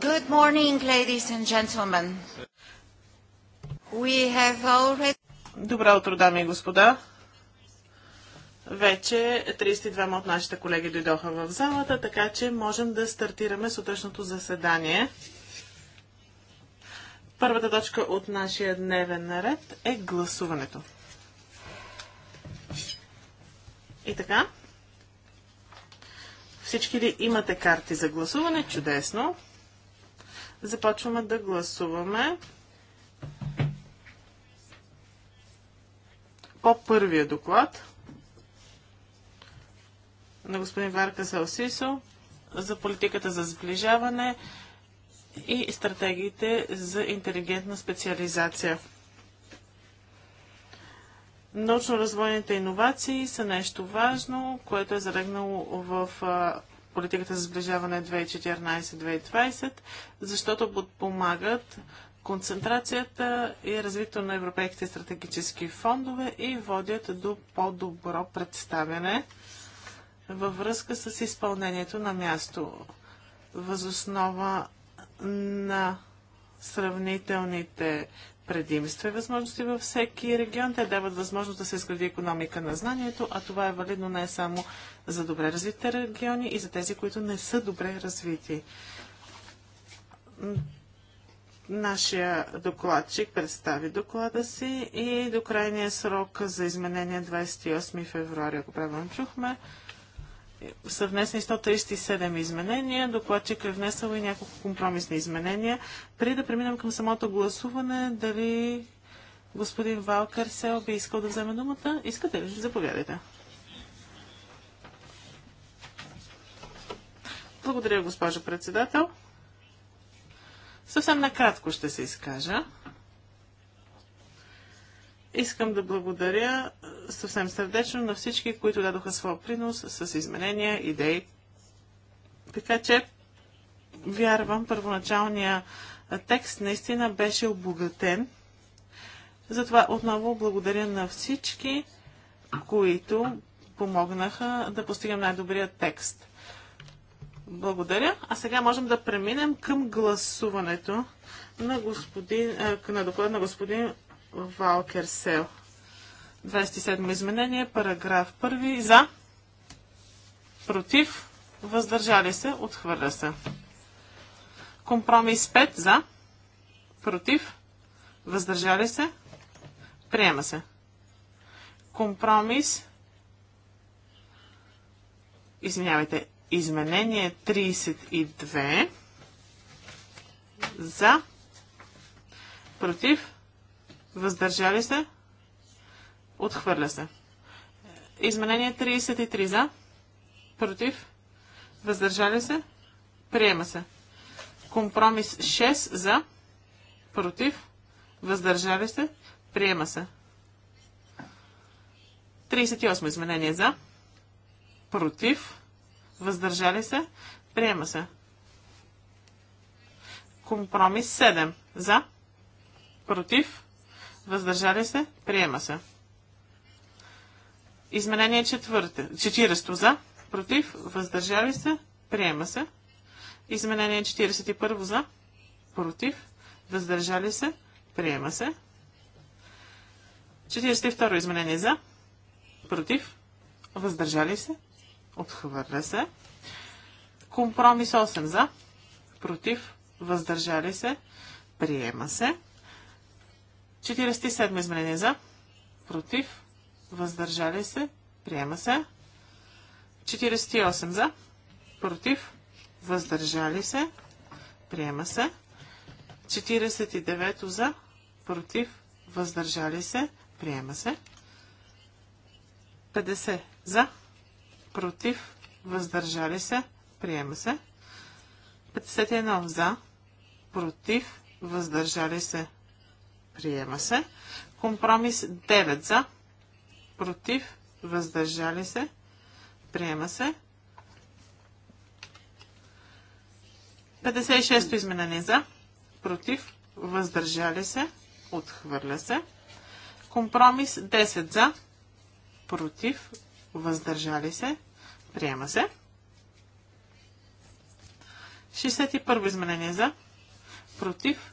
Good morning, ladies and gentlemen. We have already... Добро утро, дами и господа. Вече 32 от нашите колеги дойдоха в залата, така че можем да стартираме сутрешното заседание. Първата точка от нашия дневен наред е гласуването. И така, всички ли имате карти за гласуване? Чудесно. Започваме да гласуваме по първия доклад на господин Варка Салсисо за политиката за сближаване и стратегиите за интелигентна специализация. Научно-развойните иновации са нещо важно, което е залегнало в политиката за сближаване 2014-2020, защото подпомагат концентрацията и развитието на европейските стратегически фондове и водят до по-добро представяне във връзка с изпълнението на място. Възоснова на сравнителните предимства и възможности във всеки регион. Те дават възможност да се изгради економика на знанието, а това е валидно не само за добре развитите региони и за тези, които не са добре развити. Нашия докладчик представи доклада си и до крайния срок за изменение 28 февруари, ако правилно чухме са внесени 137 изменения. Докладчик е внесъл и няколко компромисни изменения. Преди да преминем към самото гласуване, дали господин Валкър се би искал да вземе думата? Искате ли? Заповядайте. Благодаря, госпожо председател. Съвсем накратко ще се изкажа. Искам да благодаря съвсем сърдечно на всички, които дадоха своя принос с изменения, идеи. Така че, вярвам, първоначалния текст наистина беше обогатен. Затова отново благодаря на всички, които помогнаха да постигнем най-добрия текст. Благодаря. А сега можем да преминем към гласуването на, господин, на доклад на господин Валкер Сел. 27 изменение, параграф 1. За. Против. Въздържали се. Отхвърля се. Компромис 5. За. Против. Въздържали се. Приема се. Компромис. Извинявайте. Изменение 32. За. Против. Въздържали се? Отхвърля се. Изменение 33 за. Против. Въздържали се? Приема се. Компромис 6 за. Против. Въздържали се? Приема се. 38 изменение за. Против. Въздържали се? Приема се. Компромис 7 за. Против. Въздържали се? Приема се. Изменение четвърте. 40 за. Против. Въздържали се. Приема се. Изменение 41 за. Против. Въздържали се. Приема се. 42 изменение за. Против. Въздържали се. Отхвърля се. Компромис 8 за. Против. Въздържали се. Приема се. 47 изменение за, против, въздържали се, приема се. 48 за, против, въздържали се, приема се. 49 за, против, въздържали се, приема се. 50 за, против, въздържали се, приема се. 51 за, против, въздържали се, Приема се. Компромис 9 за. Против. Въздържали се. Приема се. 56-то изменение за. Против. Въздържали се. Отхвърля се. Компромис 10 за. Против. Въздържали се. Приема се. 61 изменение за. Против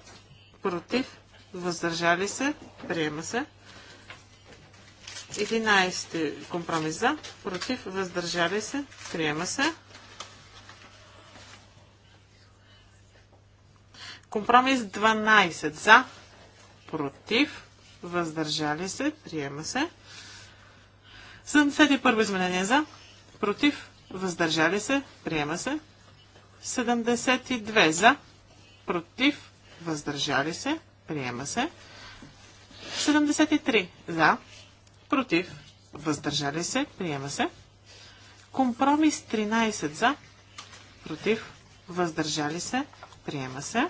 против, въздържали се, приема се. 11 компромис за, против, въздържали се, приема се. Компромис 12 за, против, въздържали се, приема се. 71 изменение за, против, въздържали се, приема се. 72 за, против, въздържали се, приема се. 73 за, против, въздържали се, приема се. Компромис 13 за, против, въздържали се, приема се.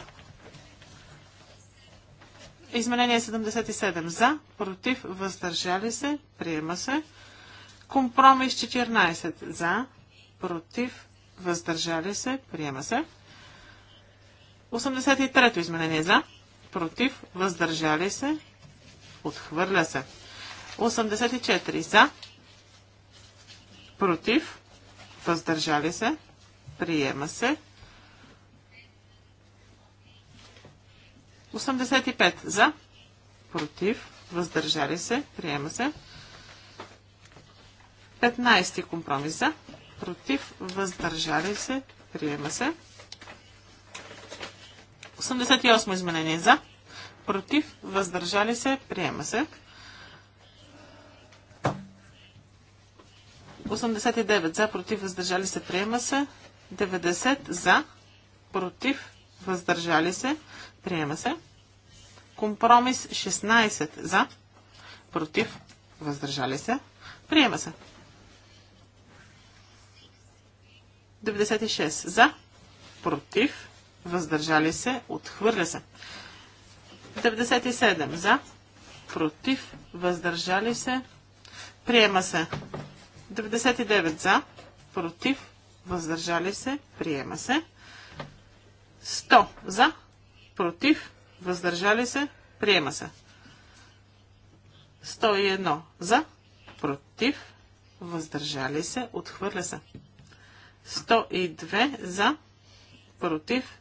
Изменение 77 за, против, въздържали се, приема се. Компромис 14 за, против, въздържали се, приема се. 83-то изменение за, против, въздържали се, отхвърля се. 84 за, против, въздържали се, приема се. 85 за, против, въздържали се, приема се. 15 компромис за, против, въздържали се, приема се. 88 изменение за, против, въздържали се, приема се. 89 за, против, въздържали се, приема се. 90 за, против, въздържали се, приема се. Компромис 16 за, против, въздържали се, приема се. 96 за, против, въздържали се, отхвърля се. 97 за, против, въздържали се, приема се. 99 за, против, въздържали се, приема се. 100 за, против, въздържали се, приема се. 101 за, против, въздържали се, отхвърля се. 102 за, против,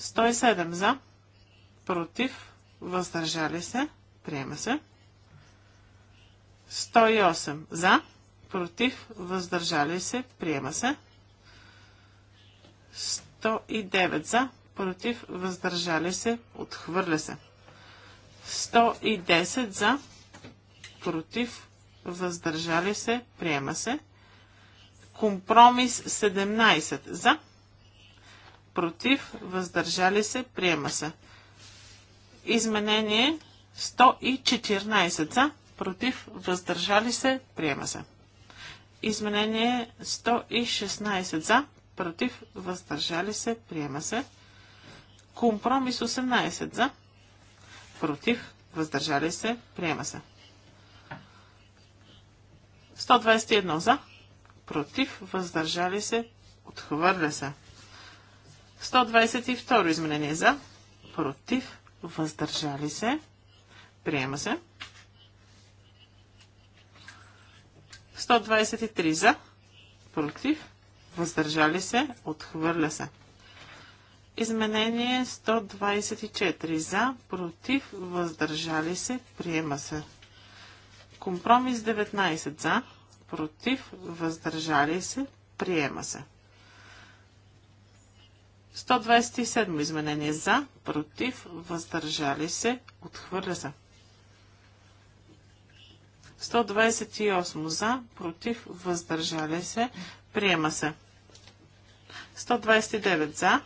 107 за, против, въздържали се, приема се. 108 за, против, въздържали се, приема се. 109 за, против, въздържали се, отхвърля се. 110 за, против, въздържали се, приема се. Компромис 17 за, против, въздържали се, приема се. Изменение 114 за, против, въздържали се, приема се. Изменение 116 за, против, въздържали се, приема се. Компромис 18 за, против, въздържали се, приема се. 121 за, против, въздържали се, отхвърля се. 122 изменение за, против, въздържали се, приема се. 123 за, против, въздържали се, отхвърля се. Изменение 124 за, против, въздържали се, приема се. Компромис 19 за, против, въздържали се, приема се. 127 изменение за, против, въздържали се, отхвърля се. 128 за, против, въздържали се, приема се. 129 за,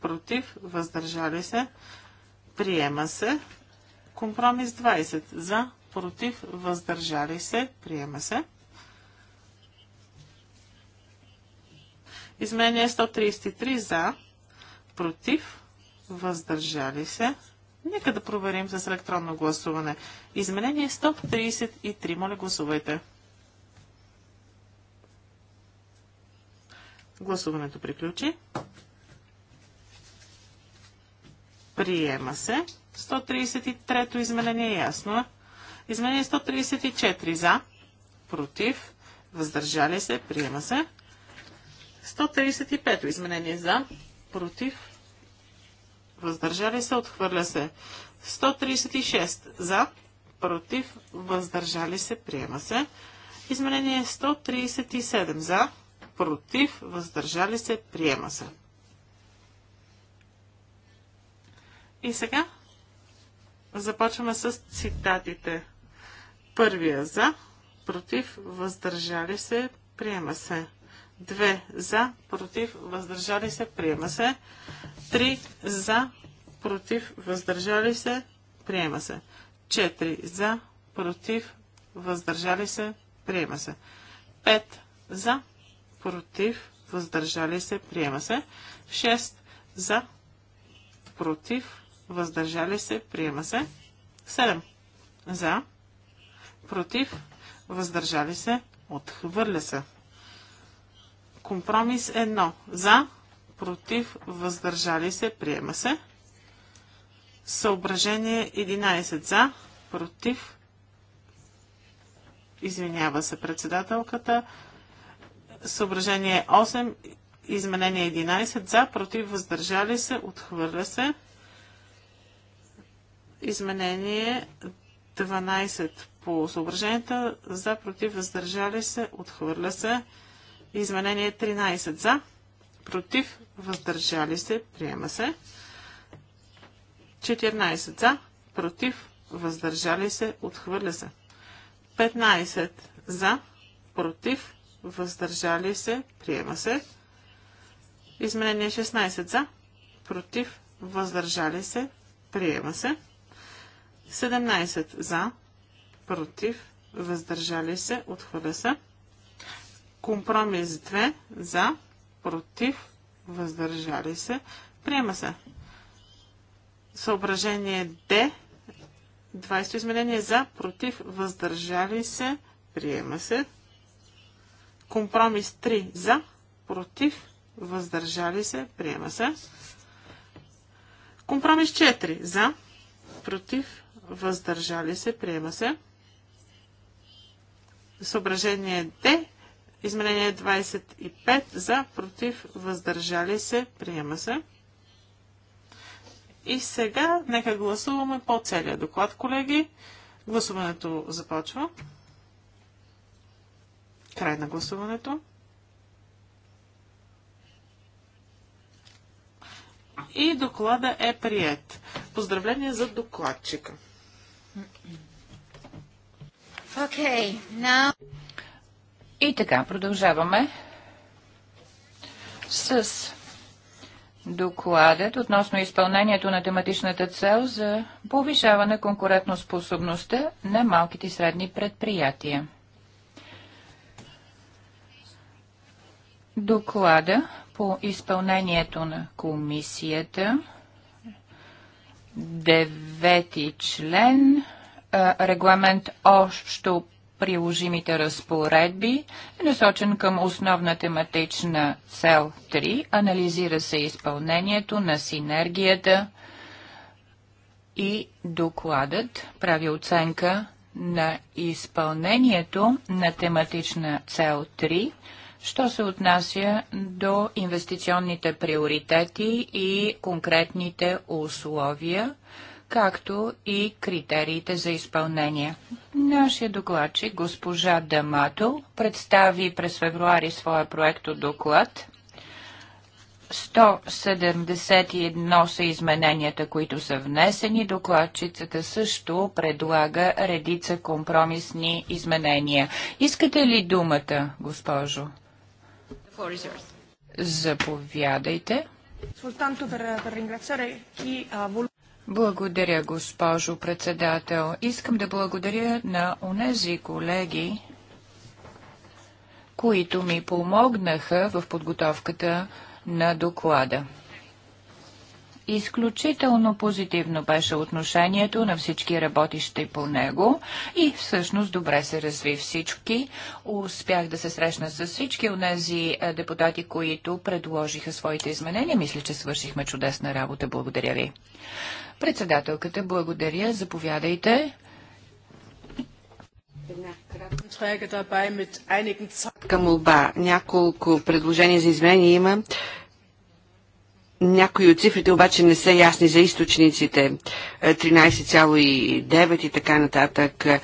против, въздържали се, приема се. Компромис 20 за, против, въздържали се, приема се. Изменение 133 за, против, въздържали се. Нека да проверим с електронно гласуване. Изменение 133. Моля, гласувайте. Гласуването приключи. Приема се. 133-то изменение е ясно е. Изменение 134 за, против, въздържали се, приема се. 135-то изменение за, против, въздържали се, отхвърля се. 136 за, против, въздържали се, приема се. Изменение 137 за, против, въздържали се, приема се. И сега започваме с цитатите. Първия за, против, въздържали се, приема се. 2 за, против, въздържали се, приема се. 3 за, против, въздържали се, приема се. 4 за, против, въздържали се, приема се. 5 за, против, въздържали се, приема се. 6 за, против, въздържали се, приема се. 7 за, против, въздържали се, отхвърля се. Компромис 1. За, против, въздържали се, приема се. Съображение 11. За, против, извинява се председателката. Съображение 8. Изменение 11. За, против, въздържали се, отхвърля се. Изменение 12 по съображенията. За, против, въздържали се, отхвърля се. Изменение 13 за, против, въздържали се, приема се. 14 за, против, въздържали се, отхвърля се. 15 за, против, въздържали се, приема се. Изменение 16 за, против, въздържали се, приема се. 17 за, против, въздържали се, отхвърля се. Компромис 2 за, против, въздържали се, приема се. Съображение Д. 20 изменение за, против, въздържали се, приема се. Компромис 3 за, против, въздържали се, приема се. Компромис 4 за, против, въздържали се, приема се. Съображение Д. Изменение 25 за, против, въздържали се, приема се. И сега нека гласуваме по целия доклад, колеги. Гласуването започва. Край на гласуването. И доклада е прият. Поздравление за докладчика. Okay, now... И така, продължаваме с докладът относно изпълнението на тематичната цел за повишаване конкурентоспособността на малките и средни предприятия. Доклада по изпълнението на комисията, девети член, регламент още приложимите разпоредби е насочен към основна тематична цел 3. Анализира се изпълнението на синергията и докладът прави оценка на изпълнението на тематична цел 3, що се отнася до инвестиционните приоритети и конкретните условия, както и критериите за изпълнение. Нашия докладчик, госпожа Дамато, представи през февруари своя проекто доклад. 171 са измененията, които са внесени. Докладчицата също предлага редица компромисни изменения. Искате ли думата, госпожо? Заповядайте. Soltanto per, per ringraziare chi ha voluto. Благодаря, госпожо председател. Искам да благодаря на онези колеги, които ми помогнаха в подготовката на доклада. Изключително позитивно беше отношението на всички работещи по него и всъщност добре се разви всички. Успях да се срещна с всички от тези депутати, които предложиха своите изменения. Мисля, че свършихме чудесна работа. Благодаря ви. Председателката, благодаря. Заповядайте. Към лба Няколко предложения за изменения има. Някои от цифрите обаче не са ясни за източниците. 13,9 е, и така нататък. Е,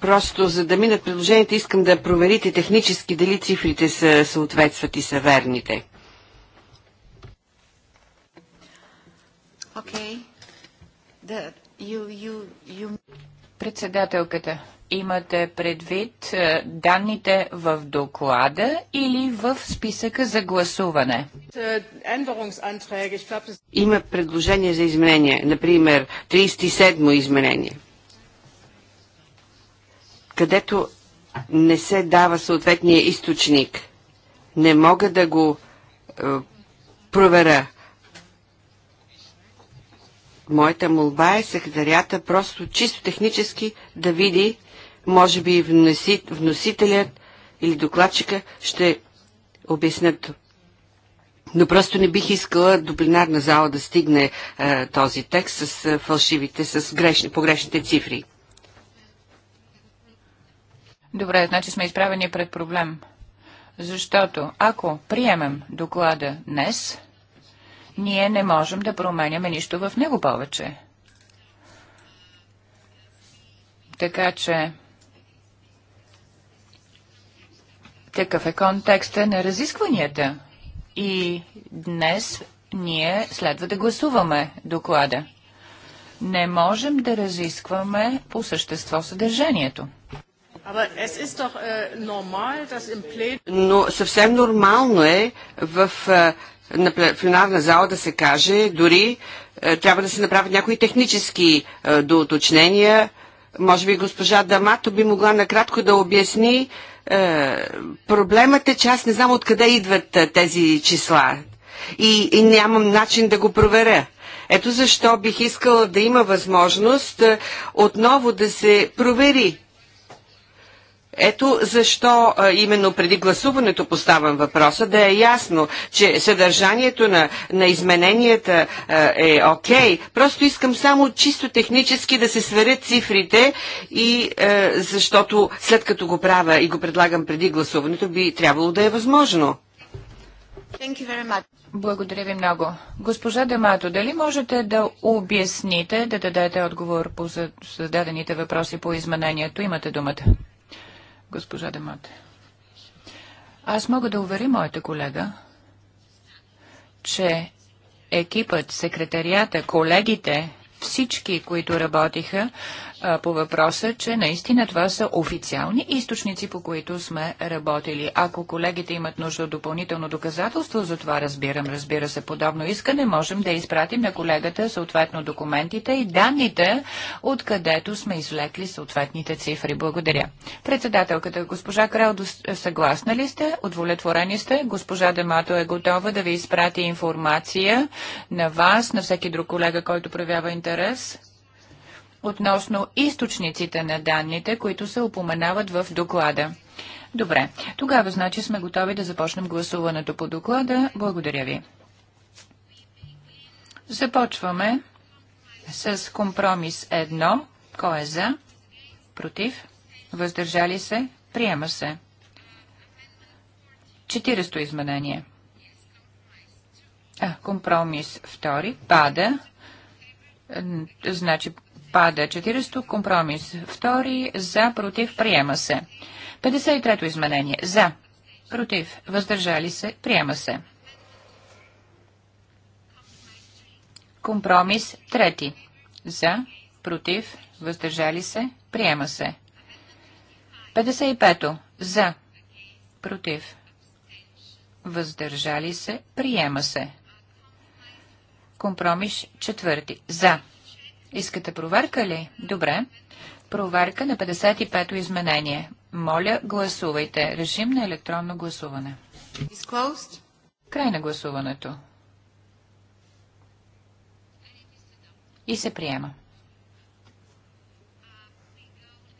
просто за да минат предложенията искам да проверите технически дали цифрите са, съответстват и са верните. Okay. The, you, you, you... Председателката, имате предвид е, данните в доклада или в списъка за гласуване? Е, Има предложение за изменение, например 37-мо изменение, където не се дава съответния източник. Не мога да го е, проверя Моята молба е секретарията просто чисто технически да види, може би вносителят или докладчика ще обяснят. Но просто не бих искала до пленарна зала да стигне е, този текст с е, фалшивите, с грешни, погрешните цифри. Добре, значи сме изправени пред проблем. Защото ако приемем доклада днес, ние не можем да променяме нищо в него повече. Така че такъв е контекста на разискванията. И днес ние следва да гласуваме доклада. Не можем да разискваме по същество съдържанието. Äh, Но съвсем нормално е в на пленарна зала да се каже, дори е, трябва да се направят някои технически е, доуточнения. Може би госпожа Дамато би могла накратко да обясни. Е, проблемът е, че аз не знам откъде идват тези числа и, и нямам начин да го проверя. Ето защо бих искала да има възможност отново да се провери ето защо именно преди гласуването поставам въпроса, да е ясно, че съдържанието на, на измененията е окей. Okay. Просто искам само чисто технически да се сверят цифрите и защото след като го правя и го предлагам преди гласуването, би трябвало да е възможно. Благодаря ви много. Госпожа Демато, дали можете да обясните, да дадете отговор по зададените въпроси по изменението? Имате думата госпожа Демате. Аз мога да уверя моята колега, че екипът, секретарията, колегите, всички, които работиха, по въпроса, че наистина това са официални източници, по които сме работили. Ако колегите имат нужда от допълнително доказателство, за това разбирам, разбира се, подобно искане, можем да изпратим на колегата съответно документите и данните, откъдето сме извлекли съответните цифри. Благодаря. Председателката, госпожа Крал, съгласна ли сте? Удовлетворени сте? Госпожа Демато е готова да ви изпрати информация на вас, на всеки друг колега, който проявява интерес относно източниците на данните, които се упоменават в доклада. Добре, тогава значи сме готови да започнем гласуването по доклада. Благодаря ви. Започваме с компромис 1. Кой е за? Против? Въздържали се? Приема се. 40 изменение. А, компромис 2. Пада. Значи Пада 40 компромис. Втори за, против, приема се. 53-то изменение. За, против, въздържали се, приема се. Компромис трети. За, против, въздържали се, приема се. 55-то. За, против, въздържали се, приема се. Компромис четвърти. За, Искате проверка ли? Добре. Проверка на 55-то изменение. Моля, гласувайте. Режим на електронно гласуване. Край на гласуването. И се приема.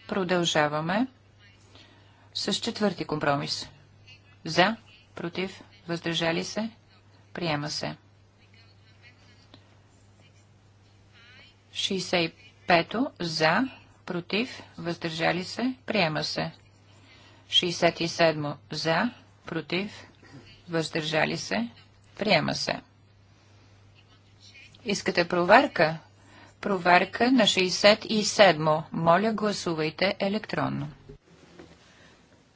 Продължаваме с четвърти компромис. За, против, въздържали се, приема се. 65 за, против, въздържали се, приема се. 67 за, против, въздържали се, приема се. Искате проверка? Проверка на 67. Моля, гласувайте електронно.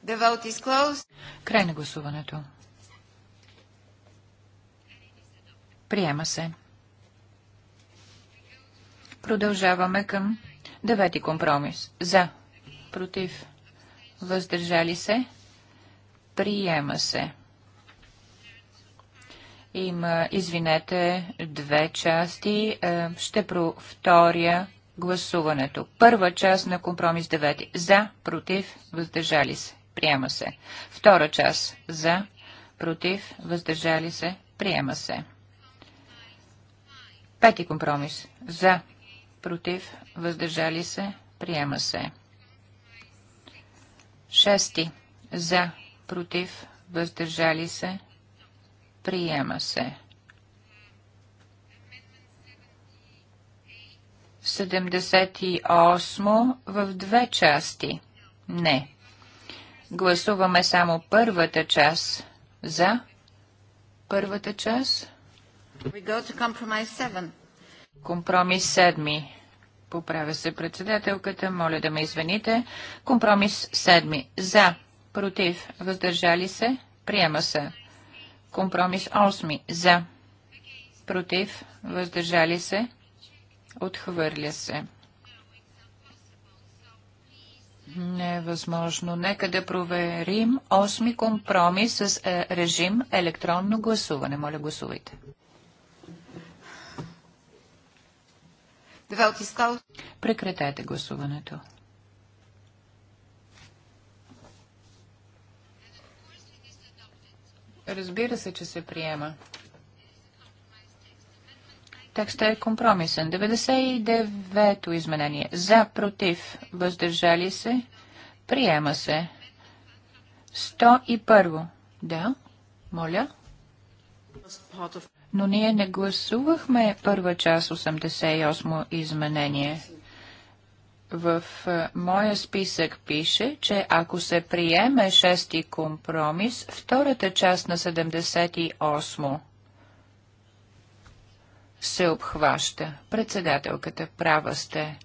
The vote is closed. Край на гласуването. Приема се. Продължаваме към девети компромис. За, против, въздържали се, приема се. Има, извинете, две части. Е, ще повторя гласуването. Първа част на компромис 9. За, против, въздържали се. Приема се. Втора част. За, против, въздържали се. Приема се. Пети компромис. За, против, въздържали се, приема се. Шести за, против, въздържали се, приема се. 78 в две части. Не. Гласуваме само първата част. За първата част. We go to compromise 7. Компромис седми. Поправя се председателката. Моля да ме извините. Компромис седми. За. Против. Въздържали се. Приема се. Компромис 8. За. Против. Въздържали се. Отхвърля се. Не е възможно. Нека да проверим осми компромис с е, режим електронно гласуване. Моля, гласувайте. Прекратете гласуването. Разбира се, че се приема. Текстът е компромисен. 99-то изменение. За, против, въздържали се, приема се. 101. Да, моля. Но ние не гласувахме първа част 88 изменение. В е, моя списък пише, че ако се приеме шести компромис, втората част на 78 се обхваща. Председателката, права сте.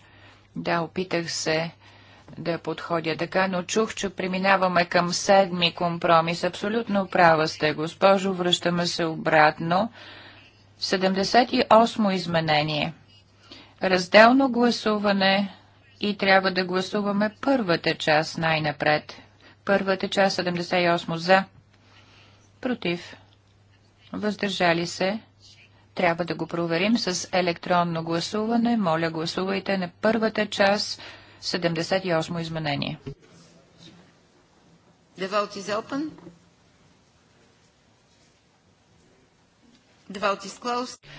Да, опитах се да подходя така, но чух, че преминаваме към седми компромис. Абсолютно права сте, госпожо. Връщаме се обратно 78 изменение. Разделно гласуване и трябва да гласуваме първата част най-напред. Първата част 78 за. Против. Въздържали се. Трябва да го проверим с електронно гласуване. Моля, гласувайте на първата част 78 изменение. The vote is open.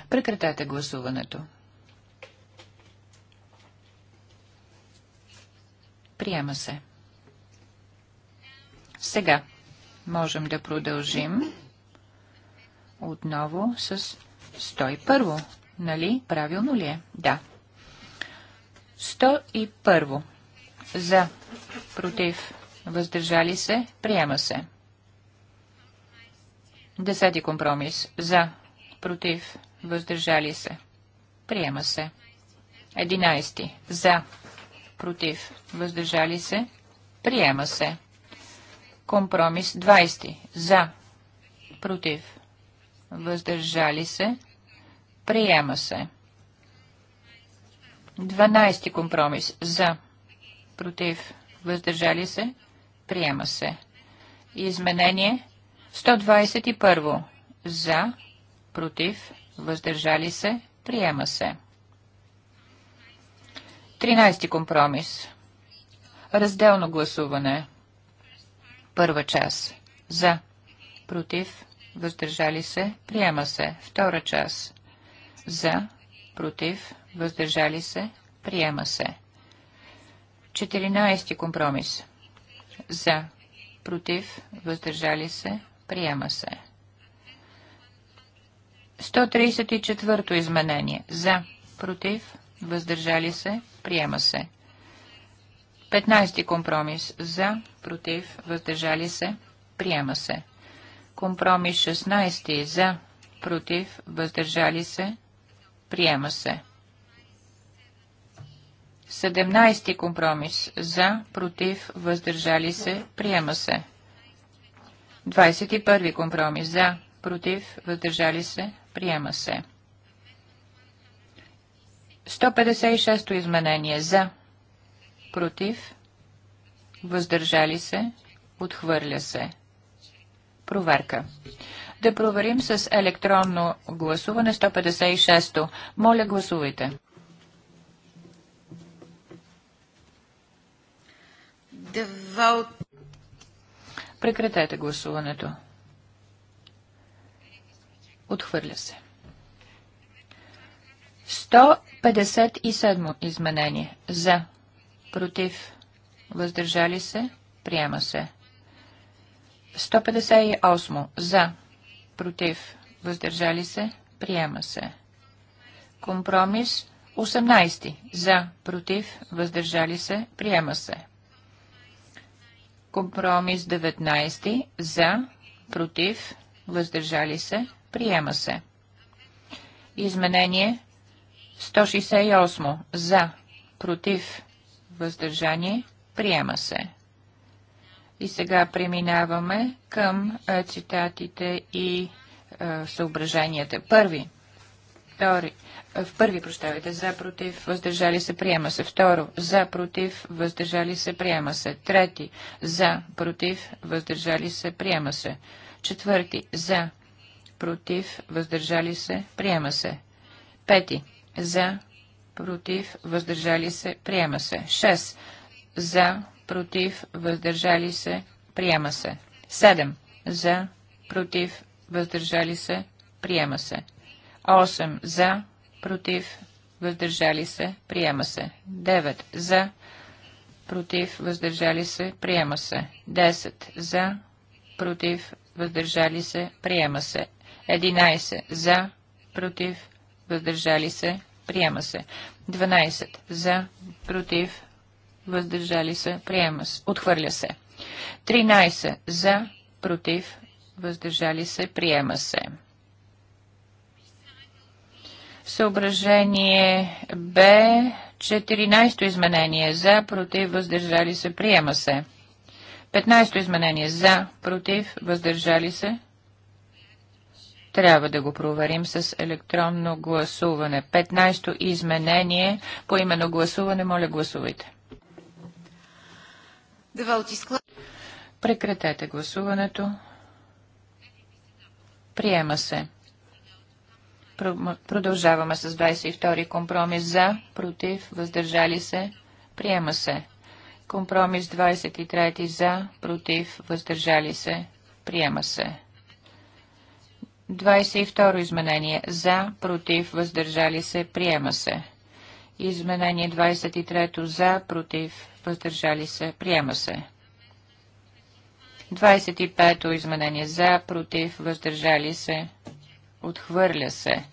Прекратете гласуването. Приема се. Сега можем да продължим отново с 101. Нали? Правилно ли е? Да. 101. За. Против. Въздържали се. Приема се. Десети компромис. За против, въздържали се. Приема се. 11. За, против, въздържали се. Приема се. Компромис 20. За, против, въздържали се. Приема се. 12. Компромис. За, против, въздържали се. Приема се. Изменение 121. За, против, въздържали се, приема се. 13 компромис. Разделно гласуване. Първа част. За. Против. Въздържали се. Приема се. Втора час. За. Против. Въздържали се. Приема се. 14 компромис. За. Против. Въздържали се. Приема се. 134-то изменение. За. Против. Въздържали се. Приема се. 15 компромис. За. Против. Въздържали се. Приема се. Компромис 16. За. Против. Въздържали се. Приема се. 17 компромис. За. Против. Въздържали се. Приема се. 21 компромис. За. Против. Въздържали се. Приема се. 156-то изменение. За. Против. Въздържали се. Отхвърля се. Проверка. Да проверим с електронно гласуване 156-то. Моля, гласувайте. Прекратете гласуването. Отхвърля се. 157 изменение. За. Против. Въздържали се. Приема се. 158. За. Против. Въздържали се. Приема се. Компромис 18. За. Против. Въздържали се. Приема се. Компромис 19. За. Против. Въздържали се. Приема се. Изменение 168. За. Против. Въздържание. Приема се. И сега преминаваме към цитатите и е, съображенията. Първи. Втори. В първи, прощавайте, за, против, въздържали се, приема се. Второ, за, против, въздържали се, приема се. Трети, за, против, въздържали се, приема се. Четвърти, за, против, въздържали се, приема се. Пети. За, против, въздържали се, приема се. 6. За, против, въздържали се, приема се. 7. За, против, въздържали се, приема се. 8. За, против, въздържали се, приема се. 9. За, против, въздържали се, приема се. 10. За, против, въздържали се, приема се. 11 за, против, въздържали се, приема се. 12 за, против, въздържали се, приема се, отхвърля се. 13 за, против, въздържали се, приема се. Съображение Б, 14-то изменение за, против, въздържали се, приема се. 15-то изменение за, против, въздържали се, трябва да го проверим с електронно гласуване. 15-то изменение по именно гласуване. Моля, гласувайте. Прекратете гласуването. Приема се. Продължаваме с 22-и компромис за, против, въздържали се. Приема се. Компромис 23 за, против, въздържали се. Приема се. 22 изменение. За, против, въздържали се, приема се. Изменение 23 за, против, въздържали се, приема се. 25 изменение за, против, въздържали се, отхвърля се.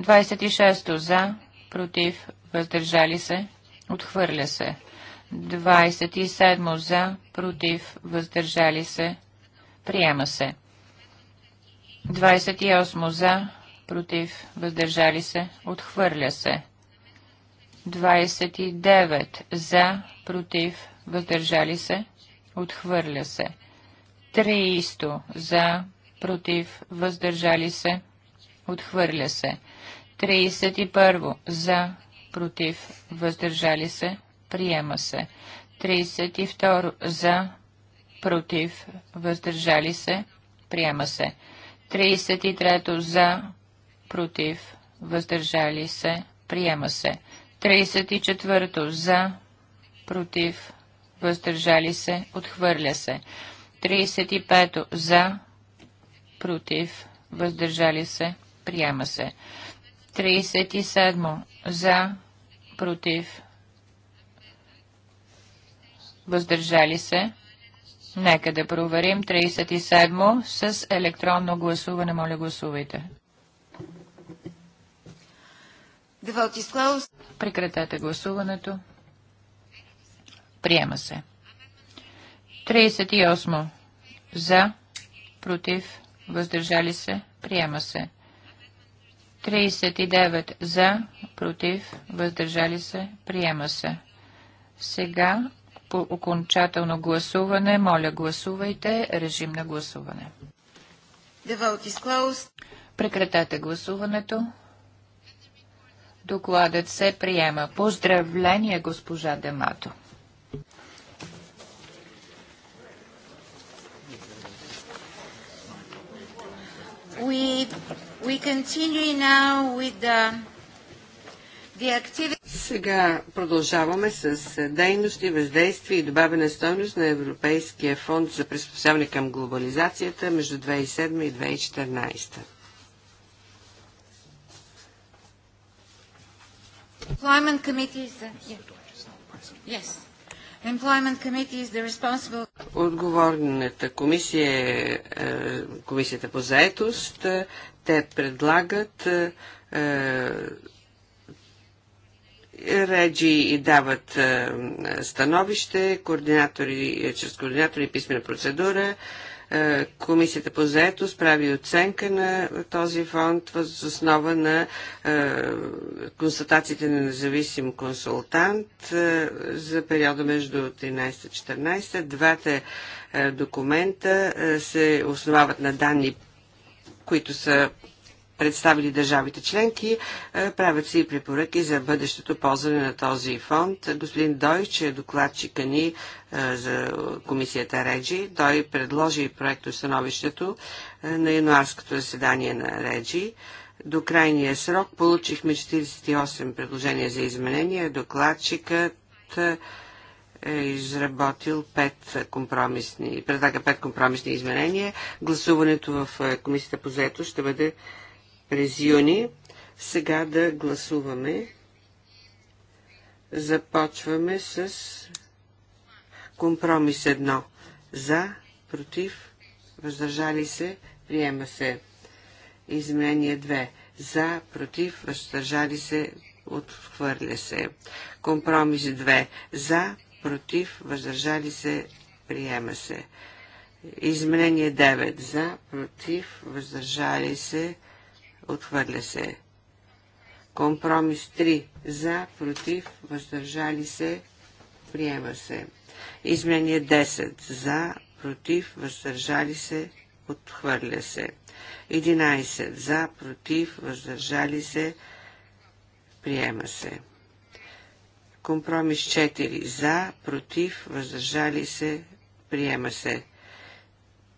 26 за, против, въздържали се, отхвърля се. 27 за, против, въздържали се, приема се. 28 за, против, въздържали се, отхвърля се. 29 за, против, въздържали се, отхвърля се. 300 за, против, въздържали се, отхвърля се. 31 за, против, въздържали се, приема се. 32 за, против, въздържали се, приема се. 33 за, против, въздържали се, приема се. 34 за, против, въздържали се, отхвърля се. 35 за, против, въздържали се, приема се. 37 за, против, въздържали се, Нека да проверим 37 с електронно гласуване. Моля, гласувайте. Прекратете гласуването. Приема се. 38. За. Против. Въздържали се. Приема се. 39. За. Против. Въздържали се. Приема се. Сега по окончателно гласуване. Моля, гласувайте. Режим на гласуване. Прекратете гласуването. Докладът се приема. Поздравление, госпожа Демато. We, we continue now with the сега продължаваме с дейности, въздействие и добавена стойност на Европейския фонд за приспособяване към глобализацията между 2007 и 2014. Employment committee is the... Responsible... Отговорната комисия е, е комисията по заетост. Те предлагат е, Реджи дават е, становище, координатори, е, чрез координатори писмена процедура. Е, Комисията по заетост прави оценка на този фонд въз основа на констатациите на независим консултант за периода между 13-14. Двата документа се основават на данни които са представили държавите членки, е, правят се и препоръки за бъдещото ползване на този фонд. Господин Дойч е докладчика ни е, за комисията Реджи. Той предложи проекто становището е, на януарското заседание на Реджи. До крайния срок получихме 48 предложения за изменения. Докладчикът е изработил пет компромисни, предлага пет компромисни изменения. Гласуването в Комисията по заето ще бъде през юни. Сега да гласуваме. Започваме с компромис 1. За, против, въздържали се, приема се. Изменение 2. За, против, въздържали се, отхвърля се. Компромис 2. За, против, въздържали се, приема се. Изменение 9. За, против, въздържали се, отхвърля се. Компромис 3 за, против, въздържали се, приема се. Изменение 10 за, против, въздържали се, отхвърля се. 11 за, против, въздържали се, приема се. Компромис 4 за, против, въздържали се, приема се.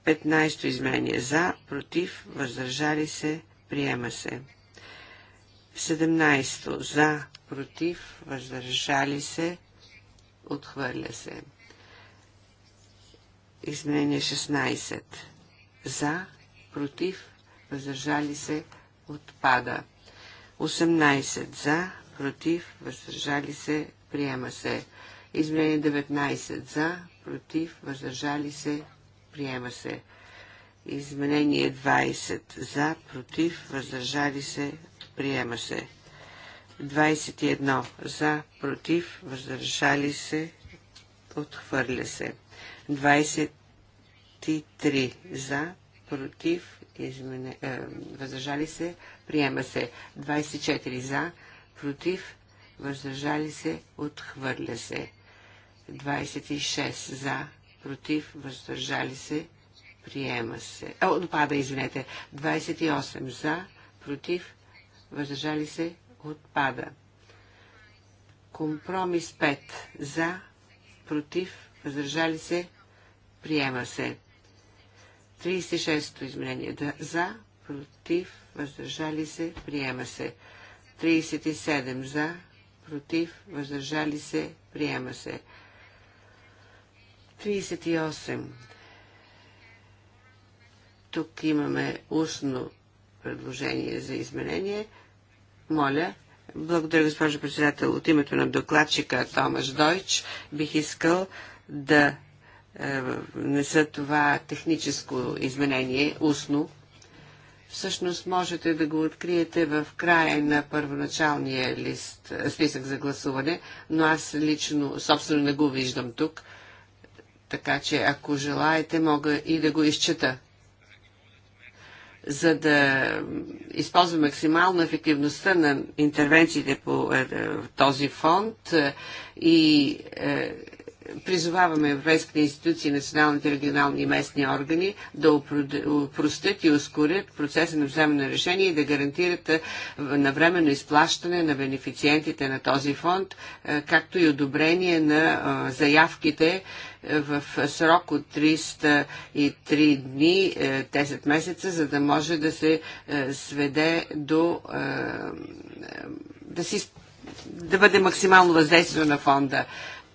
15 изменение за, против, въздържали се, Приема се. 17. За, против, въздържали се, отхвърля се. Изменение 16. За, против, въздържали се, отпада. 18. За, против, въздържали се, приема се. Изменение 19. За, против, въздържали се, приема се. Изменение 20. За, против, въздържали се, приема се. 21. За, против, въздържали се, отхвърля се. 23. За, против, измене, е, въздържали се, приема се. 24. За, против, въздържали се, отхвърля се. 26. За, против, въздържали се, Приема се. А, отпада, извинете. 28 за, против, въздържали се, отпада. Компромис 5 за, против, въздържали се, приема се. 36-то изменение да, за, против, въздържали се, приема се. 37 за, против, въздържали се, приема се. 38 тук имаме устно предложение за изменение. Моля. Благодаря, госпожо председател. От името на докладчика Томаш Дойч бих искал да е, внеса това техническо изменение устно. Всъщност можете да го откриете в края на първоначалния лист, е, списък за гласуване, но аз лично, собствено не го виждам тук, така че ако желаете, мога и да го изчета за да използва максимално ефективността на интервенциите по е, е, този фонд е, и призоваваме европейските институции, националните, регионални и местни органи да упростят и ускорят процеса на вземане на решение и да гарантират навременно изплащане на бенефициентите на този фонд, както и одобрение на заявките в срок от 303 дни, 10 е, месеца, за да може да се е, сведе до е, да, си, да бъде максимално въздействие на фонда.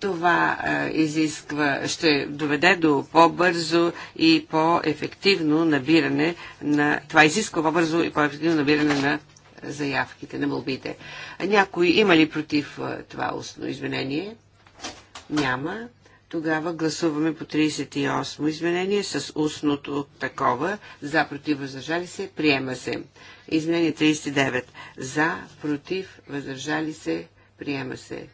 Това изисква, ще доведе до по-бързо и по-ефективно набиране на... Това изисква по-бързо и по-ефективно набиране на заявките, на мълбите. Някой има ли против това устно изменение? Няма. Тогава гласуваме по 38 изменение с устното такова. За, против, въздържали се, приема се. Изменение 39. За, против, въздържали се, приема се.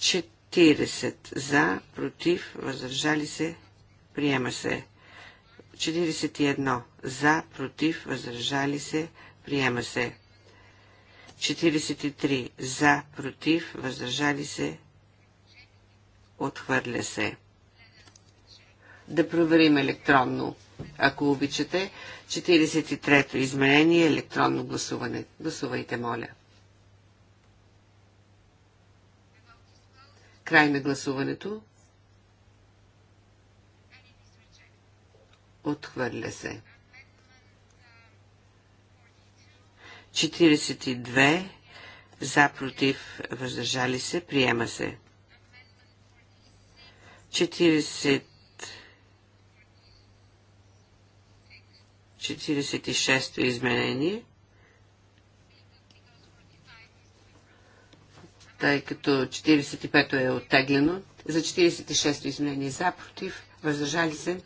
Чет 40 за, против, въздържали се, приема се. 41 за, против, въздържали се, приема се. 43 за, против, въздържали се, отхвърля се. Да проверим електронно, ако обичате. 43-то изменение, електронно гласуване. Гласувайте, моля. Край на гласуването. Отхвърля се. 42 за, против, въздържали се, приема се. 40 46-то изменение – тъй като 45-то е оттеглено. За 46-то изменение за, против, въздържали се,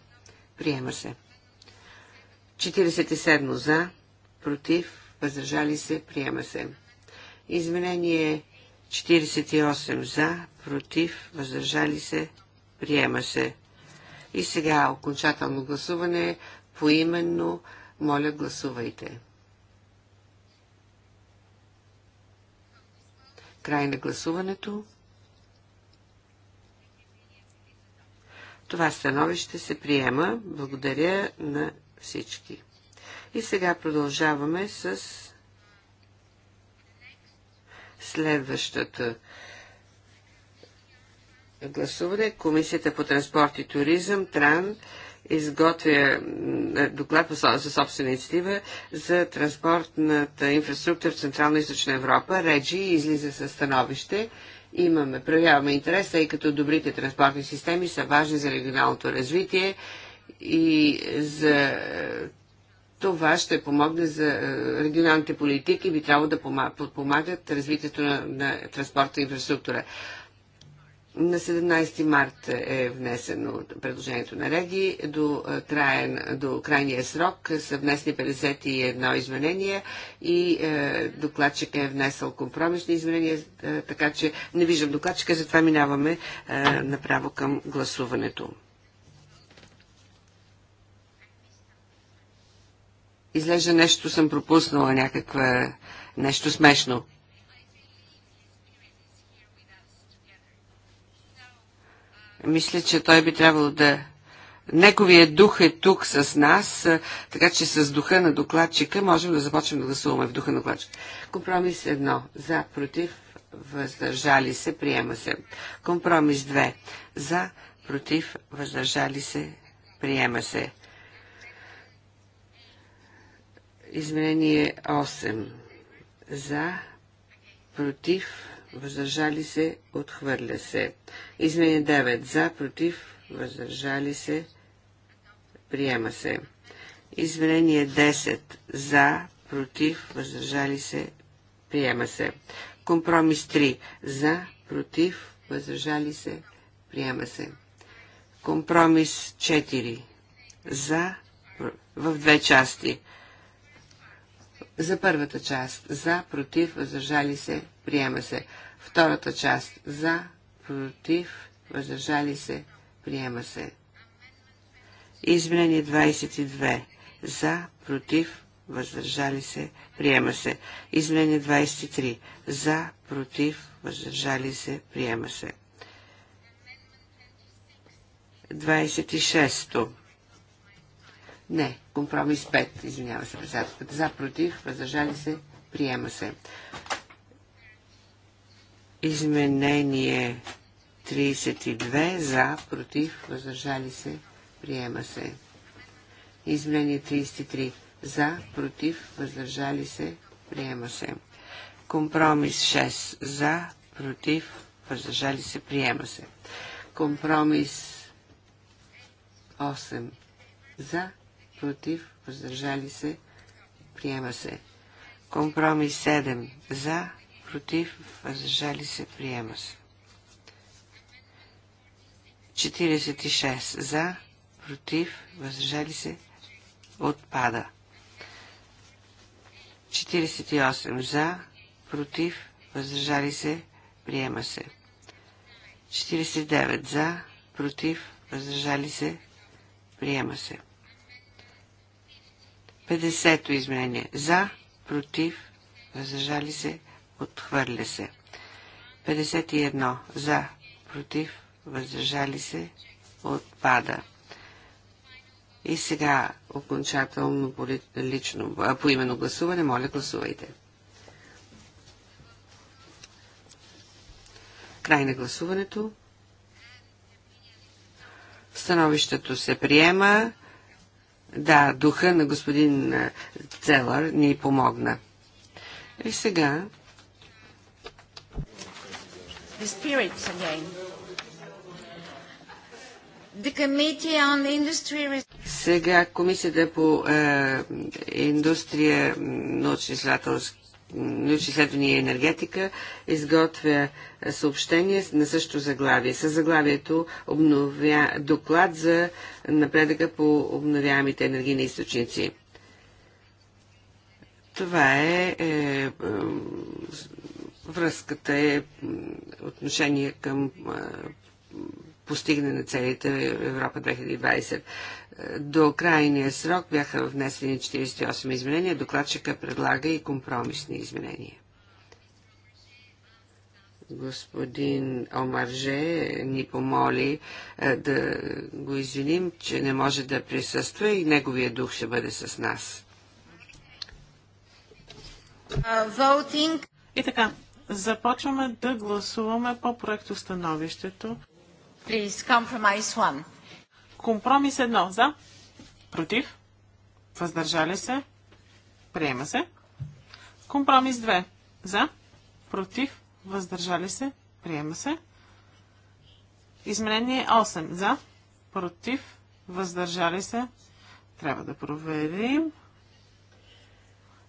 приема се. 47 за, против, въздържали се, приема се. Изменение 48 за, против, въздържали се, приема се. И сега окончателно гласуване, поименно, моля гласувайте. Край на гласуването. Това становище се приема. Благодаря на всички. И сега продължаваме с следващата гласуване. Комисията по транспорт и туризъм, ТРАН, изготвя доклад по за собствена инициатива за транспортната инфраструктура в Централна и Източна Европа. Реджи излиза със становище. Имаме, проявяваме интерес, тъй като добрите транспортни системи са важни за регионалното развитие и за е, това ще помогне за е, регионалните политики, би трябвало да подпомагат развитието на, на транспортна инфраструктура. На 17 март е внесено предложението на Реги. До, е, траен, до крайния срок са внесли 51 изменения и е, докладчик е внесъл компромисни изменения, е, така че не виждам докладчика, затова минаваме е, направо към гласуването. Изглежда нещо съм пропуснала, някаква нещо смешно. Мисля, че той би трябвало да... Неговия дух е тук с нас, така че с духа на докладчика можем да започнем да гласуваме в духа на докладчика. Компромис 1. За, против, въздържали се, приема се. Компромис 2. За, против, въздържали се, приема се. Изменение 8. За, против, въздържали се, отхвърля се. Измене 9 за, против, въздържали се, приема се. Изменение 10 за, против, въздържали се, приема се. Компромис 3 за, против, въздържали се, приема се. Компромис 4 за, в две части. За първата част за, против, въздържали се, приема се. Втората част за, против, въздържали се, приема се. Изменение 22. За, против, въздържали се, приема се. Изменение 23. За, против, въздържали се, приема се. 26. Не, компромис 5, извинява се председателката. За, против, въздържали се, приема се. Изменение 32, за, против, въздържали се, приема се. Изменение 33, за, против, въздържали се, приема се. Компромис 6, за, против, въздържали се, приема се. Компромис 8, за, против, въздържали се, приема се. Компромис 7 за, против, въздържали се, приема се. 46 за, против, въздържали се, отпада. 48 за, против, въздържали се, приема се. 49 за, против, въздържали се, приема се. 50-то изменение. За, против, въздържали се, отхвърля се. 51. За, против, въздържали се, отпада. И сега окончателно по лично, по именно гласуване, моля гласувайте. Край на гласуването. Становището се приема. Да, духа на господин Целър ни помогна. И сега... The spirits again. Industry... Сега Комисията по е, индустрия, научно-изследователски научни изследвания и енергетика изготвя е, съобщение на същото заглавие. С заглавието обновя... доклад за напредъка по обновяемите енергийни източници. Това е, е, е връзката е отношение към е, постигне на целите Европа 2020. До крайния срок бяха внесени 48 изменения. Докладчика предлага и компромисни изменения. Господин Омарже ни помоли е, да го извиним, че не може да присъства и неговия дух ще бъде с нас. и така, започваме да гласуваме по проекто становището. Please, compromise one. Компромис едно. За. Против. Въздържали се. Приема се. Компромис 2. За. Против. Въздържали се. Приема се. Изменение 8. За. Против. Въздържали се. Трябва да проверим.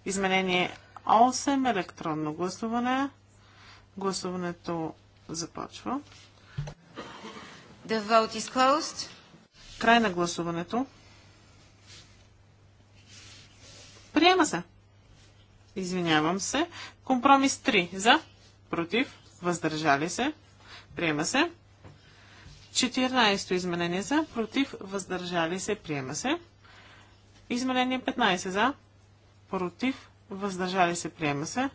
Изменение 8. Електронно гласуване. Гласуването започва. The vote is closed. Край на гласуването. Приема се. Извинявам се. Компромис 3. За. Против. Въздържали се. Приема се. 14 изменение за. Против. Въздържали се. Приема се. Изменение 15 за. Против. Въздържали се. Приема се.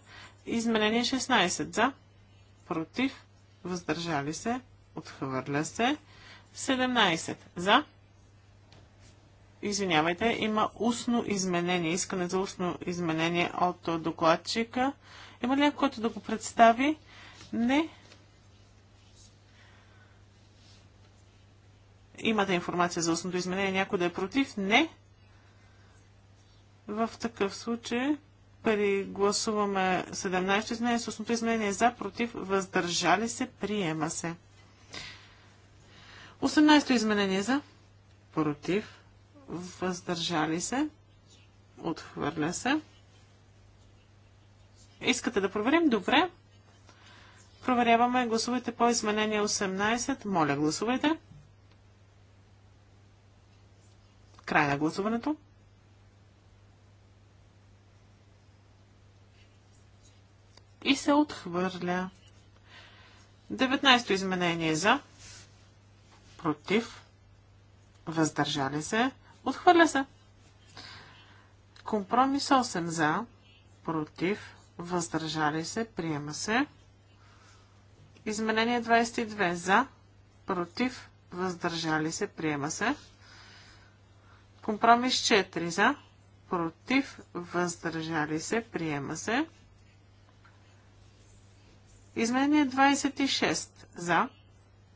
Изменение 16 за. Против. Въздържали се. Отхвърля се. 17. За. Извинявайте, има устно изменение, искане за устно изменение от докладчика. Има ли някой, който да го представи? Не. Имате информация за устното изменение, някой да е против? Не. В такъв случай пригласуваме гласуваме 17 изменение, с устното изменение за, против, въздържали се, приема се. 18-то изменение за. Против. Въздържали се. Отхвърля се. Искате да проверим? Добре. Проверяваме. Гласувайте по изменение 18. Моля, гласувайте. Край на гласуването. И се отхвърля. 19-то изменение за против, въздържали се, отхвърля се. Компромис 8 за, против, въздържали се, приема се. Изменение 22 за, против, въздържали се, приема се. Компромис 4 за, против, въздържали се, приема се. Изменение 26 за,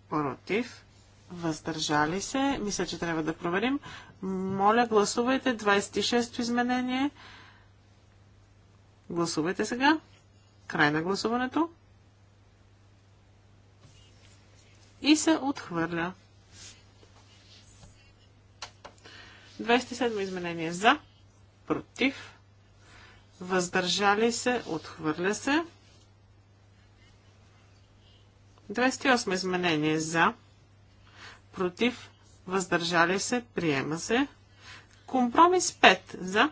против, въздържали се. Мисля, че трябва да проверим. Моля, гласувайте 26-то изменение. Гласувайте сега. Край на гласуването. И се отхвърля. 27 изменение за, против, въздържали се, отхвърля се. 28 изменение за, против, въздържали се, приема се. Компромис 5 за,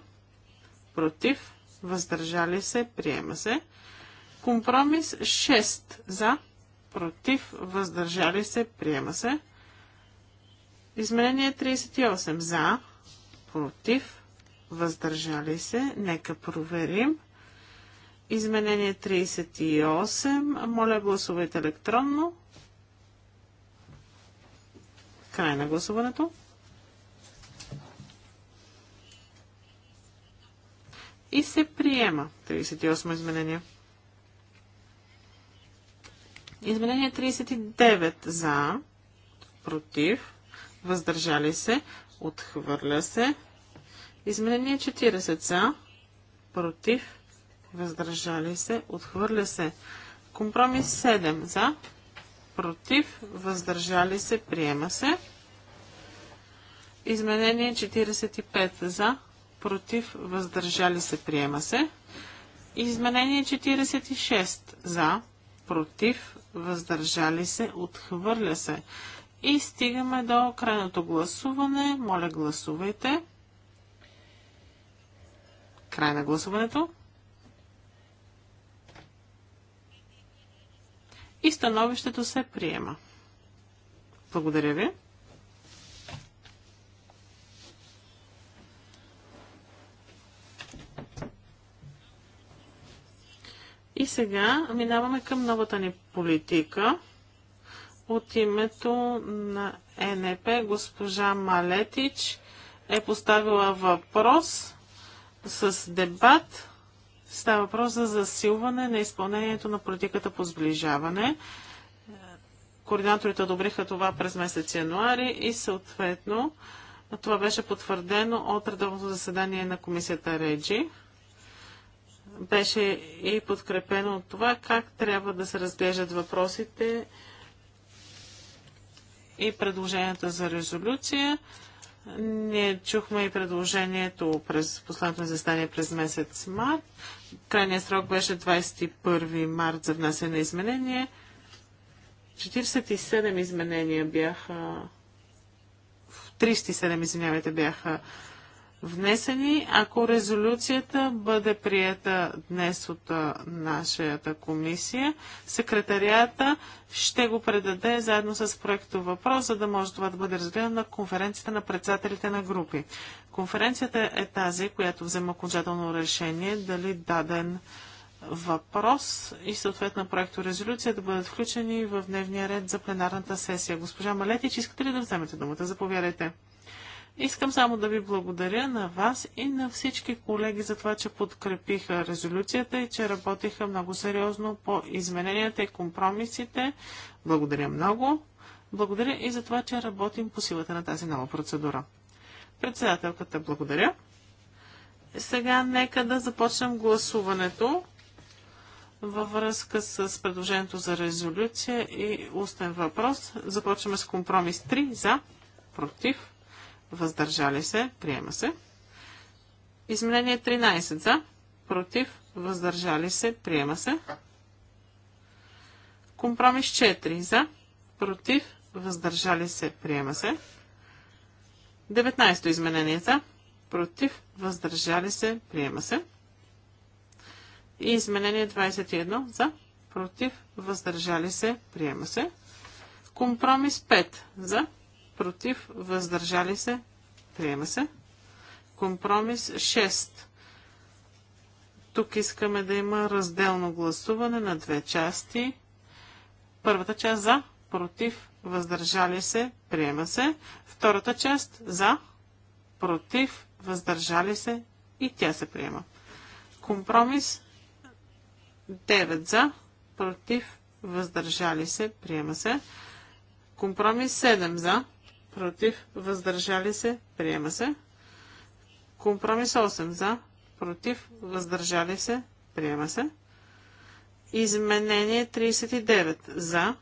против, въздържали се, приема се. Компромис 6 за, против, въздържали се, приема се. Изменение 38 за, против, въздържали се. Нека проверим. Изменение 38. Моля гласувайте електронно. Край на гласуването. И се приема 38 изменение. Изменение 39 за, против, въздържали се, отхвърля се. Изменение 40 за, против, въздържали се, отхвърля се. Компромис 7 за, против, въздържали се, приема се. Изменение 45 за, против, въздържали се, приема се. Изменение 46 за, против, въздържали се, отхвърля се. И стигаме до крайното гласуване. Моля, гласувайте. Край на гласуването. и становището се приема. Благодаря ви. И сега минаваме към новата ни политика. От името на НП госпожа Малетич е поставила въпрос с дебат Става въпрос за засилване на изпълнението на политиката по сближаване. Координаторите одобриха това през месец януари и съответно това беше потвърдено от редовното заседание на комисията Реджи. Беше и подкрепено от това как трябва да се разглеждат въпросите и предложенията за резолюция. Ние чухме и предложението през последното застание през месец март. Крайният срок беше 21 март за внасяне на изменение. 47 изменения бяха 37, извинявайте, бяха внесени, ако резолюцията бъде прията днес от нашата комисия. Секретарията ще го предаде заедно с проекто въпрос, за да може това да бъде разгледано на конференцията на председателите на групи. Конференцията е тази, която взема окончателно решение дали даден въпрос и съответно проекто резолюция да бъдат включени в дневния ред за пленарната сесия. Госпожа Малетич, искате ли да вземете думата? Заповядайте. Искам само да ви благодаря на вас и на всички колеги за това, че подкрепиха резолюцията и че работиха много сериозно по измененията и компромисите. Благодаря много. Благодаря и за това, че работим по силата на тази нова процедура. Председателката, благодаря. Сега нека да започнем гласуването във връзка с предложението за резолюция и устен въпрос. Започваме с компромис 3 за, против, въздържали се, приема се. Изменение 13 за, против, въздържали се, приема се. Компромис 4 за, против, въздържали се, приема се. 19 изменение за, против, въздържали се, приема се. И изменение 21 за, против, въздържали се, приема се. Компромис 5 за, против, въздържали се, приема се. Компромис 6. Тук искаме да има разделно гласуване на две части. Първата част за, против, въздържали се, приема се. Втората част за, против, въздържали се и тя се приема. Компромис 9 за, против, въздържали се, приема се. Компромис 7 за, против, въздържали се, приема се. Компромис 8 за, против, въздържали се, приема се. Изменение 39 за,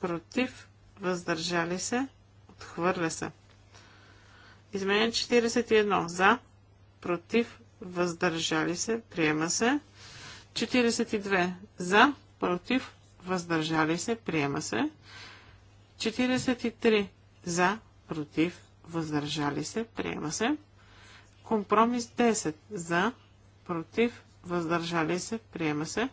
против, въздържали се, отхвърля се. Изменение 41 за, против, въздържали се, приема се. 42 за, против, въздържали се, приема се. 43 за, против, въздържали се, приема се. Компромис 10. За, против, въздържали се, приема се.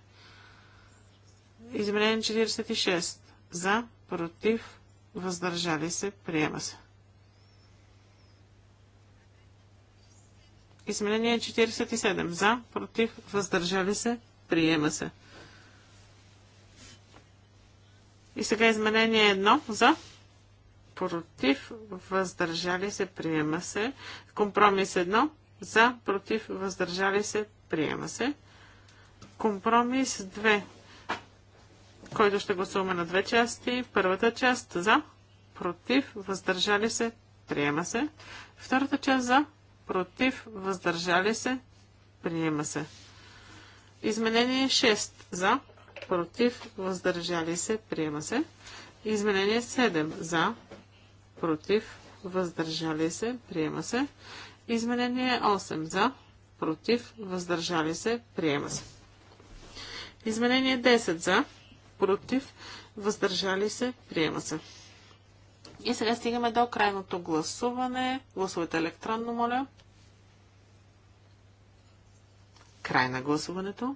Изменение 46. За, против, въздържали се, приема се. Изменение 47. За, против, въздържали се, приема се. И сега изменение 1. За, против, въздържали се, приема се. Компромис 1, за, против, въздържали се, приема се. Компромис 2, който ще гласуваме на две части. Първата част за, против, въздържали се, приема се. Втората част за, против, въздържали се, приема се. Изменение 6 за, против, въздържали се, приема се. Изменение 7 за, против, въздържали се, приема се. Изменение 8 за, против, въздържали се, приема се. Изменение 10 за, против, въздържали се, приема се. И сега стигаме до крайното гласуване. Гласувайте електронно, моля. Край на гласуването.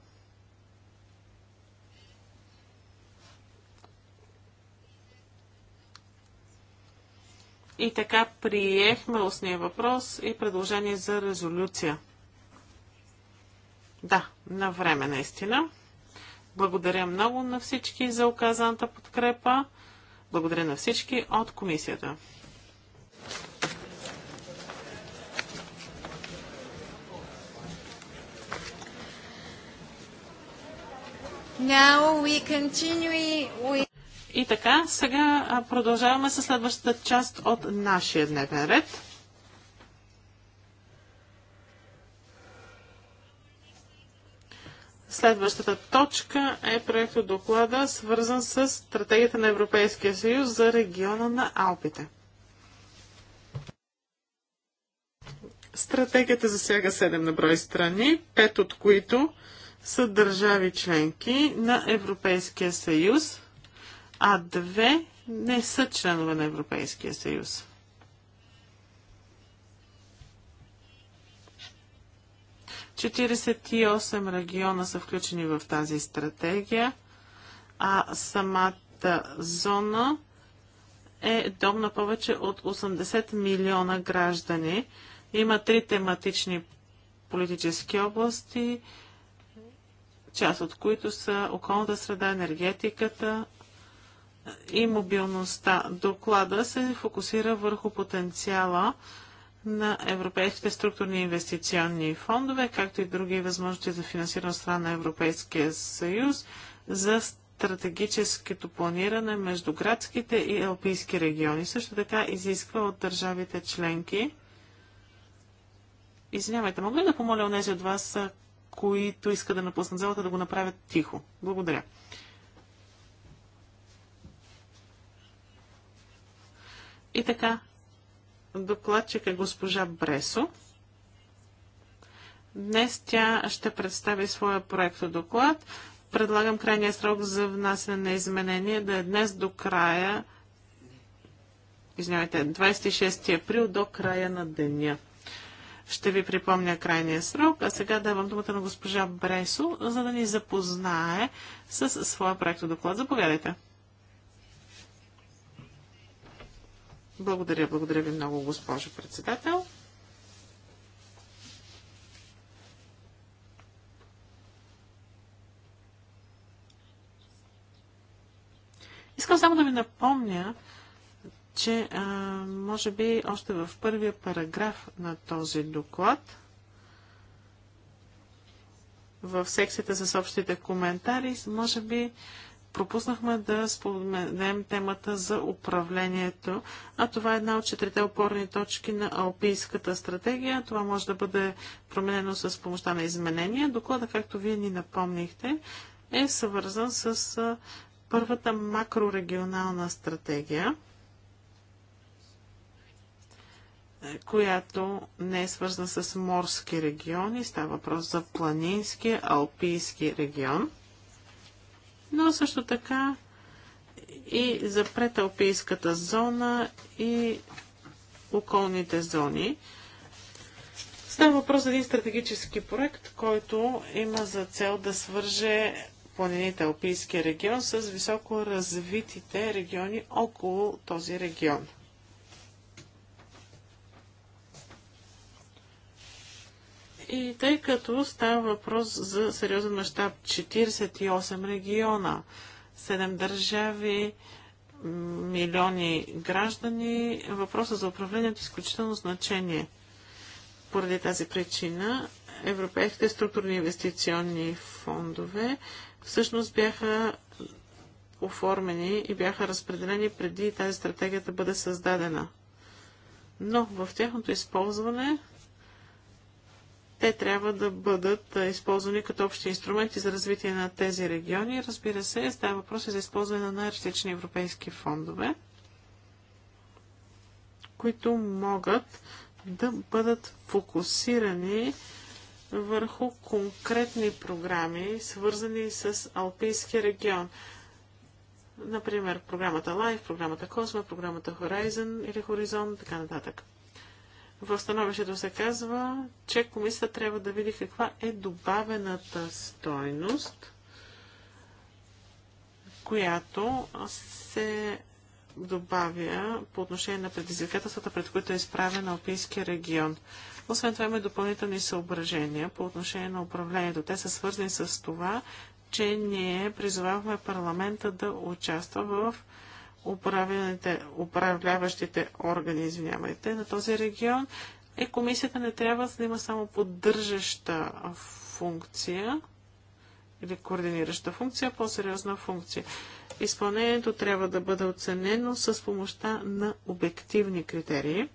И така приехме устния въпрос и предложение за резолюция. Да, на време наистина. Благодаря много на всички за оказаната подкрепа. Благодаря на всички от комисията. Now we continue with и така, сега продължаваме с следващата част от нашия дневен ред. Следващата точка е проект от доклада, свързан с стратегията на Европейския съюз за региона на Алпите. Стратегията засяга 7 на брой страни, 5 от които са държави членки на Европейския съюз а две не са членове на Европейския съюз. Четиридесет и осем региона са включени в тази стратегия, а самата зона е дом на повече от 80 милиона граждани. Има три тематични политически области, част от които са околната среда, енергетиката и мобилността. Доклада се фокусира върху потенциала на европейските структурни инвестиционни фондове, както и други възможности за финансиране от страна на Европейския съюз за стратегическото планиране между градските и алпийски региони. Също така изисква от държавите членки. Извинявайте, мога ли да помоля онези от вас, които искат да напуснат залата, да го направят тихо? Благодаря. И така, докладчика е госпожа Бресо. Днес тя ще представи своя проекто доклад. Предлагам крайния срок за внасяне на изменения да е днес до края, извинявайте, 26 април до края на деня. Ще ви припомня крайния срок, а сега давам думата на госпожа Бресо, за да ни запознае с своя проекто доклад. Заповядайте. Благодаря, благодаря ви много, госпожо председател. Искам само да ви напомня, че а, може би още в първия параграф на този доклад, в секцията с общите коментари, може би Пропуснахме да споменем темата за управлението, а това е една от четирите опорни точки на Алпийската стратегия. Това може да бъде променено с помощта на изменения. Доклада, както вие ни напомнихте, е съвързан с първата макрорегионална стратегия, която не е свързана с морски региони, става въпрос за планински, алпийски регион – но също така и за преталпийската зона и околните зони. Става въпрос за един стратегически проект, който има за цел да свърже планините Алпийския регион с високо развитите региони около този регион. И тъй като става въпрос за сериозен мащаб 48 региона, 7 държави, милиони граждани, въпросът за управлението е изключително значение. Поради тази причина европейските структурни инвестиционни фондове всъщност бяха оформени и бяха разпределени преди тази стратегия да бъде създадена. Но в тяхното използване те трябва да бъдат използвани като общи инструменти за развитие на тези региони. Разбира се, става въпрос за използване на различни европейски фондове, които могат да бъдат фокусирани върху конкретни програми, свързани с Алпийския регион. Например, програмата LIFE, програмата COSMO, програмата Horizon или Horizon, така нататък. В становището се казва, че комисията трябва да види каква е добавената стойност, която се добавя по отношение на предизвикателствата, пред които е изправен Алпийския регион. Освен това има допълнителни съображения по отношение на управлението. Те са свързани с това, че ние призоваваме парламента да участва в управляващите органи, извинявайте, на този регион, е комисията не трябва да има само поддържаща функция или координираща функция, а по-сериозна функция. Изпълнението трябва да бъде оценено с помощта на обективни критерии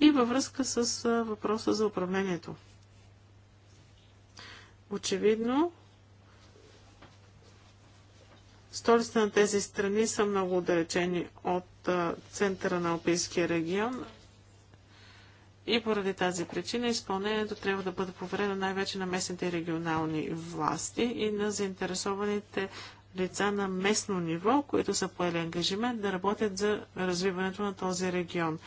и във връзка с въпроса за управлението. Очевидно, Столицата на тези страни са много отдалечени от центъра на Алпийския регион и поради тази причина изпълнението трябва да бъде поверено най-вече на местните регионални власти и на заинтересованите лица на местно ниво, които са поели ангажимент да работят за развиването на този регион.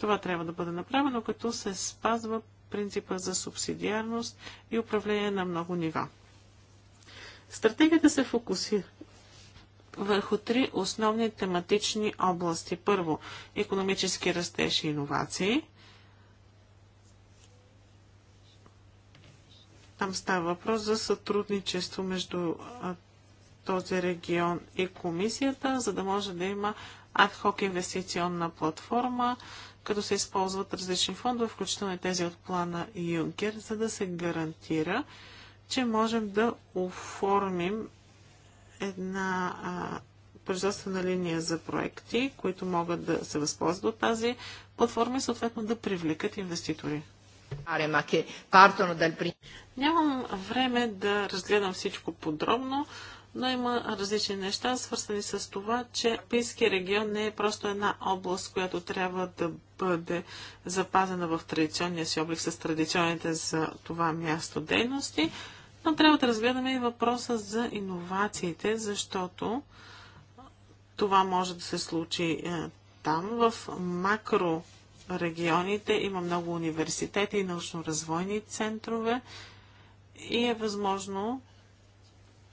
Това трябва да бъде направено, като се спазва принципа за субсидиарност и управление на много нива. Стратегията се фокусира върху три основни тематични области. Първо, економически растеж и иновации. Там става въпрос за сътрудничество между този регион и комисията, за да може да има адхок инвестиционна платформа, като се използват различни фондове, включително и тези от плана Юнкер, за да се гарантира, че можем да оформим една а, производствена линия за проекти, които могат да се възползват от тази платформа и съответно да привлекат инвеститори. Нямам време да разгледам всичко подробно, но има различни неща, свързани с това, че Алпийския регион не е просто една област, която трябва да бъде запазена в традиционния си облик с традиционните за това място дейности но трябва да разгледаме и въпроса за иновациите, защото това може да се случи е, там. В макрорегионите има много университети и научно-развойни центрове и е възможно,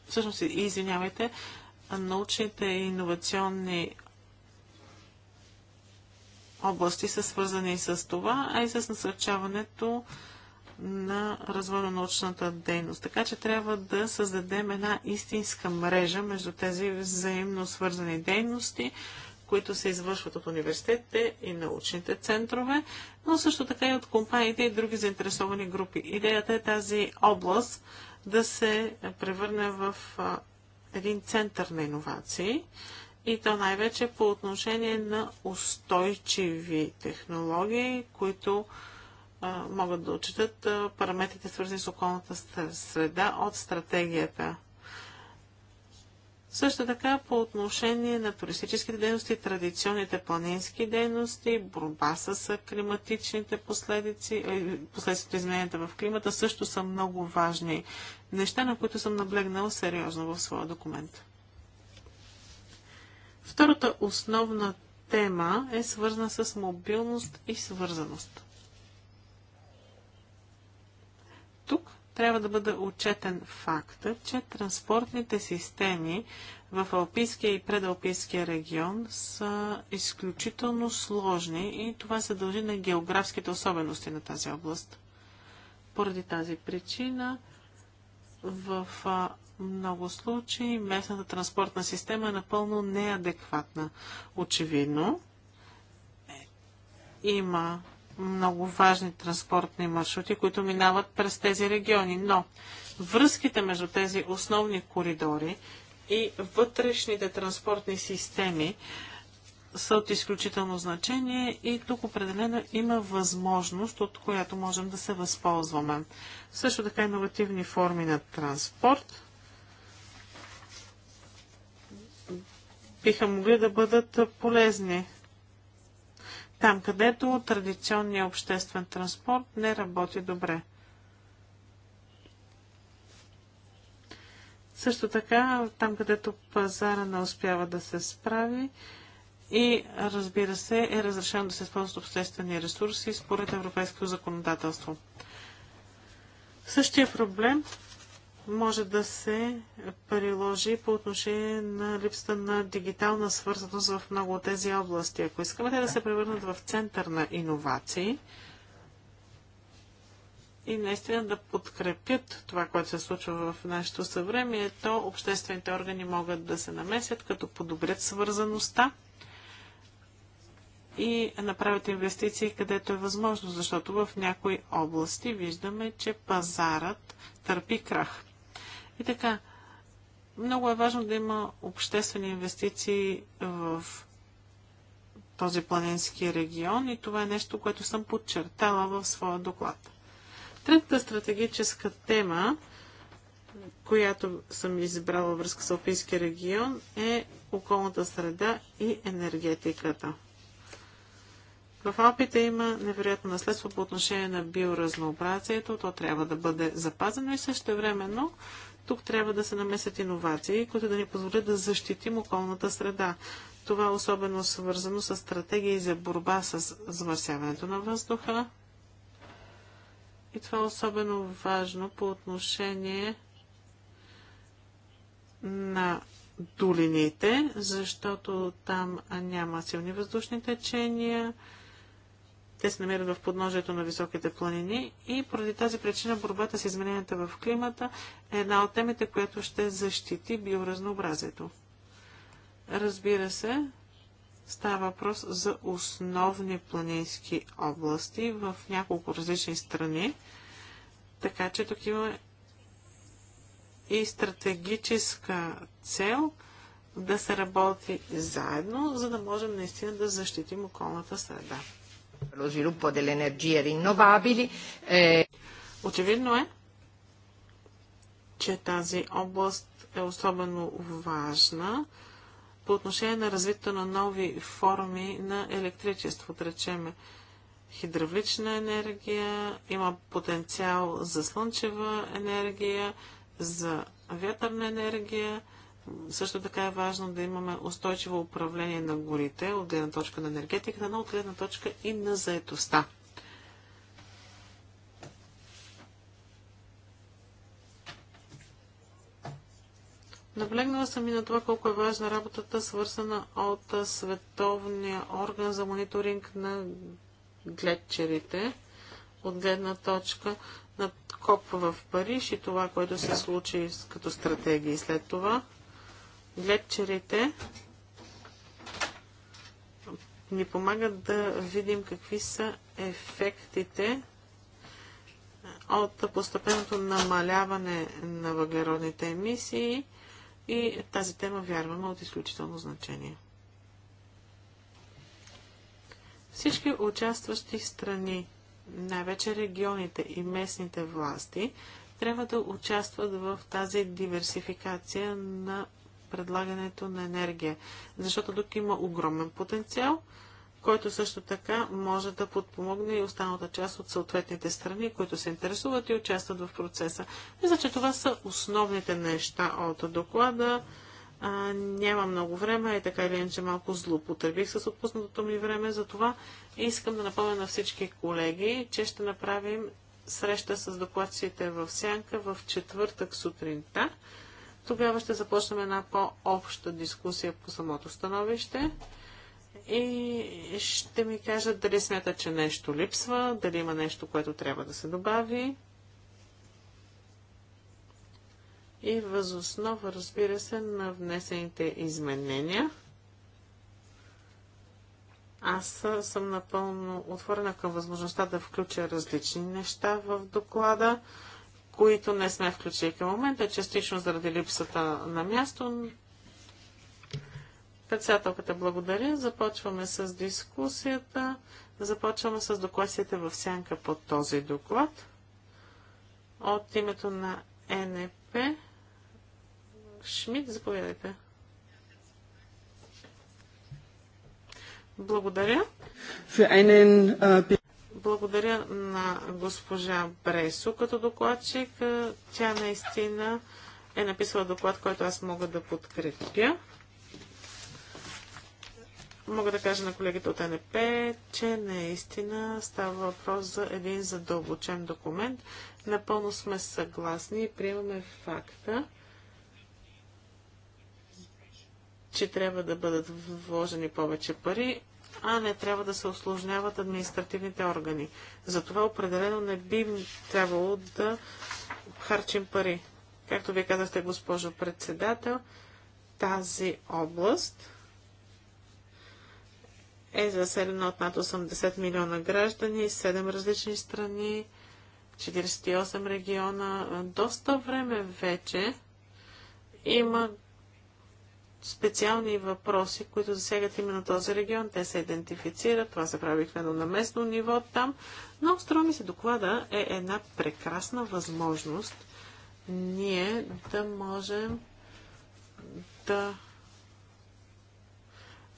всъщност, извинявайте, научните и иновационни области са свързани с това, а и с насърчаването на развойно-научната дейност. Така че трябва да създадем една истинска мрежа между тези взаимно свързани дейности, които се извършват от университетите и научните центрове, но също така и от компаниите и други заинтересовани групи. Идеята е тази област да се превърне в един център на иновации и то най-вече по отношение на устойчиви технологии, които могат да отчитат параметрите свързани с околната среда от стратегията. Също така по отношение на туристическите дейности, традиционните планински дейности, борба с климатичните последици, последствията измененията в климата също са много важни неща, на които съм наблегнал сериозно в своя документ. Втората основна тема е свързана с мобилност и свързаност. Тук трябва да бъде отчетен факта, че транспортните системи в Алпийския и предалпийския регион са изключително сложни и това се дължи на географските особености на тази област. Поради тази причина в много случаи местната транспортна система е напълно неадекватна. Очевидно, е, има много важни транспортни маршрути, които минават през тези региони. Но връзките между тези основни коридори и вътрешните транспортни системи са от изключително значение и тук определено има възможност, от която можем да се възползваме. Също така иновативни форми на транспорт биха могли да бъдат полезни там, където традиционният обществен транспорт не работи добре. Също така, там, където пазара не успява да се справи и, разбира се, е разрешено да се използват обществени ресурси според европейското законодателство. Същия проблем може да се приложи по отношение на липсата на дигитална свързаност в много от тези области. Ако искаме те да се превърнат в център на иновации и наистина да подкрепят това, което се случва в нашето съвремие, то обществените органи могат да се намесят, като подобрят свързаността и направят инвестиции където е възможно, защото в някои области виждаме, че пазарът търпи крах. И така, много е важно да има обществени инвестиции в този планински регион и това е нещо, което съм подчертала в своя доклад. Третата стратегическа тема, която съм избрала във връзка с Алпийския регион, е околната среда и енергетиката. В Алпите има невероятно наследство по отношение на биоразнообразието. То трябва да бъде запазено и също времено тук трябва да се намесят иновации, които да ни позволят да защитим околната среда. Това е особено свързано с стратегии за борба с замърсяването на въздуха. И това е особено важно по отношение на долините, защото там няма силни въздушни течения, те се намират в подножието на високите планини и поради тази причина борбата с измененията в климата е една от темите, която ще защити биоразнообразието. Разбира се, става въпрос за основни планински области в няколко различни страни, така че тук има и стратегическа цел да се работи заедно, за да можем наистина да защитим околната среда lo sviluppo delle energie rinnovabili. Eh, Очевидно е, че тази област е особено важна по отношение на развитието на нови форми на електричество, да речеме хидравлична енергия, има потенциал за слънчева енергия, за вятърна енергия, също така е важно да имаме устойчиво управление на горите от гледна точка на енергетиката, но от гледна точка и на заетостта. Наблегнала съм и на това колко е важна работата, свързана от Световния орган за мониторинг на гледчерите от гледна точка на КОП в Париж и това, което се случи като стратегии след това лекчерите ни помагат да видим какви са ефектите от постепенното намаляване на въглеродните емисии и тази тема вярваме е от изключително значение. Всички участващи страни, най-вече регионите и местните власти, трябва да участват в тази диверсификация на предлагането на енергия. Защото тук има огромен потенциал, който също така може да подпомогне и останалата част от съответните страни, които се интересуват и участват в процеса. Мисля, че това са основните неща от доклада. А, няма много време, е така или иначе малко злоупотребих с отпуснатото ми време, затова искам да напомня на всички колеги, че ще направим среща с докладците в Сянка в четвъртък сутринта тогава ще започнем една по-обща дискусия по самото становище и ще ми кажат дали смята, че нещо липсва, дали има нещо, което трябва да се добави. И възоснова, разбира се, на внесените изменения. Аз съм напълно отворена към възможността да включа различни неща в доклада които не сме включили към момента, частично заради липсата на място. Председателката благодаря. Започваме с дискусията. Започваме с докласите в сянка под този доклад. От името на НП Шмидт, заповядайте. Благодаря. Äh, благодаря на госпожа Бресо като докладчик. Е, Тя наистина е написала доклад, който аз мога да подкрепя. Мога да кажа на колегите от НП, че наистина става въпрос за един задълбочен документ. Напълно сме съгласни и приемаме факта, че трябва да бъдат вложени повече пари а не трябва да се осложняват административните органи. Затова определено не би трябвало да харчим пари. Както вие казахте, госпожо председател, тази област е заселена от над 80 милиона граждани, 7 различни страни, 48 региона. Доста време вече има специални въпроси, които засягат именно този регион. Те се идентифицират, това се прави обикновено на местно ниво там, но струва ми се доклада е една прекрасна възможност ние да можем да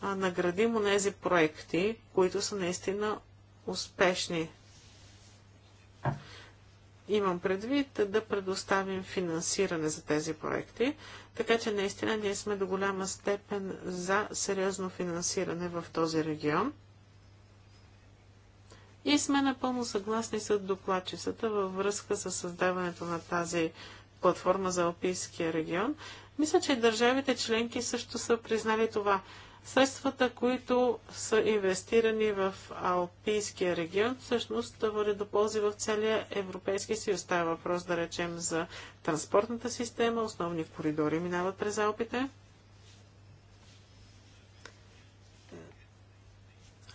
наградим нези проекти, които са наистина успешни. Имам предвид да предоставим финансиране за тези проекти, така че наистина ние сме до голяма степен за сериозно финансиране в този регион. И сме напълно съгласни с докладчицата във връзка с създаването на тази платформа за Алпийския регион. Мисля, че държавите членки също са признали това средствата, които са инвестирани в Алпийския регион, всъщност да водят до ползи в целия Европейски съюз. Става въпрос, да речем, за транспортната система, основни коридори минават през Алпите.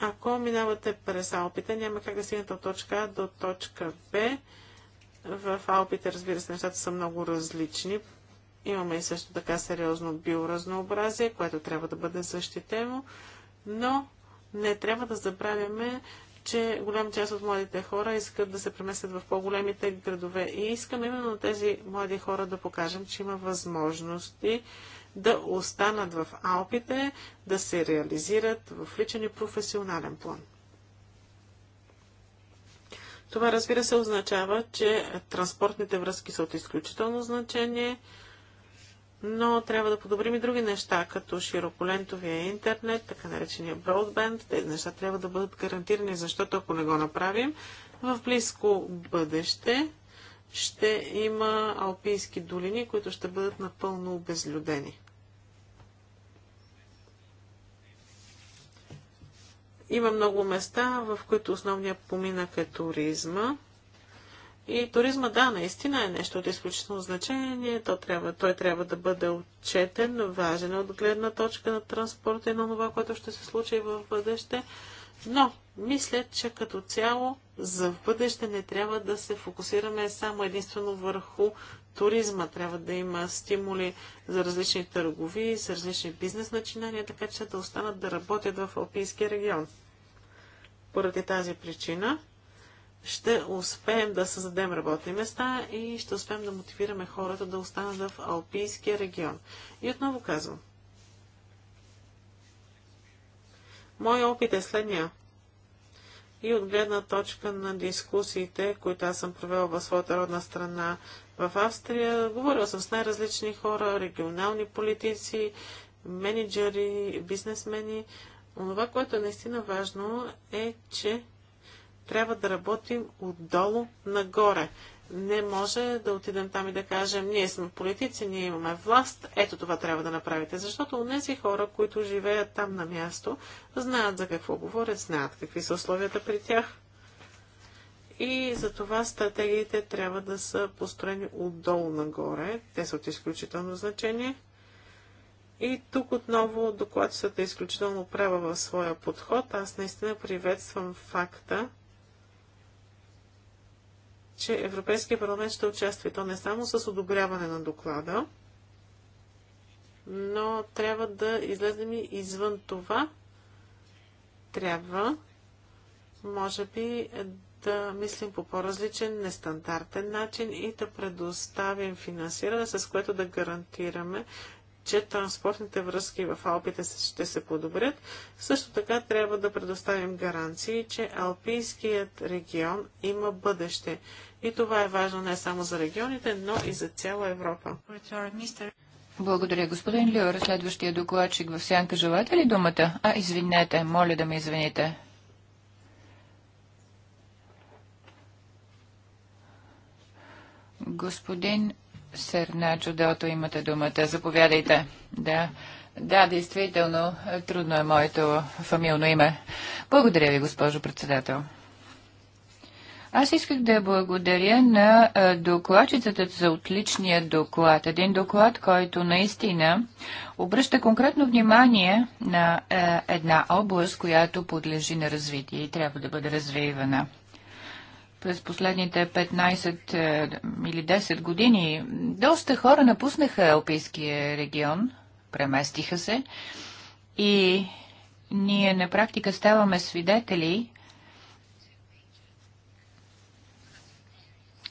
Ако минавате през Алпите, няма как да стигнете от точка А до точка Б. В Алпите, разбира се, нещата са много различни Имаме и също така сериозно биоразнообразие, което трябва да бъде защитено, но не трябва да забравяме, че голям част от младите хора искат да се преместят в по-големите градове. И искаме именно на тези млади хора да покажем, че има възможности да останат в Алпите, да се реализират в личен и професионален план. Това разбира се означава, че транспортните връзки са от изключително значение – но трябва да подобрим и други неща, като широколентовия интернет, така наречения broadband. Тези неща трябва да бъдат гарантирани, защото ако не го направим, в близко бъдеще ще има алпийски долини, които ще бъдат напълно обезлюдени. Има много места, в които основният поминък е туризма. И туризма, да, наистина е нещо от изключително значение. То трябва, той трябва да бъде отчетен, важен е от гледна точка на транспорта и на това, което ще се случи в бъдеще. Но, мисля, че като цяло за бъдеще не трябва да се фокусираме само единствено върху туризма. Трябва да има стимули за различни търгови, за различни бизнес начинания, така че да останат да работят в Алпийския регион. Поради тази причина ще успеем да създадем работни места и ще успеем да мотивираме хората да останат в Алпийския регион. И отново казвам. Мой опит е следния. И от гледна точка на дискусиите, които аз съм провел в своята родна страна в Австрия, говорил съм с най-различни хора, регионални политици, менеджери, бизнесмени. Онова, което е наистина важно е, че трябва да работим отдолу нагоре. Не може да отидем там и да кажем, ние сме политици, ние имаме власт, ето това трябва да направите. Защото унези хора, които живеят там на място, знаят за какво говорят, знаят какви са условията при тях. И за това стратегиите трябва да са построени отдолу нагоре. Те са от изключително значение. И тук отново докладчицата е изключително права в своя подход. Аз наистина приветствам факта, че Европейския парламент ще участва. И то не само с одобряване на доклада, но трябва да излезем и извън това. Трябва, може би, да мислим по по-различен, нестандартен начин и да предоставим финансиране, с което да гарантираме, че транспортните връзки в Алпите ще се подобрят. Също така трябва да предоставим гаранции, че Алпийският регион има бъдеще. И това е важно не само за регионите, но и за цяла Европа. Благодаря, господин Льор. Следващия докладчик в сянка. Желаете ли думата? А, извинете, моля да ме извините. Господин Серначо Дото, имате думата. Заповядайте. Да. Да, действително, трудно е моето фамилно име. Благодаря ви, госпожо председател. Аз исках да благодаря на докладчицата за отличния доклад. Един доклад, който наистина обръща конкретно внимание на една област, която подлежи на развитие и трябва да бъде развивана през последните 15 или 10 години доста хора напуснаха Елпийския регион, преместиха се и ние на практика ставаме свидетели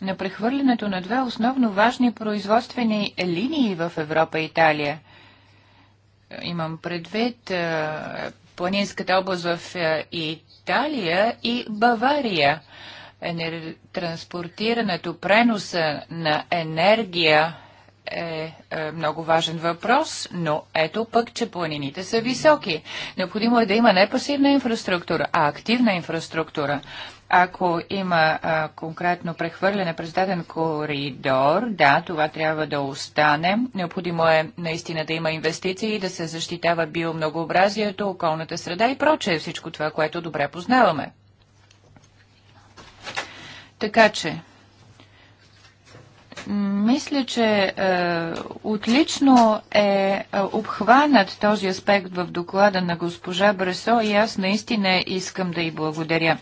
на прехвърлянето на две основно важни производствени линии в Европа и Италия. Имам предвид планинската област в Италия и Бавария. Енер... Транспортирането, преноса на енергия е, е много важен въпрос, но ето пък, че планините са високи. Необходимо е да има не пасивна инфраструктура, а активна инфраструктура. Ако има а, конкретно прехвърляне през даден коридор, да, това трябва да остане. Необходимо е наистина да има инвестиции, да се защитава биомногообразието, околната среда и прочее, всичко това, което добре познаваме. Така че, мисля, че е, отлично е, е обхванат този аспект в доклада на госпожа Бресо и аз наистина искам да й благодаря.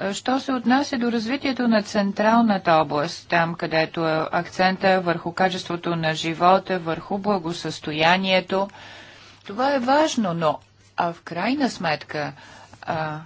Е, що се отнася до развитието на централната област, там където е акцента върху качеството на живота, върху благосъстоянието, това е важно, но а в крайна сметка а,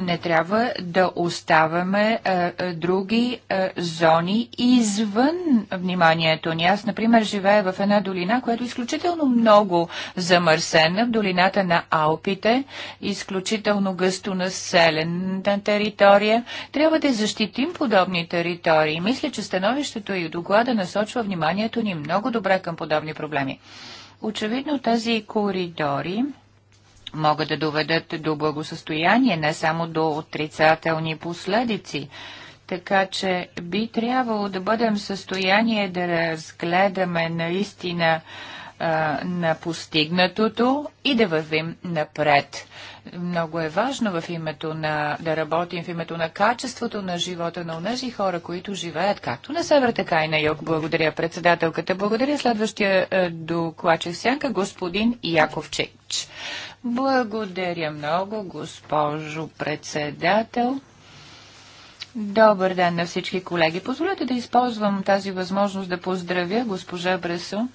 не трябва да оставаме а, е, е, други а, е, зони извън вниманието ни. Аз, например, живея в една долина, която е изключително много замърсена, в долината на Алпите, изключително гъсто населена територия. Трябва да защитим подобни територии. Мисля, че становището и доклада насочва вниманието ни много добре към подобни проблеми. Очевидно тези коридори могат да доведат до благосъстояние, не само до отрицателни последици. Така че би трябвало да бъдем в състояние да разгледаме наистина на постигнатото и да вървим напред. Много е важно в името на, да работим в името на качеството на живота на унези хора, които живеят както на север, така и на юг. Благодаря председателката. Благодаря следващия докладчик сянка, господин Яковчич. Благодаря много, госпожо председател. Добър ден на всички колеги. Позволете да използвам тази възможност да поздравя госпожа Бресо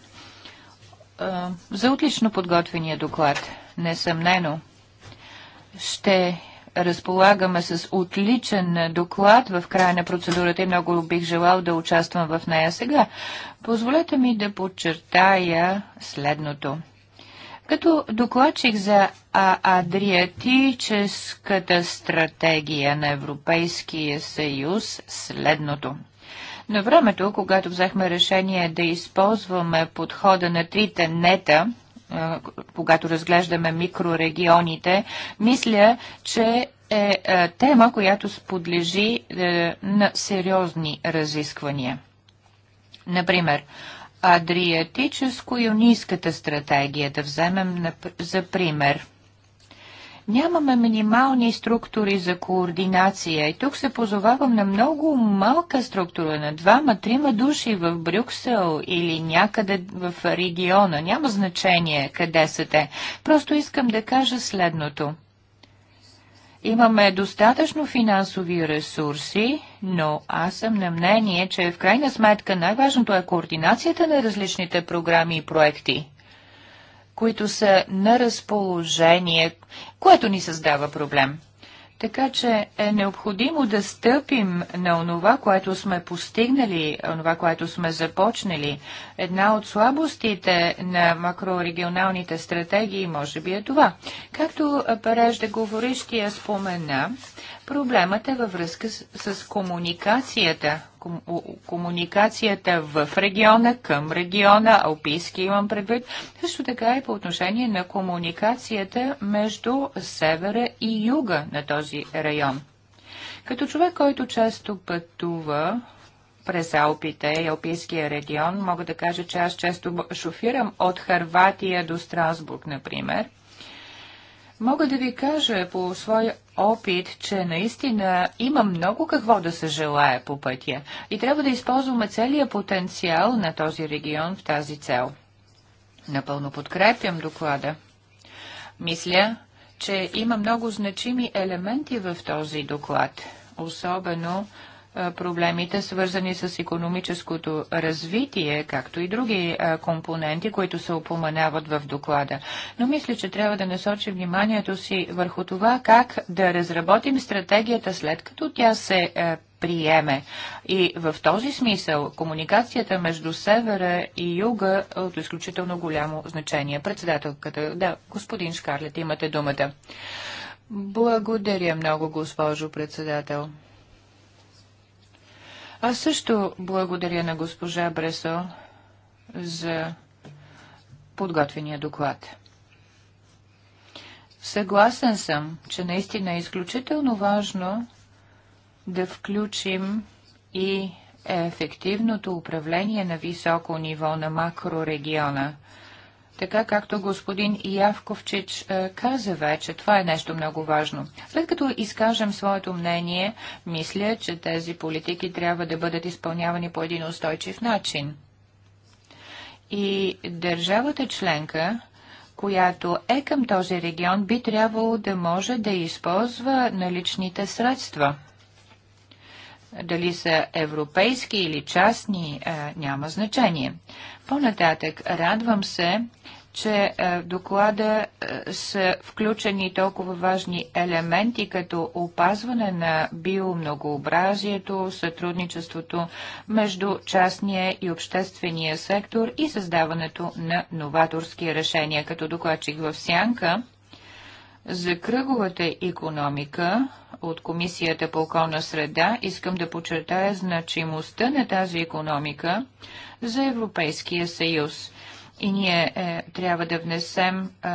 за отлично подготвения доклад. Несъмнено ще разполагаме с отличен доклад в края на процедурата и много бих желал да участвам в нея сега. Позволете ми да подчертая следното. Като докладчик за Адриатическата стратегия на Европейския съюз, следното – на времето, когато взехме решение да използваме подхода на трите нета, когато разглеждаме микрорегионите, мисля, че е тема, която подлежи е, на сериозни разисквания. Например, Адриатическо-юнийската стратегия, да вземем за пример – нямаме минимални структури за координация. И тук се позовавам на много малка структура, на двама-трима души в Брюксел или някъде в региона. Няма значение къде са те. Просто искам да кажа следното. Имаме достатъчно финансови ресурси, но аз съм на мнение, че в крайна сметка най-важното е координацията на различните програми и проекти които са на разположение, което ни създава проблем. Така че е необходимо да стъпим на онова, което сме постигнали, онова, което сме започнали. Една от слабостите на макрорегионалните стратегии може би е това. Както преждеговорищия спомена, Проблемът е във връзка с, с комуникацията. Ком, комуникацията в региона, към региона, алпийски имам предвид. Също така и по отношение на комуникацията между севера и юга на този район. Като човек, който често пътува през Алпите и Алпийския регион, мога да кажа, че аз често шофирам от Харватия до Страсбург, например. Мога да ви кажа по своя опит, че наистина има много какво да се желая по пътя и трябва да използваме целия потенциал на този регион в тази цел. Напълно подкрепям доклада. Мисля, че има много значими елементи в този доклад, особено проблемите, свързани с економическото развитие, както и други компоненти, които се упоменават в доклада. Но мисля, че трябва да насочи вниманието си върху това как да разработим стратегията след като тя се приеме. И в този смисъл комуникацията между севера и юга е от изключително голямо значение. Председателката, да, господин Шкарлет, имате думата. Благодаря много, госпожо председател. Аз също благодаря на госпожа Бресо за подготвения доклад. Съгласен съм, че наистина е изключително важно да включим и ефективното управление на високо ниво на макрорегиона – така както господин Явковчич е, каза вече, това е нещо много важно. След като изкажем своето мнение, мисля, че тези политики трябва да бъдат изпълнявани по един устойчив начин. И държавата членка, която е към този регион, би трябвало да може да използва наличните средства. Дали са европейски или частни, е, няма значение. По-нататък радвам се, че е, в доклада е, са включени толкова важни елементи, като опазване на биомногообразието, сътрудничеството между частния и обществения сектор и създаването на новаторски решения. Като докладчик в Сянка, за кръговата економика от Комисията по околна среда искам да подчертая значимостта на тази економика за Европейския съюз. И ние е, трябва да внесем е,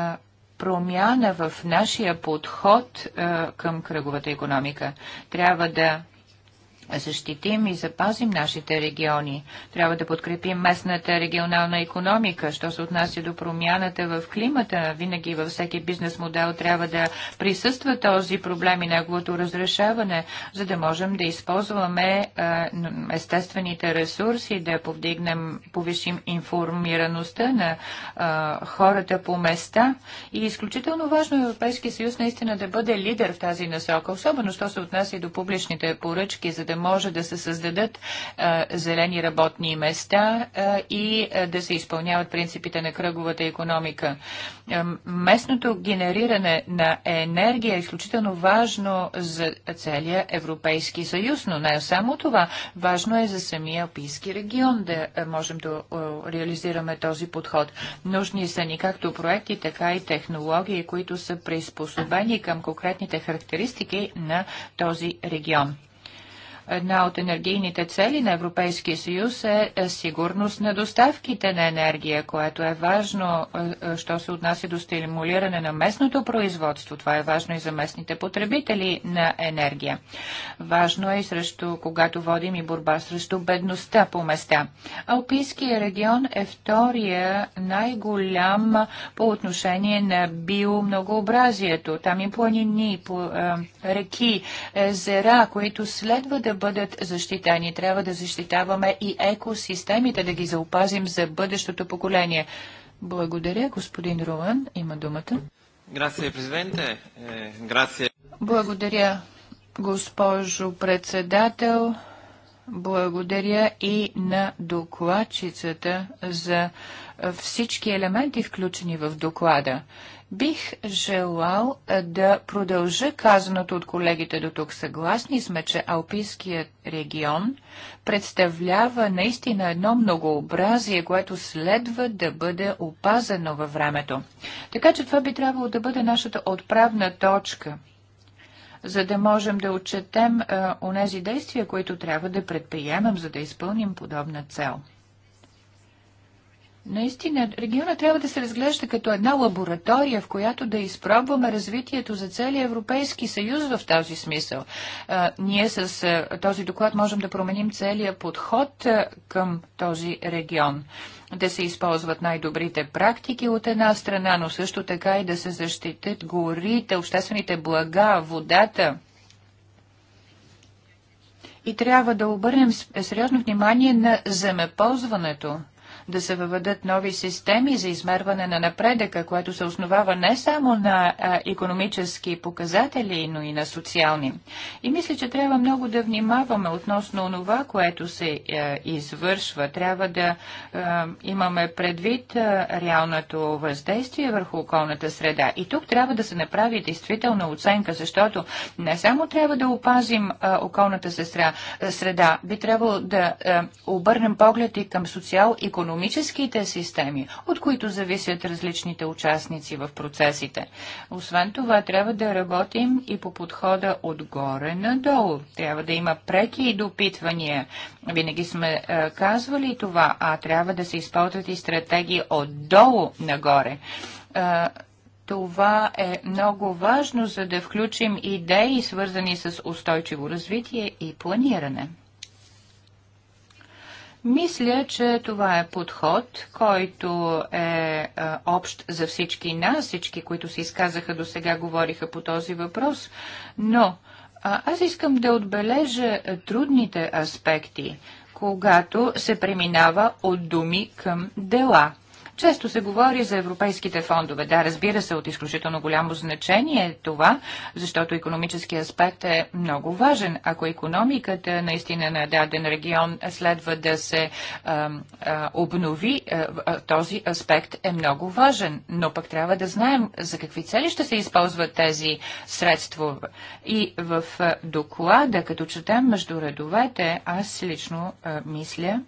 промяна в нашия подход е, към кръговата економика. Трябва да защитим и запазим нашите региони. Трябва да подкрепим местната регионална економика. Що се отнася до промяната в климата, винаги във всеки бизнес модел трябва да присъства този проблем и неговото разрешаване, за да можем да използваме е, естествените ресурси, да повдигнем, повишим информираността на е, хората по места. И изключително важно е Европейския съюз наистина да бъде лидер в тази насока, особено що се отнася и до публичните поръчки, за да да може да се създадат зелени работни места и да се изпълняват принципите на кръговата економика. местното генериране на енергия е изключително важно за целия Европейски съюз, но не само това. Важно е за самия Алпийски регион да можем да реализираме този подход. Нужни са ни както проекти, така и технологии, които са приспособени към конкретните характеристики на този регион. Една от енергийните цели на Европейския съюз е, е сигурност на доставките на енергия, което е важно, е, е, що се отнася до стимулиране на местното производство. Това е важно и за местните потребители на енергия. Важно е и срещу, когато водим и борба срещу бедността по места. Алпийския регион е втория най-голям по отношение на биомногообразието. Там и планини, реки, езера, които следва да бъдат защитени. Трябва да защитаваме и екосистемите, да ги заопазим за бъдещото поколение. Благодаря, господин Руан. Има думата. Грация, президенте. Е, грация. Благодаря, госпожо председател. Благодаря и на докладчицата за всички елементи, включени в доклада. Бих желал е, да продължа казаното от колегите до тук. Съгласни сме, че Алпийският регион представлява наистина едно многообразие, което следва да бъде опазено във времето. Така че това би трябвало да бъде нашата отправна точка за да можем да отчетем е, онези действия, които трябва да предприемем, за да изпълним подобна цел. Наистина, региона трябва да се разглежда като една лаборатория, в която да изпробваме развитието за целия Европейски съюз в този смисъл. А, ние с а, този доклад можем да променим целия подход а, към този регион. Да се използват най-добрите практики от една страна, но също така и да се защитят горите, обществените блага, водата и трябва да обърнем сериозно внимание на земеползването да се въведат нови системи за измерване на напредъка, което се основава не само на економически показатели, но и на социални. И мисля, че трябва много да внимаваме относно това, което се а, е, извършва. Трябва да а, е, имаме предвид а, е, реалното въздействие върху околната среда. И тук трябва да се направи действителна оценка, защото не само трябва да опазим околната сестра, среда, би трябвало да обърнем поглед и към социал-економически економическите системи, от които зависят различните участници в процесите. Освен това, трябва да работим и по подхода отгоре надолу. Трябва да има преки допитвания. Винаги сме е, казвали това, а трябва да се използват и стратегии отдолу нагоре. Е, това е много важно, за да включим идеи, свързани с устойчиво развитие и планиране. Мисля, че това е подход, който е, е общ за всички нас. Всички, които се изказаха до сега, говориха по този въпрос. Но аз искам да отбележа трудните аспекти, когато се преминава от думи към дела. Често се говори за европейските фондове. Да, разбира се, от изключително голямо значение е това, защото економически аспект е много важен. Ако економиката наистина на даден регион следва да се а, а, обнови, е, а, този аспект е много важен. Но пък трябва да знаем за какви цели ще се използват тези средства. И в доклада, като четем между редовете, аз лично а, мисля,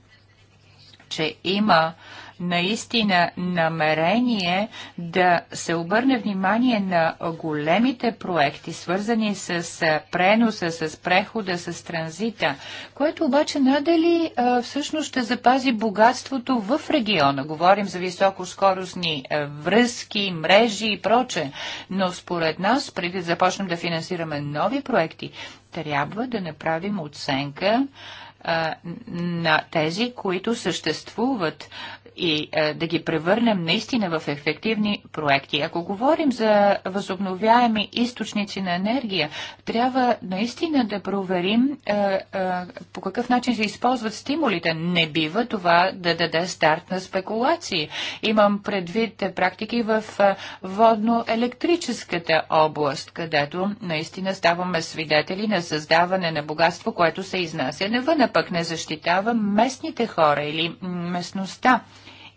че има наистина намерение да се обърне внимание на големите проекти, свързани с преноса, с прехода, с транзита, което обаче надали всъщност ще запази богатството в региона. Говорим за високоскоростни връзки, мрежи и проче. Но според нас, преди да започнем да финансираме нови проекти, трябва да направим оценка на тези, които съществуват и е, да ги превърнем наистина в ефективни проекти. Ако говорим за възобновяеми източници на енергия, трябва наистина да проверим е, е, по какъв начин се използват стимулите. Не бива това да даде старт на спекулации. Имам предвид практики в водно-електрическата област, където наистина ставаме свидетели на създаване на богатство, което се изнася навън, а пък не защитава местните хора или местността.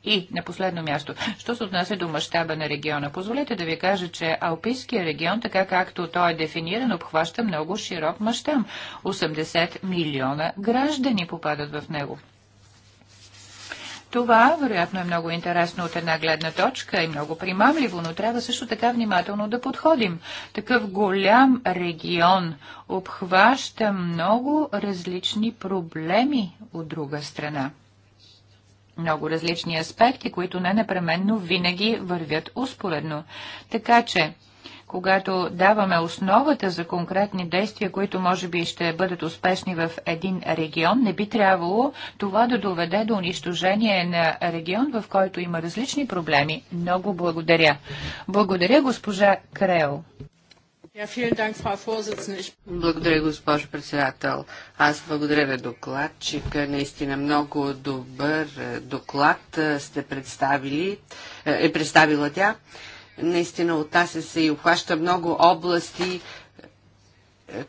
И на последно място, що се отнася до мащаба на региона? Позволете да ви кажа, че Алпийския регион, така както той е дефиниран, обхваща много широк мащаб. 80 милиона граждани попадат в него. Това, вероятно, е много интересно от една гледна точка и много примамливо, но трябва също така внимателно да подходим. Такъв голям регион обхваща много различни проблеми от друга страна много различни аспекти, които не непременно винаги вървят успоредно. Така че, когато даваме основата за конкретни действия, които може би ще бъдат успешни в един регион, не би трябвало това да доведе до унищожение на регион, в който има различни проблеми. Много благодаря. Благодаря, госпожа Крел. Благодаря, госпожо председател. Аз благодаря на докладчика. Наистина много добър е, доклад е, сте представили, е, е представила тя. Наистина отнася се и обхваща много области,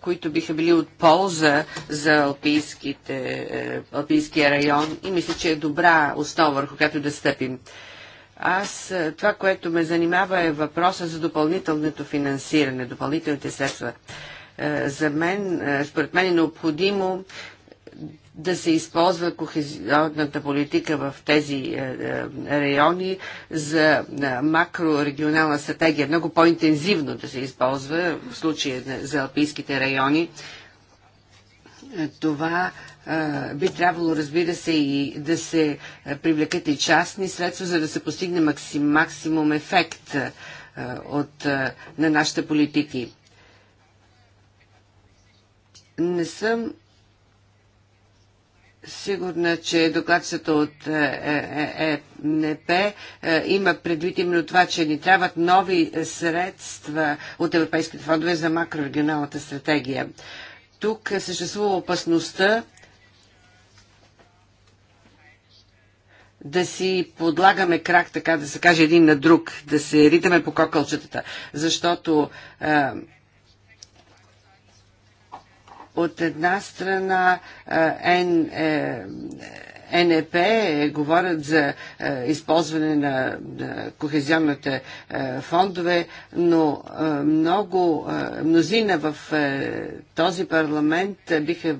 които биха били от полза за Алпийските, Алпийския район и мисля, че е добра основа, върху която да стъпим. Аз е, това, което ме занимава е въпроса за допълнителното финансиране, допълнителните средства. Е, за мен, е, според мен е необходимо да се използва кохезионната политика в тези райони за макрорегионална стратегия. Много по-интензивно да се използва в случая за алпийските райони. Това би трябвало, разбира се, и да се привлекат и частни средства, за да се постигне максим, максимум ефект от, на нашите политики. Не съм сигурна, че докладчата от е, е, е, ЕНП има предвид именно това, че ни трябват нови средства от европейските фондове за макрорегионалната стратегия. Тук съществува опасността да си подлагаме крак, така да се каже, един на друг, да се ритаме по кокълчетата, защото е, от една страна е, е, НЕП говорят за е, използване на кохезионните е, фондове, но е, много мнозина в този парламент биха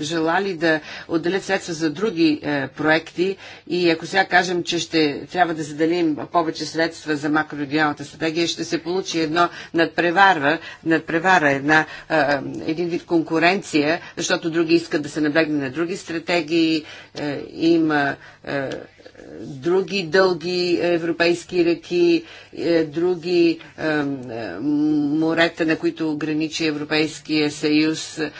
желали да отделят средства за други проекти и ако сега кажем, че ще трябва да заделим повече средства за макрорегионалната стратегия, ще се получи едно надпреварва, надпревара, една, един вид конкуренция, защото други искат да се наблегне на други стратегии има е, други дълги европейски реки, е, други е, морета, на които граничи Европейския съюз. Е,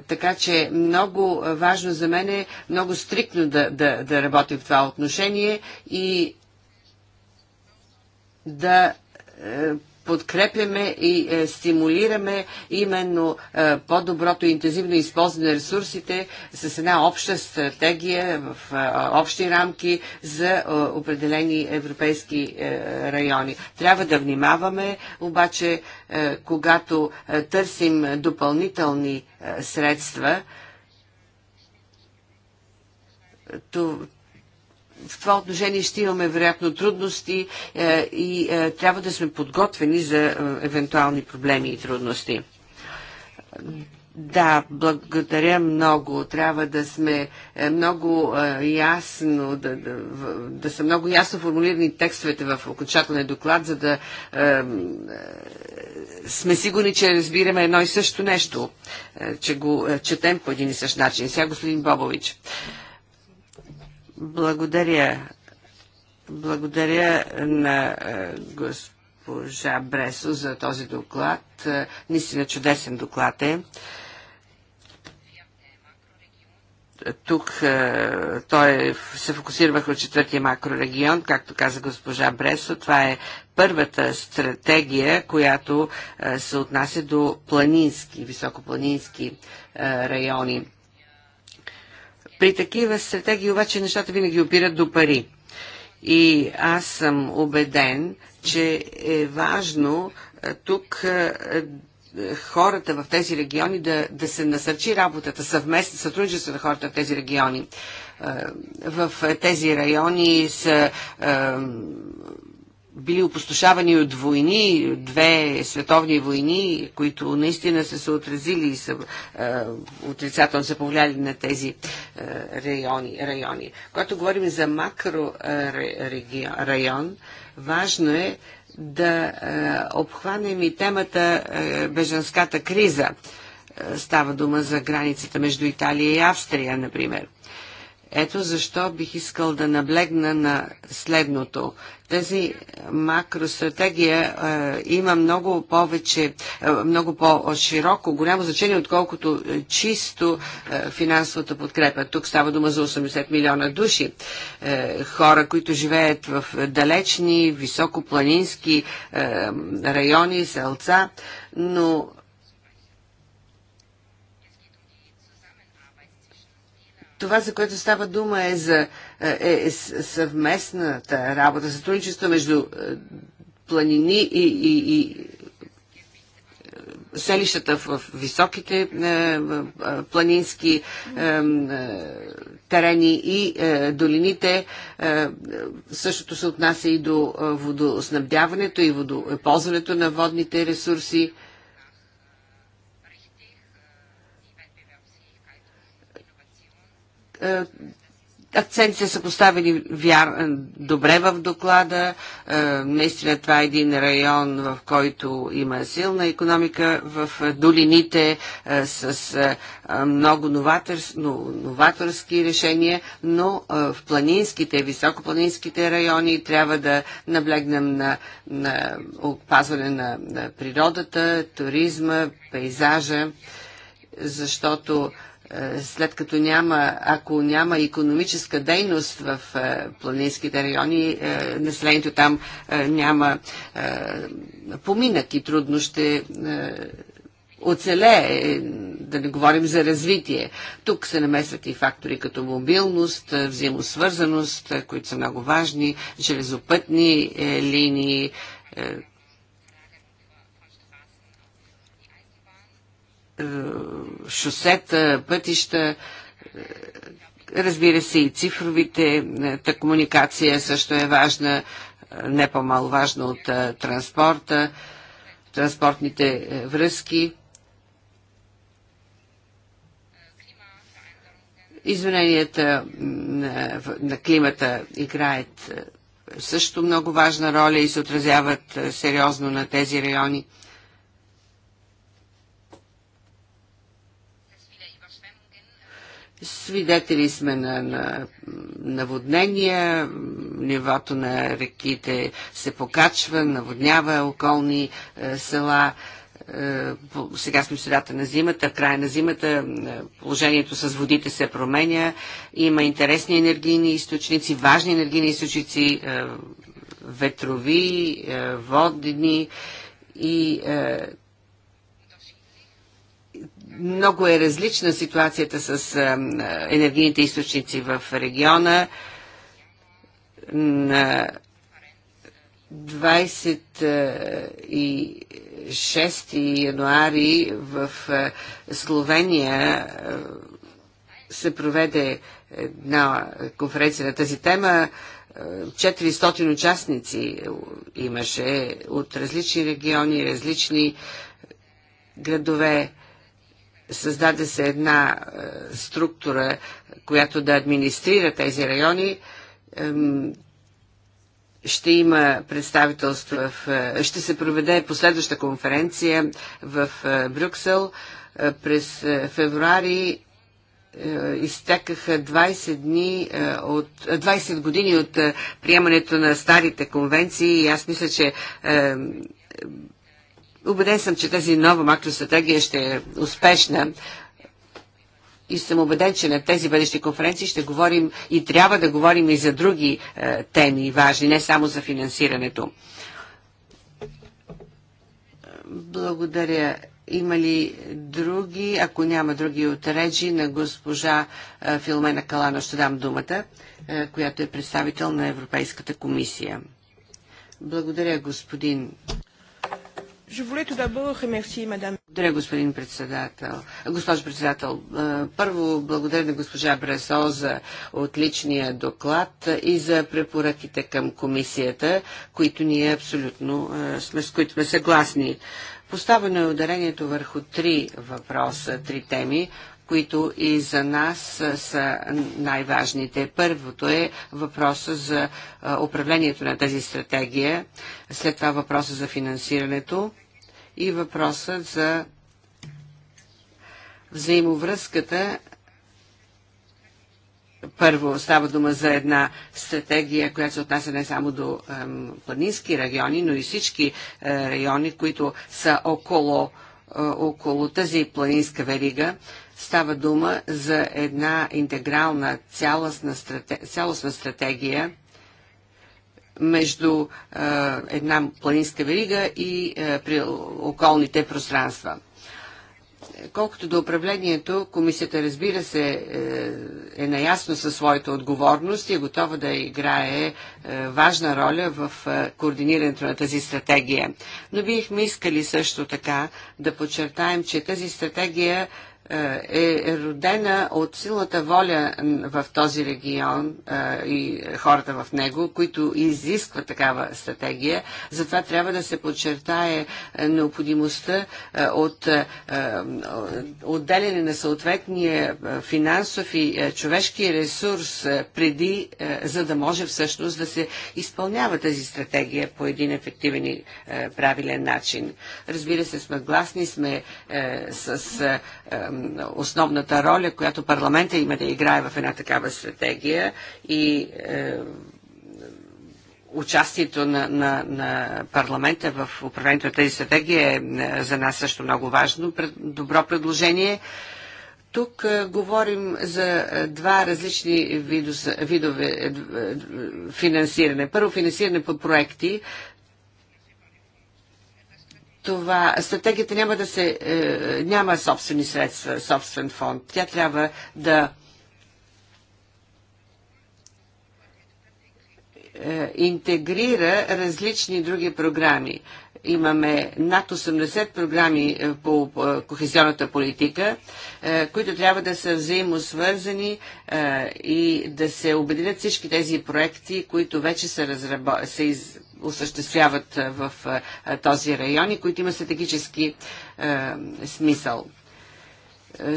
така че много важно за мен е много стрикно да, да, да работим в това отношение и да е, подкрепяме и е, стимулираме именно е, по-доброто интензивно използване на ресурсите с една обща стратегия в е, общи рамки за определени европейски райони. Трябва да внимаваме, обаче, когато търсим допълнителни средства, в това отношение ще имаме вероятно трудности е, и е, трябва да сме подготвени за е, евентуални проблеми и трудности. Да, благодаря много. Трябва да сме е, много е, ясно, да, да, да са много ясно формулирани текстовете в окончателния доклад, за да е, е сме сигурни, че разбираме едно и също нещо, че го четем по един и същ начин. Сега господин Бобович. Е, благодаря. Благодаря на е, госпожа Бресо за този доклад. Е, наистина чудесен доклад е. Тук е, той се фокусира върху четвъртия макрорегион, както каза госпожа Бресо. Това е първата стратегия, която се отнася до планински, високопланински райони при такива стратегии обаче нещата винаги опират до пари. И аз съм убеден, че е важно тук хората в тези региони да, да се насърчи работата, съвместно сътрудничество на хората в тези региони. В тези райони са били опустошавани от войни, две световни войни, които наистина са се отразили и са е, отрицателно са повлияли на тези е, райони, райони. Когато говорим за макро е, район, важно е да е, обхванем и темата е, беженската криза. Е, става дума за границата между Италия и Австрия, например ето защо бих искал да наблегна на следното. Тази макростратегия е, има много повече, е, много по-широко, голямо значение, отколкото е, чисто е, финансовата подкрепа. Тук става дума за 80 милиона души. Е, хора, които живеят в далечни, високопланински е, райони, селца, но Това, за което става дума е за е, е съвместната работа, сътрудничество между е, планини и, и, и е, селищата в високите е, планински терени и долините. Същото се отнася и до водоснабдяването и водоползването на водните ресурси. Е, акцентите са поставени вяр... добре в доклада. Е, наистина това е един район, в който има силна економика в долините е, с много новаторски решения, но в планинските, високопланинските райони трябва да наблегнем на, на опазване на, на природата, туризма, пейзажа, защото е, след като няма, ако няма економическа дейност в е, планинските райони, е, населението там няма поминък и трудно ще оцелее, да не говорим за развитие. Тук се намесват и фактори като мобилност, взаимосвързаност, които са много важни, железопътни линии, Е, шосета, пътища, е, разбира се и цифровите, е, та комуникация също е важна, не по-маловажна от транспорта, транспортните връзки. Измененията на климата играят също много важна роля и се отразяват сериозно на тези райони. Свидетели сме на, на наводнения, нивото на реките се покачва, наводнява околни е, села. Е, сега сме в средата на зимата, края на зимата, е, положението с водите се променя. Има интересни енергийни източници, важни енергийни източници, е, ветрови, е, водни и е, много е различна ситуацията с енергийните източници в региона. На 26 януари в Словения се проведе една конференция на тази тема. 400 участници имаше от различни региони, различни градове. Създаде се една е, структура, която да администрира тези райони ще има представителство в... Е, ще се проведе последваща конференция в е, Брюксел през февруари изтекаха 20, дни от, 20 години от приемането на старите конвенции и аз мисля, че Убеден съм, че тази нова макростратегия ще е успешна и съм убеден, че на тези бъдещи конференции ще говорим и трябва да говорим и за други е, теми важни, не само за финансирането. Благодаря. Има ли други? Ако няма други от речи на госпожа е, Филмена Калана, ще дам думата, е, която е представител на Европейската комисия. Благодаря, господин благодаря, господин председател. Госпожо председател, първо благодаря на госпожа Бресо за отличния доклад и за препоръките към комисията, които ние абсолютно сме, с които сме съгласни. Поставено е ударението върху три въпроса, три теми които и за нас са най-важните. Първото е въпроса за управлението на тази стратегия, след това въпроса за финансирането и въпроса за взаимовръзката първо става дума за една стратегия, която се отнася не само до ем, планински райони, но и всички е, райони, които са около, е, около тази планинска верига. Става дума за една интегрална цялостна стратегия, цялостна стратегия между е, една планинска верига и е, при околните пространства. Колкото до управлението, комисията разбира се е, е наясно със своята отговорност и е готова да играе е, важна роля в е, координирането на тази стратегия. Но бихме искали също така да подчертаем, че тази стратегия е, е родена от силната воля в този регион и хората в него, които изискват такава стратегия. Затова трябва да се подчертае необходимостта от отделяне на съответния финансов и човешки ресурс преди, за да може всъщност да се изпълнява тази стратегия по един ефективен и правилен начин. Разбира се, сме гласни, сме с основната роля, която парламента има да играе в една такава стратегия и е, участието на, на, на парламента в управлението на тези стратегия е, е за нас също много важно. Добро предложение. Тук е, говорим за е, два различни видос, видове финансиране. Първо финансиране по проекти, това, стратегията няма да се, е, няма собствени средства, собствен фонд. Тя трябва да Е, интегрира различни други програми. Имаме над 80 програми е, по е, кохезионната политика, които трябва да са взаимосвързани и да се обединят всички тези проекти, които вече са, разрабо... се из... осъществяват в този район и които има стратегически смисъл.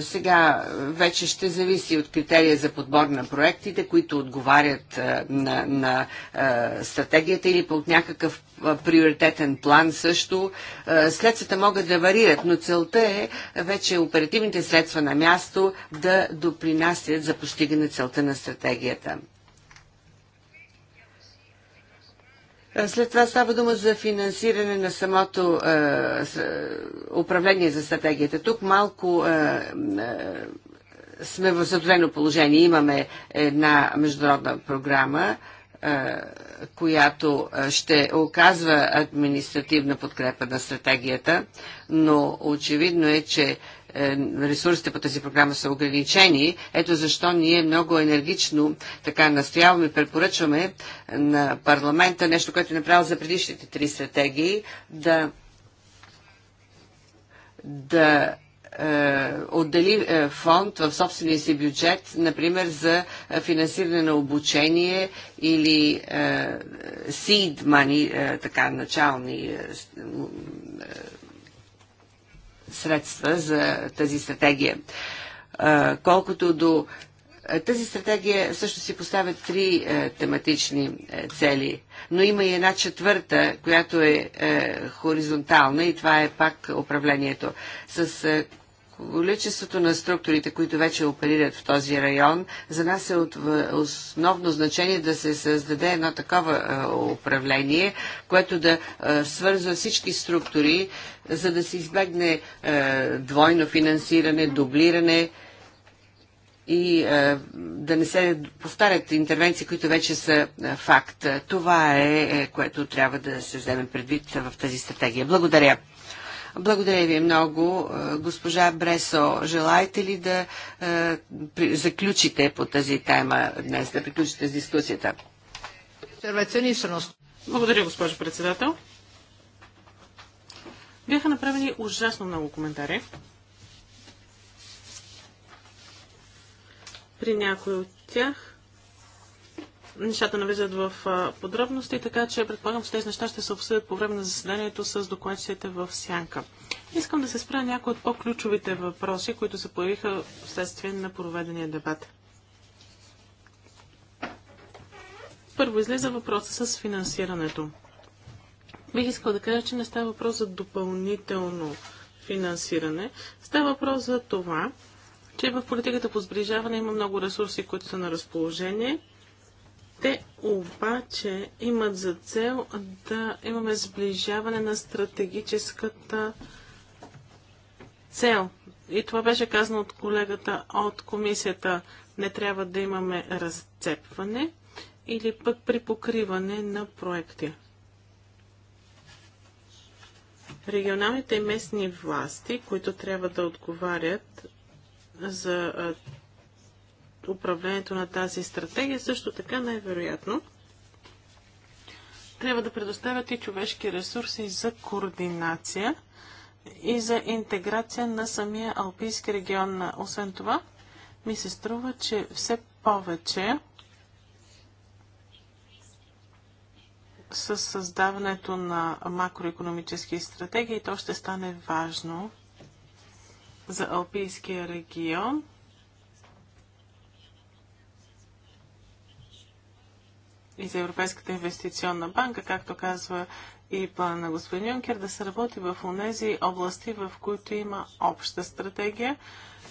Сега вече ще зависи от критерия за подбор на проектите, които отговарят на, на стратегията или под някакъв приоритетен план също. Следствата могат да варират, но целта е вече оперативните средства на място да допринасят за постигане целта на стратегията. Е, след това става дума за финансиране на самото е, е, управление за стратегията. Тук малко е, е, сме в затруднено положение. Имаме една международна програма, е, която е, ще оказва административна подкрепа на стратегията, но очевидно е, че е, ресурсите по тази програма са ограничени. Ето защо ние много енергично така настояваме, препоръчваме на парламента нещо, което е направил за предишните три стратегии, да, да е, отдели е, фонд в собствения си бюджет, например за финансиране на обучение или seed money, така начални средства за тази стратегия. Колкото до тази стратегия също си поставя три е, тематични е, цели, но има и една четвърта, която е, е хоризонтална и това е пак управлението. С е, количеството на структурите, които вече оперират в този район, за нас е от основно значение да се създаде едно такова е, управление, което да е, свързва всички структури, за да се избегне е, двойно финансиране, дублиране и да не се повтарят интервенции, които вече са факт. Това е, е което трябва да се вземе предвид в тази стратегия. Благодаря. Благодаря ви много. Госпожа Бресо, желаете ли да заключите по тази тема днес, да приключите с дискусията? Благодаря, госпожо председател. Бяха направени ужасно много коментари. При някои от тях нещата навлизат в подробности, така че предполагам, че тези неща ще се обсъдят по време на заседанието с докладчите в Сянка. Искам да се спра някои от по-ключовите въпроси, които се появиха вследствие на проведения дебат. Първо излиза въпроса с финансирането. Бих искал да кажа, че не става въпрос за допълнително финансиране. Става въпрос за това, че в политиката по сближаване има много ресурси, които са на разположение – те обаче имат за цел да имаме сближаване на стратегическата цел. И това беше казано от колегата от комисията. Не трябва да имаме разцепване или пък при покриване на проекти. Регионалните и местни власти, които трябва да отговарят за управлението на тази стратегия. Също така най-вероятно трябва да предоставят и човешки ресурси за координация и за интеграция на самия Алпийски регион. Освен това, ми се струва, че все повече с създаването на макроекономически стратегии, то ще стане важно за Алпийския регион. и за Европейската инвестиционна банка, както казва и плана на господин Юнкер, да се работи в онези области, в които има обща стратегия,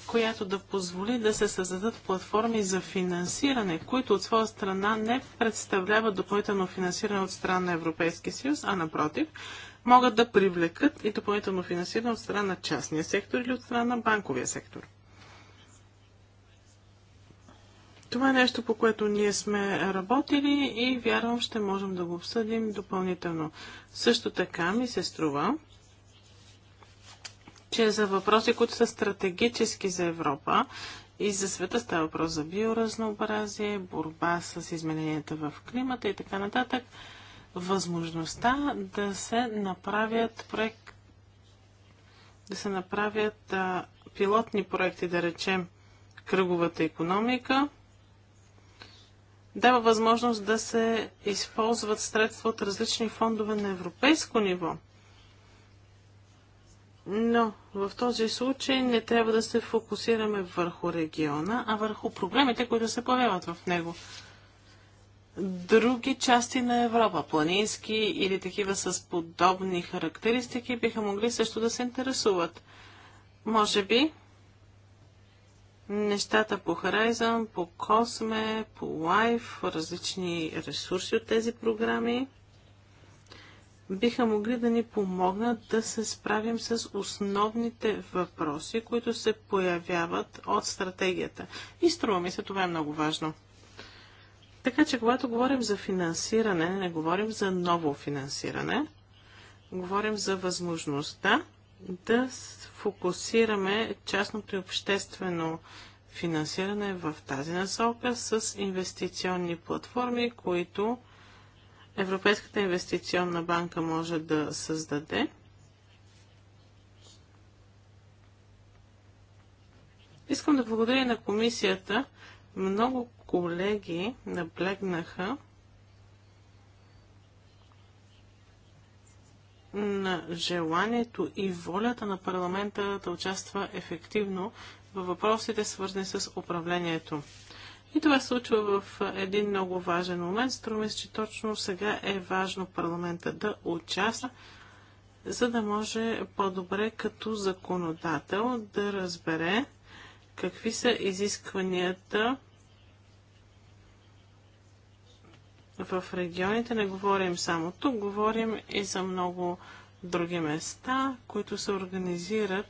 която да позволи да се създадат платформи за финансиране, които от своя страна не представляват допълнително финансиране от страна на Европейския съюз, а напротив, могат да привлекат и допълнително финансиране от страна на частния сектор или от страна на банковия сектор. Това е нещо, по което ние сме работили и вярвам, ще можем да го обсъдим допълнително. Също така ми се струва, че за въпроси, които са стратегически за Европа и за света става въпрос за биоразнообразие, борба с измененията в климата и така нататък, възможността да се направят проект, да се направят а, пилотни проекти, да речем кръговата економика, дава възможност да се използват средства от различни фондове на европейско ниво. Но в този случай не трябва да се фокусираме върху региона, а върху проблемите, които се появяват в него. Други части на Европа, планински или такива с подобни характеристики, биха могли също да се интересуват. Може би нещата по Horizon, по Cosme, по Life, различни ресурси от тези програми биха могли да ни помогнат да се справим с основните въпроси, които се появяват от стратегията. И струва ми се, това е много важно. Така че, когато говорим за финансиране, не говорим за ново финансиране, говорим за възможността да фокусираме частното и обществено финансиране в тази насока с инвестиционни платформи, които Европейската инвестиционна банка може да създаде. Искам да благодаря на комисията. Много колеги наблегнаха на желанието и волята на парламента да участва ефективно във въпросите, свързани с управлението. И това се случва в един много важен момент. Струми се, че точно сега е важно парламента да участва, за да може по-добре като законодател да разбере какви са изискванията в регионите. Не говорим само тук, говорим и за много други места, които се организират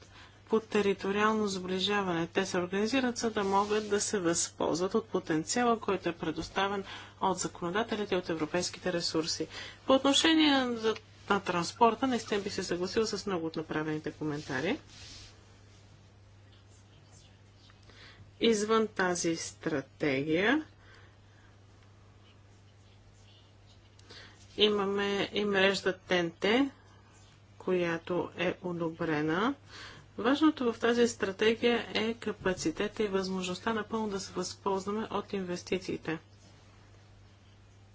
по териториално сближаване. Те се организират, за да могат да се възползват от потенциала, който е предоставен от законодателите и от европейските ресурси. По отношение на транспорта, наистина би се съгласил с много от направените коментари. Извън тази стратегия, Имаме и мрежда ТНТ, която е одобрена. Важното в тази стратегия е капацитета и възможността напълно да се възползваме от инвестициите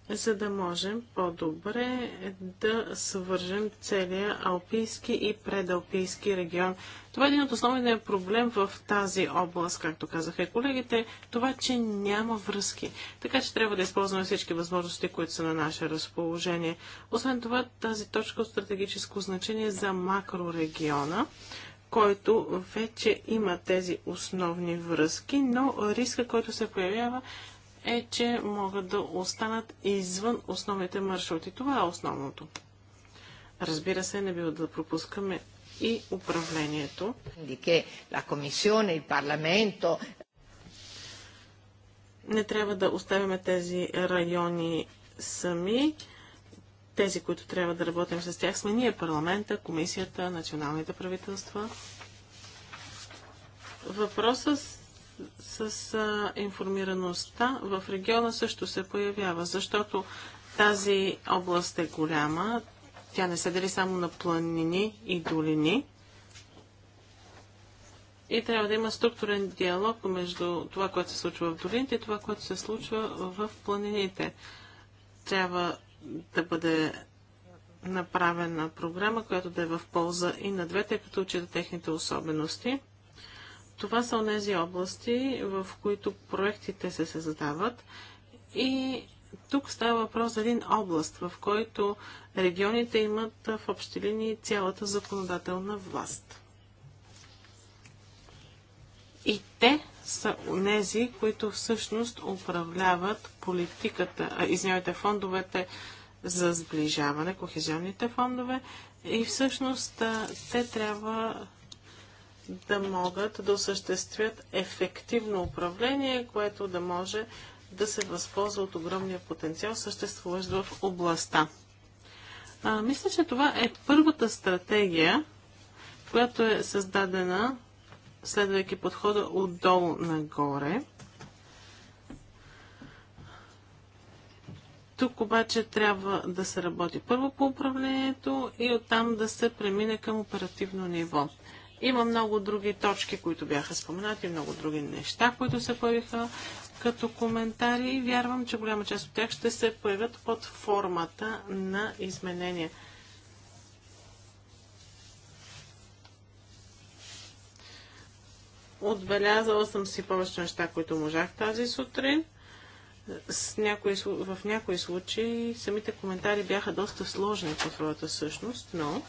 за да можем по-добре да свържем целия алпийски и предалпийски регион. Това е един от основните проблем в тази област, както казаха и колегите, това, че няма връзки. Така че трябва да използваме всички възможности, които са на наше разположение. Освен това, тази точка от стратегическо значение за макрорегиона, който вече има тези основни връзки, но риска, който се появява е, че могат да останат извън основните маршрути. Това е основното. Разбира се, не бива да пропускаме и управлението. Не трябва да оставяме тези райони сами. Тези, които трябва да работим с тях, сме ние парламента, комисията, националните правителства. Въпросът с а, информираността в региона също се появява, защото тази област е голяма. Тя не се дели само на планини и долини. И трябва да има структурен диалог между това, което се случва в долините и това, което се случва в планините. Трябва да бъде направена програма, която да е в полза и на двете, като учи техните особености. Това са онези области, в които проектите се създават и тук става въпрос за един област, в който регионите имат в общи линии цялата законодателна власт. И те са онези, които всъщност управляват политиката, извинявайте, фондовете за сближаване, кохезионните фондове. И всъщност те трябва да могат да осъществят ефективно управление, което да може да се възползва от огромния потенциал, съществуващ в областта. А, мисля, че това е първата стратегия, която е създадена, следвайки подхода отдолу нагоре. Тук обаче трябва да се работи първо по управлението и оттам да се премине към оперативно ниво. Има много други точки, които бяха споменати, много други неща, които се появиха като коментари и вярвам, че голяма част от тях ще се появят под формата на изменения. Отбелязала съм си повече неща, които можах тази сутрин. С някои, в някои случаи самите коментари бяха доста сложни по своята същност, но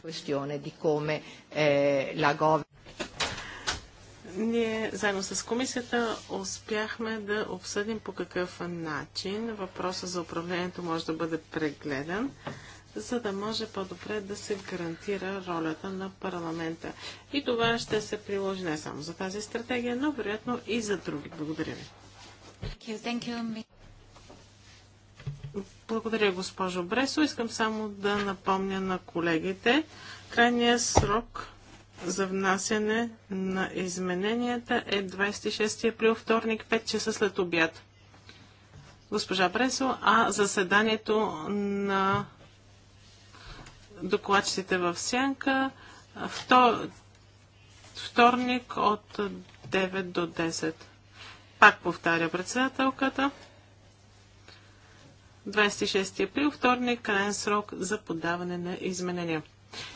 questione di come eh, la governance ние заедно с комисията успяхме да обсъдим по какъв начин въпроса за управлението може да бъде прегледан, за да може по-добре да се гарантира ролята на парламента. И това ще се приложи не само за тази стратегия, но вероятно и за други. Благодаря ви. Благодаря, госпожо Бресо. Искам само да напомня на колегите. Крайният срок за внасяне на измененията е 26 април, вторник, 5 часа след обяд. Госпожа Бресо, а заседанието на докладчиците в Сянка вторник от 9 до 10. Пак повтаря председателката. 26 април, вторник, крайен срок за подаване на изменения.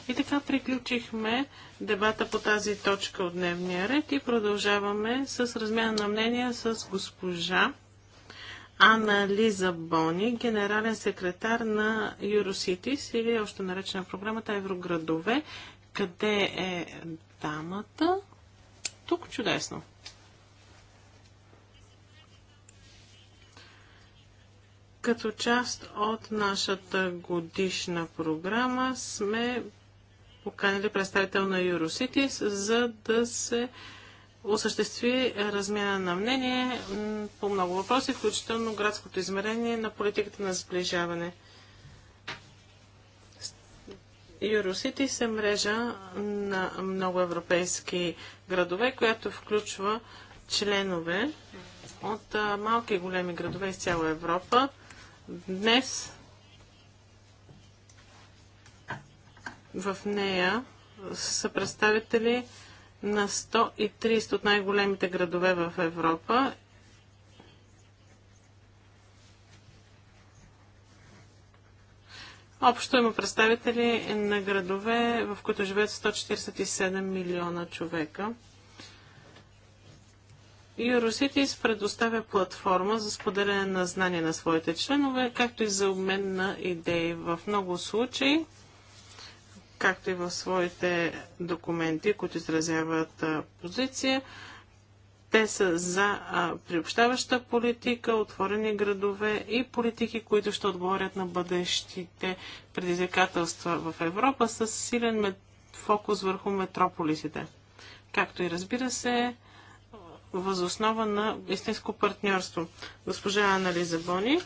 И така приключихме дебата по тази точка от дневния ред и продължаваме с размяна на мнения с госпожа Анна Лиза Бони, генерален секретар на Eurocities или още наречена програмата Евроградове. Къде е дамата? Тук чудесно. Като част от нашата годишна програма сме поканили представител на Eurocities, за да се осъществи размяна на мнение по много въпроси, включително градското измерение на политиката на сближаване. Eurocity се мрежа на много европейски градове, която включва членове от малки и големи градове из цяла Европа. Днес в нея са представители на 130 от най-големите градове в Европа Общо има представители на градове, в които живеят 147 милиона човека. Eurocities предоставя платформа за споделяне на знания на своите членове, както и за обмен на идеи. В много случаи, както и в своите документи, които изразяват позиция, те са за приобщаваща политика, отворени градове и политики, които ще отговорят на бъдещите предизвикателства в Европа с силен фокус върху метрополисите. Както и разбира се, възоснова на истинско партньорство. Госпожа Анализа Бони,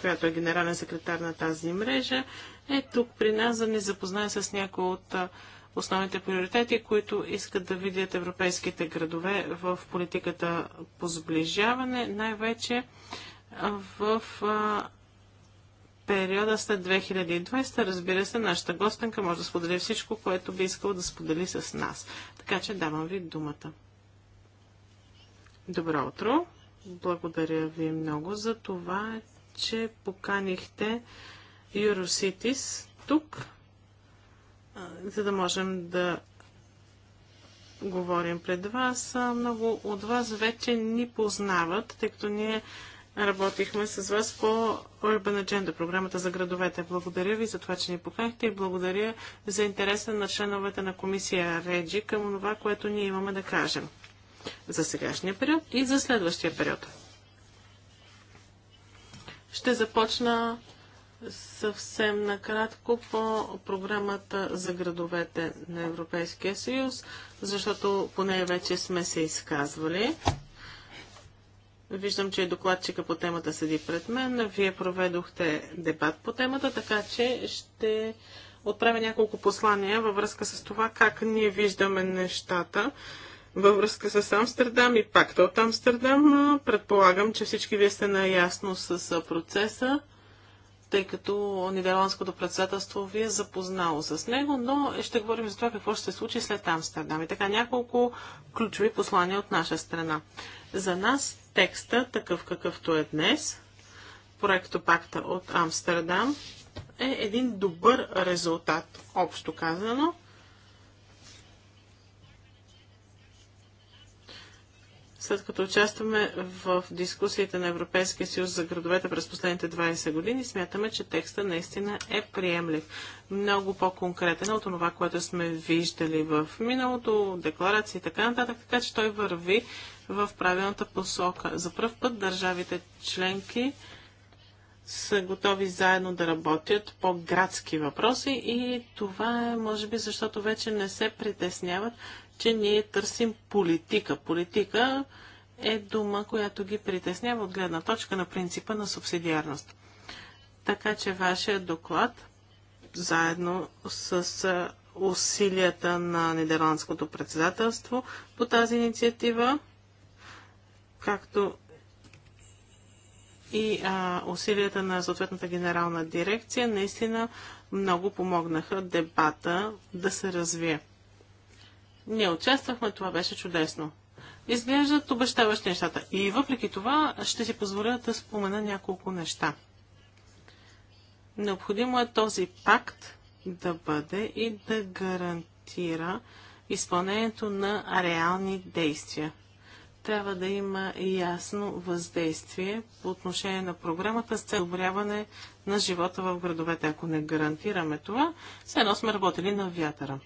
която е генерален секретар на тази мрежа, е тук при нас да ни запознае с някои от основните приоритети, които искат да видят европейските градове в политиката по сближаване, най-вече в периода след 2020. Разбира се, нашата гостенка може да сподели всичко, което би искала да сподели с нас. Така че давам ви думата. Добро утро! Благодаря ви много за това, че поканихте Юроситис тук, за да можем да говорим пред вас. Много от вас вече ни познават, тъй като ние работихме с вас по Urban Agenda, програмата за градовете. Благодаря ви за това, че ни поканихте и благодаря за интереса на членовете на комисия Реджи към това, което ние имаме да кажем за сегашния период и за следващия период. Ще започна съвсем накратко по програмата за градовете на Европейския съюз, защото по нея вече сме се изказвали. Виждам, че докладчика по темата седи пред мен. Вие проведохте дебат по темата, така че ще отправя няколко послания във връзка с това как ние виждаме нещата във връзка с Амстердам и пакта от Амстердам. Предполагам, че всички вие сте наясно с процеса, тъй като Нидерландското председателство ви е запознало с него, но ще говорим за това какво ще се случи след Амстердам. И така няколко ключови послания от наша страна. За нас текста, такъв какъвто е днес, проекто пакта от Амстердам, е един добър резултат, общо казано, след като участваме в дискусиите на Европейския съюз за градовете през последните 20 години, смятаме, че текста наистина е приемлив. Много по-конкретен от това, което сме виждали в миналото, декларации и така нататък, така че той върви в правилната посока. За първ път държавите членки са готови заедно да работят по градски въпроси и това е, може би, защото вече не се притесняват, че ние търсим политика. Политика е дума, която ги притеснява от гледна точка на принципа на субсидиарност. Така че вашия доклад, заедно с усилията на Нидерландското председателство по тази инициатива, както и а, усилията на съответната генерална дирекция, наистина много помогнаха дебата да се развие. Ние участвахме, това беше чудесно. Изглеждат обещаващи нещата. И въпреки това ще си позволя да спомена няколко неща. Необходимо е този пакт да бъде и да гарантира изпълнението на реални действия. Трябва да има ясно въздействие по отношение на програмата с цел на живота в градовете. Ако не гарантираме това, все едно сме работили на вятъра.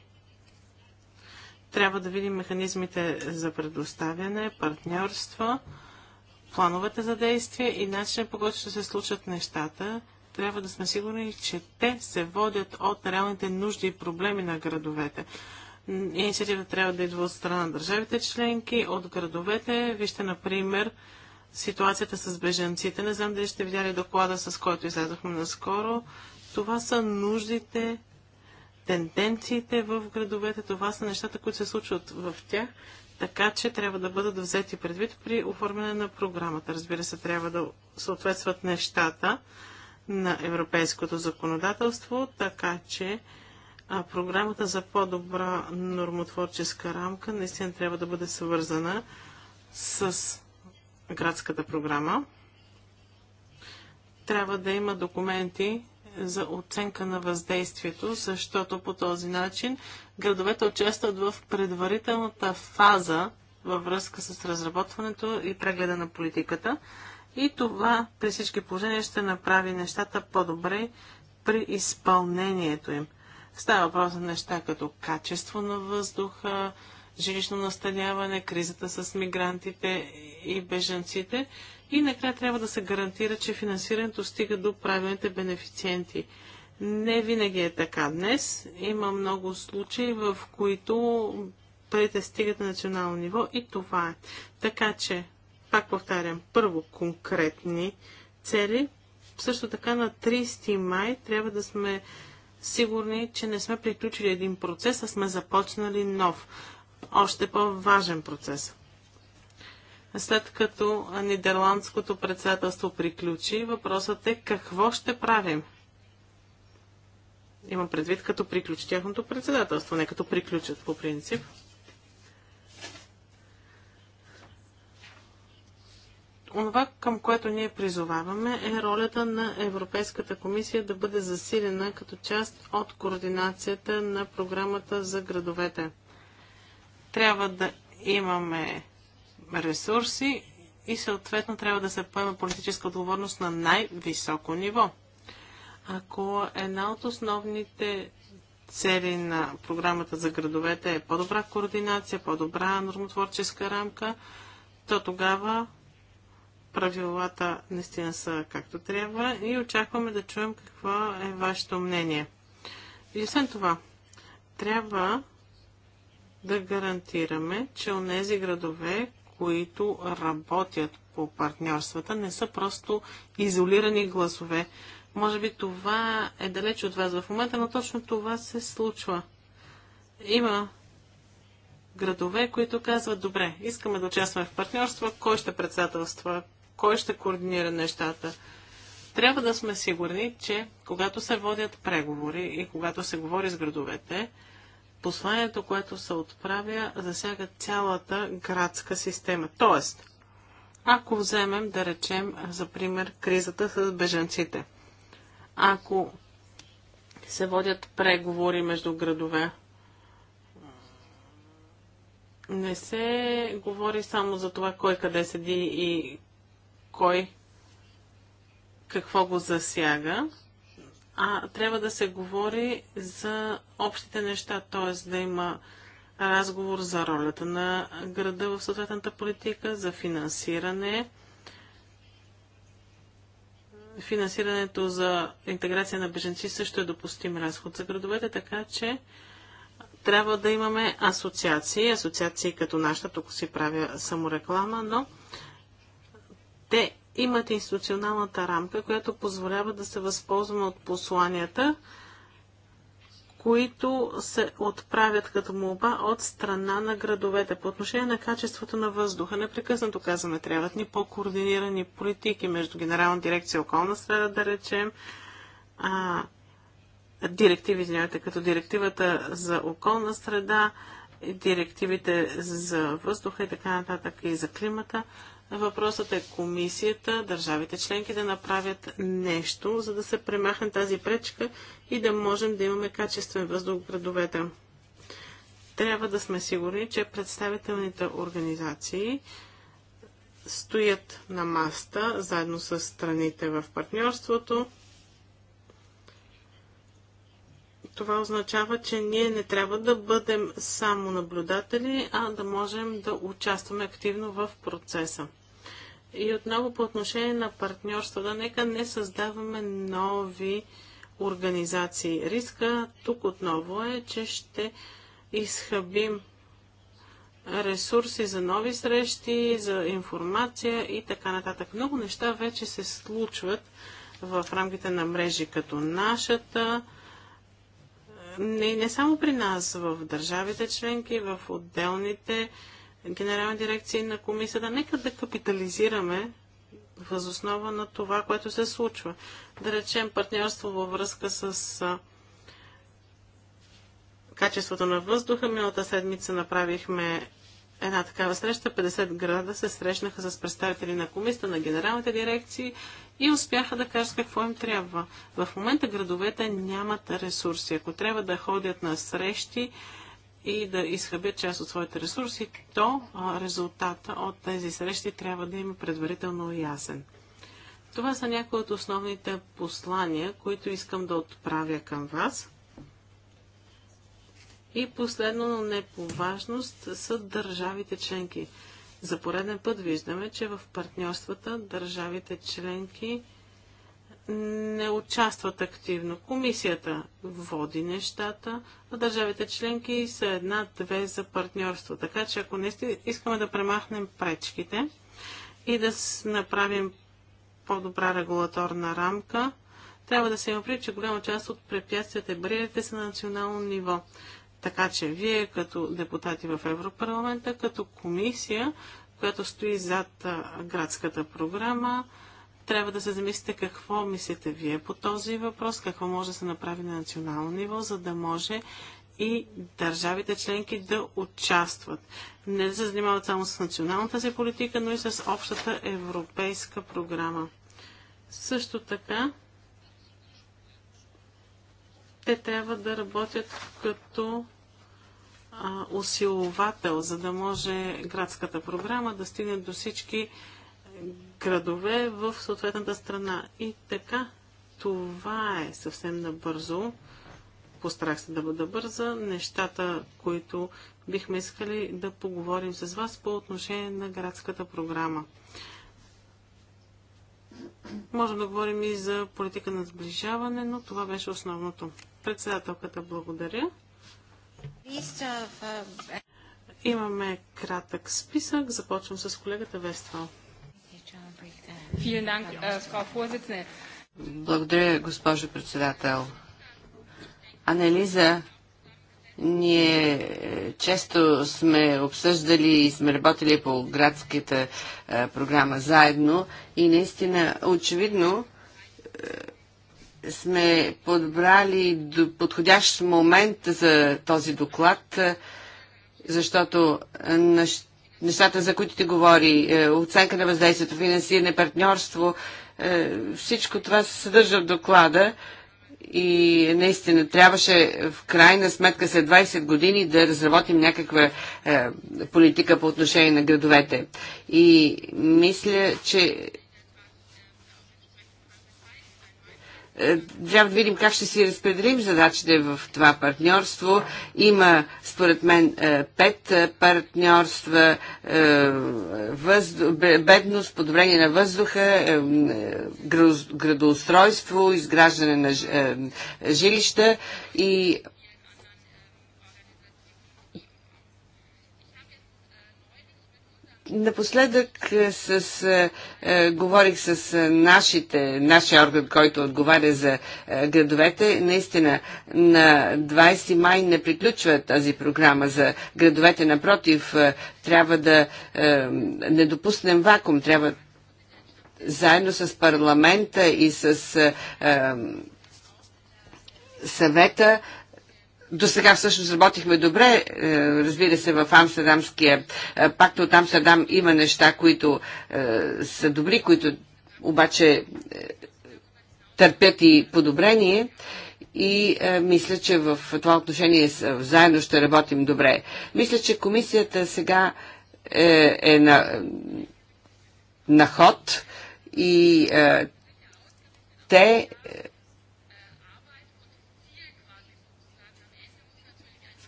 Трябва да видим механизмите за предоставяне, партньорства, плановете за действие и начинът по който ще се случат нещата. Трябва да сме сигурни, че те се водят от реалните нужди и проблеми на градовете. Инициативата трябва да идва от страна на държавите членки, от градовете. Вижте, например, ситуацията с беженците. Не знам дали сте видяли доклада, с който излязохме наскоро. Това са нуждите тенденциите в градовете. Това са нещата, които се случват в тях, така че трябва да бъдат взети предвид при оформяне на програмата. Разбира се, трябва да съответстват нещата на европейското законодателство, така че а, програмата за по-добра нормотворческа рамка наистина трябва да бъде свързана с градската програма. Трябва да има документи, за оценка на въздействието, защото по този начин градовете участват в предварителната фаза във връзка с разработването и прегледа на политиката. И това при всички положения ще направи нещата по-добре при изпълнението им. Става въпрос за неща като качество на въздуха, жилищно настаняване, кризата с мигрантите и беженците и накрая трябва да се гарантира, че финансирането стига до правилните бенефициенти. Не винаги е така днес. Има много случаи, в които парите стигат на национално ниво и това е. Така че, пак повтарям, първо конкретни цели. Също така на 30 май трябва да сме сигурни, че не сме приключили един процес, а сме започнали нов, още по-важен процес. След като нидерландското председателство приключи, въпросът е какво ще правим? Има предвид като приключи тяхното председателство, не като приключат по принцип. Онова, към което ние призоваваме, е ролята на Европейската комисия да бъде засилена като част от координацията на програмата за градовете. Трябва да имаме ресурси и съответно трябва да се поема политическа отговорност на най-високо ниво. Ако една от основните цели на програмата за градовете е по-добра координация, по-добра нормотворческа рамка, то тогава правилата наистина са както трябва и очакваме да чуем какво е вашето мнение. И освен това, трябва да гарантираме, че нези градове, които работят по партньорствата, не са просто изолирани гласове. Може би това е далеч от вас в момента, но точно това се случва. Има градове, които казват, добре, искаме да участваме в партньорства, кой ще председателства, кой ще координира нещата. Трябва да сме сигурни, че когато се водят преговори и когато се говори с градовете, посланието, което се отправя, засяга цялата градска система. Тоест, ако вземем, да речем, за пример, кризата с беженците, ако се водят преговори между градове, не се говори само за това кой къде седи и кой какво го засяга, а трябва да се говори за общите неща, т.е. да има разговор за ролята на града в съответната политика, за финансиране, финансирането за интеграция на беженци също е допустим разход за градовете, така че трябва да имаме асоциации, асоциации като нашата, тук си правя самореклама, но те имате институционалната рамка, която позволява да се възползваме от посланията, които се отправят като молба от страна на градовете. По отношение на качеството на въздуха, непрекъснато казваме, трябват ни по-координирани политики между Генерална дирекция околна среда, да речем, а, директиви, извинявайте, като директивата за околна среда, директивите за въздуха и така нататък и за климата. Въпросът е комисията, държавите членки да направят нещо, за да се премахне тази пречка и да можем да имаме качествен въздух в градовете. Трябва да сме сигурни, че представителните организации стоят на маста заедно с страните в партньорството Това означава, че ние не трябва да бъдем само наблюдатели, а да можем да участваме активно в процеса. И отново по отношение на партньорство, да нека не създаваме нови организации. Риска тук отново е, че ще изхъбим ресурси за нови срещи, за информация и така нататък. Много неща вече се случват в рамките на мрежи като нашата, не, не само при нас, в държавите членки, в отделните генерални дирекции на комисията. Нека да капитализираме възоснова на това, което се случва. Да речем партньорство във връзка с а, качеството на въздуха. Миналата седмица направихме една такава среща. 50 града се срещнаха с представители на комисията, на генералните дирекции и успяха да кажат какво им трябва. В момента градовете нямат ресурси. Ако трябва да ходят на срещи и да изхъбят част от своите ресурси, то резултата от тези срещи трябва да им е предварително ясен. Това са някои от основните послания, които искам да отправя към вас. И последно, но не по важност, са държавите членки. За пореден път виждаме, че в партньорствата държавите членки не участват активно. Комисията води нещата, а държавите членки са една-две за партньорство. Така че ако не искаме да премахнем пречките и да направим по-добра регулаторна рамка, трябва да се има предвид, че голяма част от препятствията и бариерите са на национално ниво. Така че вие като депутати в Европарламента, като комисия, която стои зад градската програма, трябва да се замислите какво мислите вие по този въпрос, какво може да се направи на национално ниво, за да може и държавите членки да участват. Не да се занимават само с националната си политика, но и с общата европейска програма. Също така, те трябва да работят като усиловател, за да може градската програма да стигне до всички градове в съответната страна. И така, това е съвсем набързо. Постарах се да бъда бърза. Нещата, които бихме искали да поговорим с вас по отношение на градската програма. Можем да говорим и за политика на сближаване, но това беше основното. Председателката благодаря. Имаме кратък списък. Започвам с колегата Вества. Äh, Благодаря, госпожо председател. Анализа ние е, често сме обсъждали и сме работили по градската е, програма заедно и наистина очевидно е, сме подбрали подходящ момент за този доклад, е, защото е, нещата, за които ти говори, е, оценка на въздействието, финансиране, партньорство, всичко това се съдържа в доклада и наистина трябваше в крайна сметка след 20 години да разработим някаква е, политика по отношение на градовете. И мисля, че Е, трябва да видим как ще си разпределим задачите в това партньорство. Има, според мен, е, пет е, партньорства. бедност, подобрение на въздуха, градоустройство, изграждане на жилища и Напоследък е, с, е, е, говорих с е, нашите, нашия орган, който отговаря за е, градовете. Наистина на 20 май не приключва тази програма за градовете. Напротив, е, трябва да е, не допуснем вакуум. Трябва заедно с парламента и с. Е, съвета до сега всъщност работихме добре, е, разбира се, в Амстердамския е, пакт от Амстердам има неща, които е, са добри, които обаче търпят и подобрение и е, мисля, че в това отношение заедно ще работим добре. Мисля, че комисията сега е, е на, на ход и е, те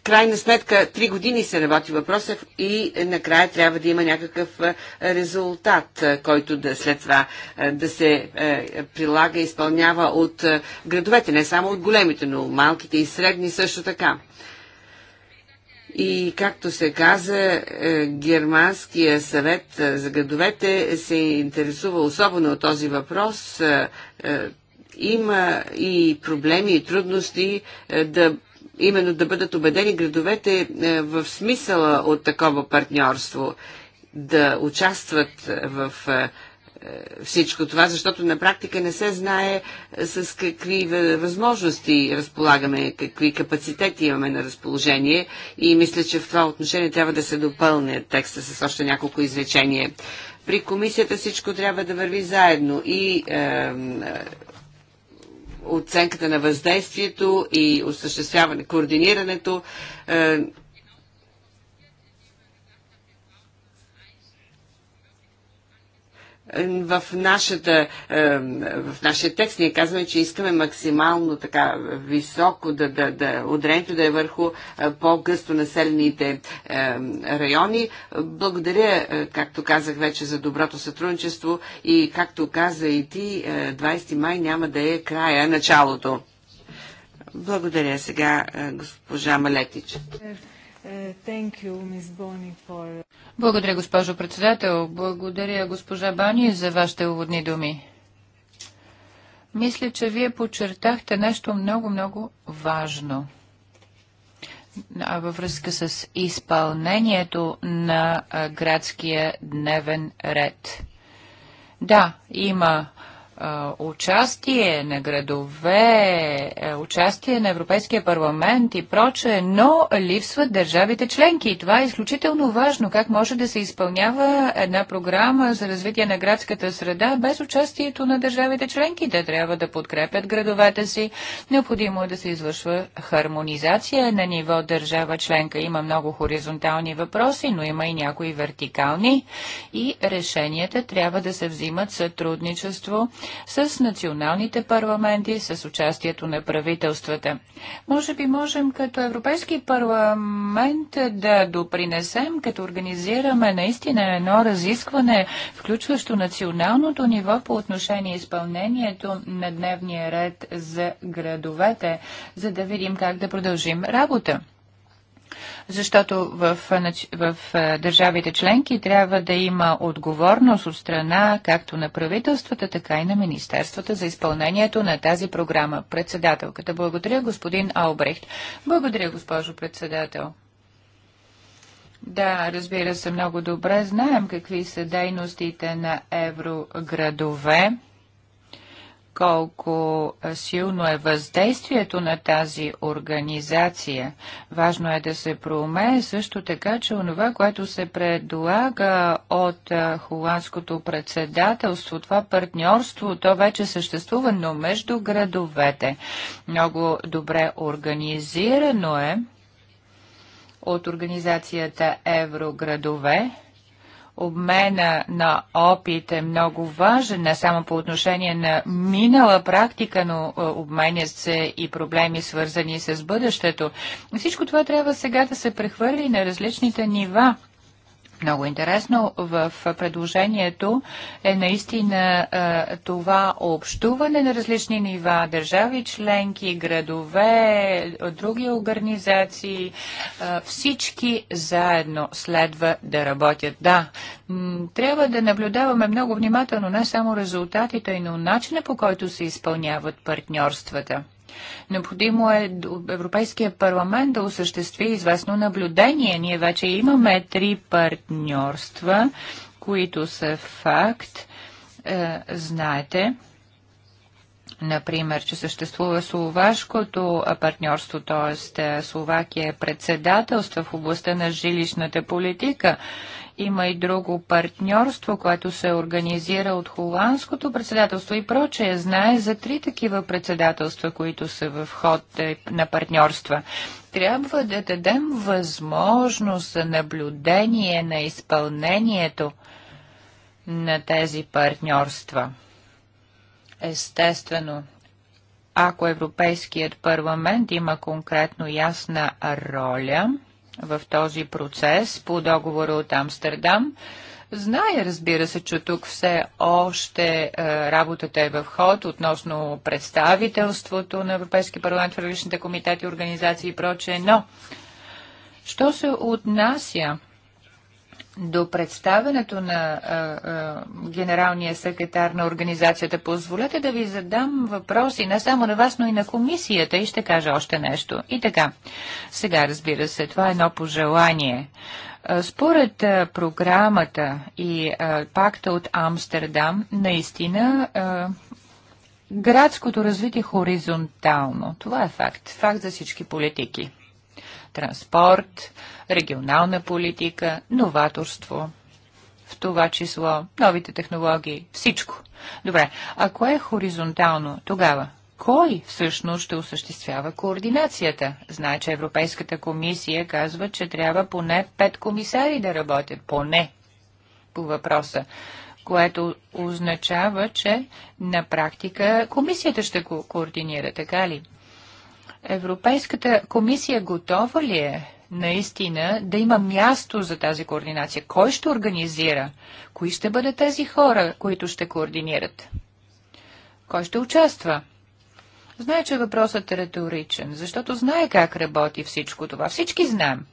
крайна сметка три години се работи въпроса и накрая трябва да има някакъв резултат, който да след това да се прилага и изпълнява от градовете, не само от големите, но малките и средни също така. И както се каза, е, Германския съвет за градовете се интересува особено от този въпрос. Има и проблеми и трудности е, да именно да бъдат убедени градовете е, в смисъла от такова партньорство, да участват в е, е, всичко това, защото на практика не се знае с какви възможности разполагаме, какви капацитети имаме на разположение и мисля, че в това отношение трябва да се допълне текста с още няколко изречения. При комисията всичко трябва да върви заедно и е, оценката на въздействието и осъществяване, координирането. Е, в, нашата, в нашия текст ние казваме, че искаме максимално така високо да, да, да ударението да е върху е, по-гъсто населените райони. Благодаря, е, както казах вече, за доброто сътрудничество и както каза и ти, 20 е, май няма да е края, началото. Благодаря сега, госпожа Малетич. Е, Благодаря, госпожо председател. Благодаря, госпожа Бани, за вашите уводни думи. Мисля, че вие подчертахте нещо много-много важно. А във връзка с изпълнението на градския дневен ред. Да, има участие на градове, е, участие на Европейския парламент и прочее, но липсват държавите членки. И това е изключително важно. Как може да се изпълнява една програма за развитие на градската среда без участието на държавите членки? Те трябва да подкрепят градовете си. Необходимо е да се извършва хармонизация на ниво държава членка. Има много хоризонтални въпроси, но има и някои вертикални. И решенията трябва да се взимат сътрудничество с националните парламенти, с участието на правителствата. Може би можем като Европейски парламент да допринесем, като организираме наистина едно разискване, включващо националното ниво по отношение изпълнението на дневния ред за градовете, за да видим как да продължим работа защото в, в държавите членки трябва да има отговорност от страна както на правителствата, така и на министерствата за изпълнението на тази програма. Председателката. Благодаря, господин Албрехт. Благодаря, госпожо председател. Да, разбира се, много добре знаем какви са дейностите на евроградове колко силно е въздействието на тази организация. Важно е да се проумее също така, че онова, което се предлага от холандското председателство, това партньорство, то вече съществува, но между градовете. Много добре организирано е от организацията Евроградове обмена на опит е много важен, не само по отношение на минала практика, но е, обменят се и проблеми свързани с бъдещето. Всичко това трябва сега да се прехвърли на различните нива много интересно в предложението е наистина това общуване на различни нива, държави членки, градове, други организации, всички заедно следва да работят. Да, трябва да наблюдаваме много внимателно не само резултатите, но начина по който се изпълняват партньорствата. Необходимо е Европейския парламент да осъществи известно наблюдение. Ние вече имаме три партньорства, които са факт. Е, знаете, например, че съществува словашкото партньорство, т.е. Словакия е председателства в областта на жилищната политика има и друго партньорство, което се организира от холандското председателство и прочее. Знае за три такива председателства, които са в ход е, на партньорства. Трябва да дадем възможност за наблюдение на изпълнението на тези партньорства. Естествено, ако Европейският парламент има конкретно ясна роля, в този процес по договора от Амстердам. Зная, разбира се, че тук все още е, работата е в ход относно представителството на Европейски парламент в различните комитети, организации и прочее, но що се отнася до представенето на а, а, генералния секретар на организацията, позволете да ви задам въпроси не само на вас, но и на комисията и ще кажа още нещо. И така, сега разбира се, това е едно пожелание. Според програмата и а, пакта от Амстердам, наистина а, градското развитие е хоризонтално. Това е факт. Факт за всички политики транспорт, регионална политика, новаторство, в това число новите технологии, всичко. Добре, ако е хоризонтално, тогава кой всъщност ще осъществява координацията? Значи, Европейската комисия казва, че трябва поне пет комисари да работят. Поне по въпроса което означава, че на практика комисията ще го координира, така ли? Европейската комисия готова ли е наистина да има място за тази координация? Кой ще организира? Кои ще бъдат тези хора, които ще координират? Кой ще участва? Знае, че въпросът е риторичен, защото знае как работи всичко това. Всички знаем.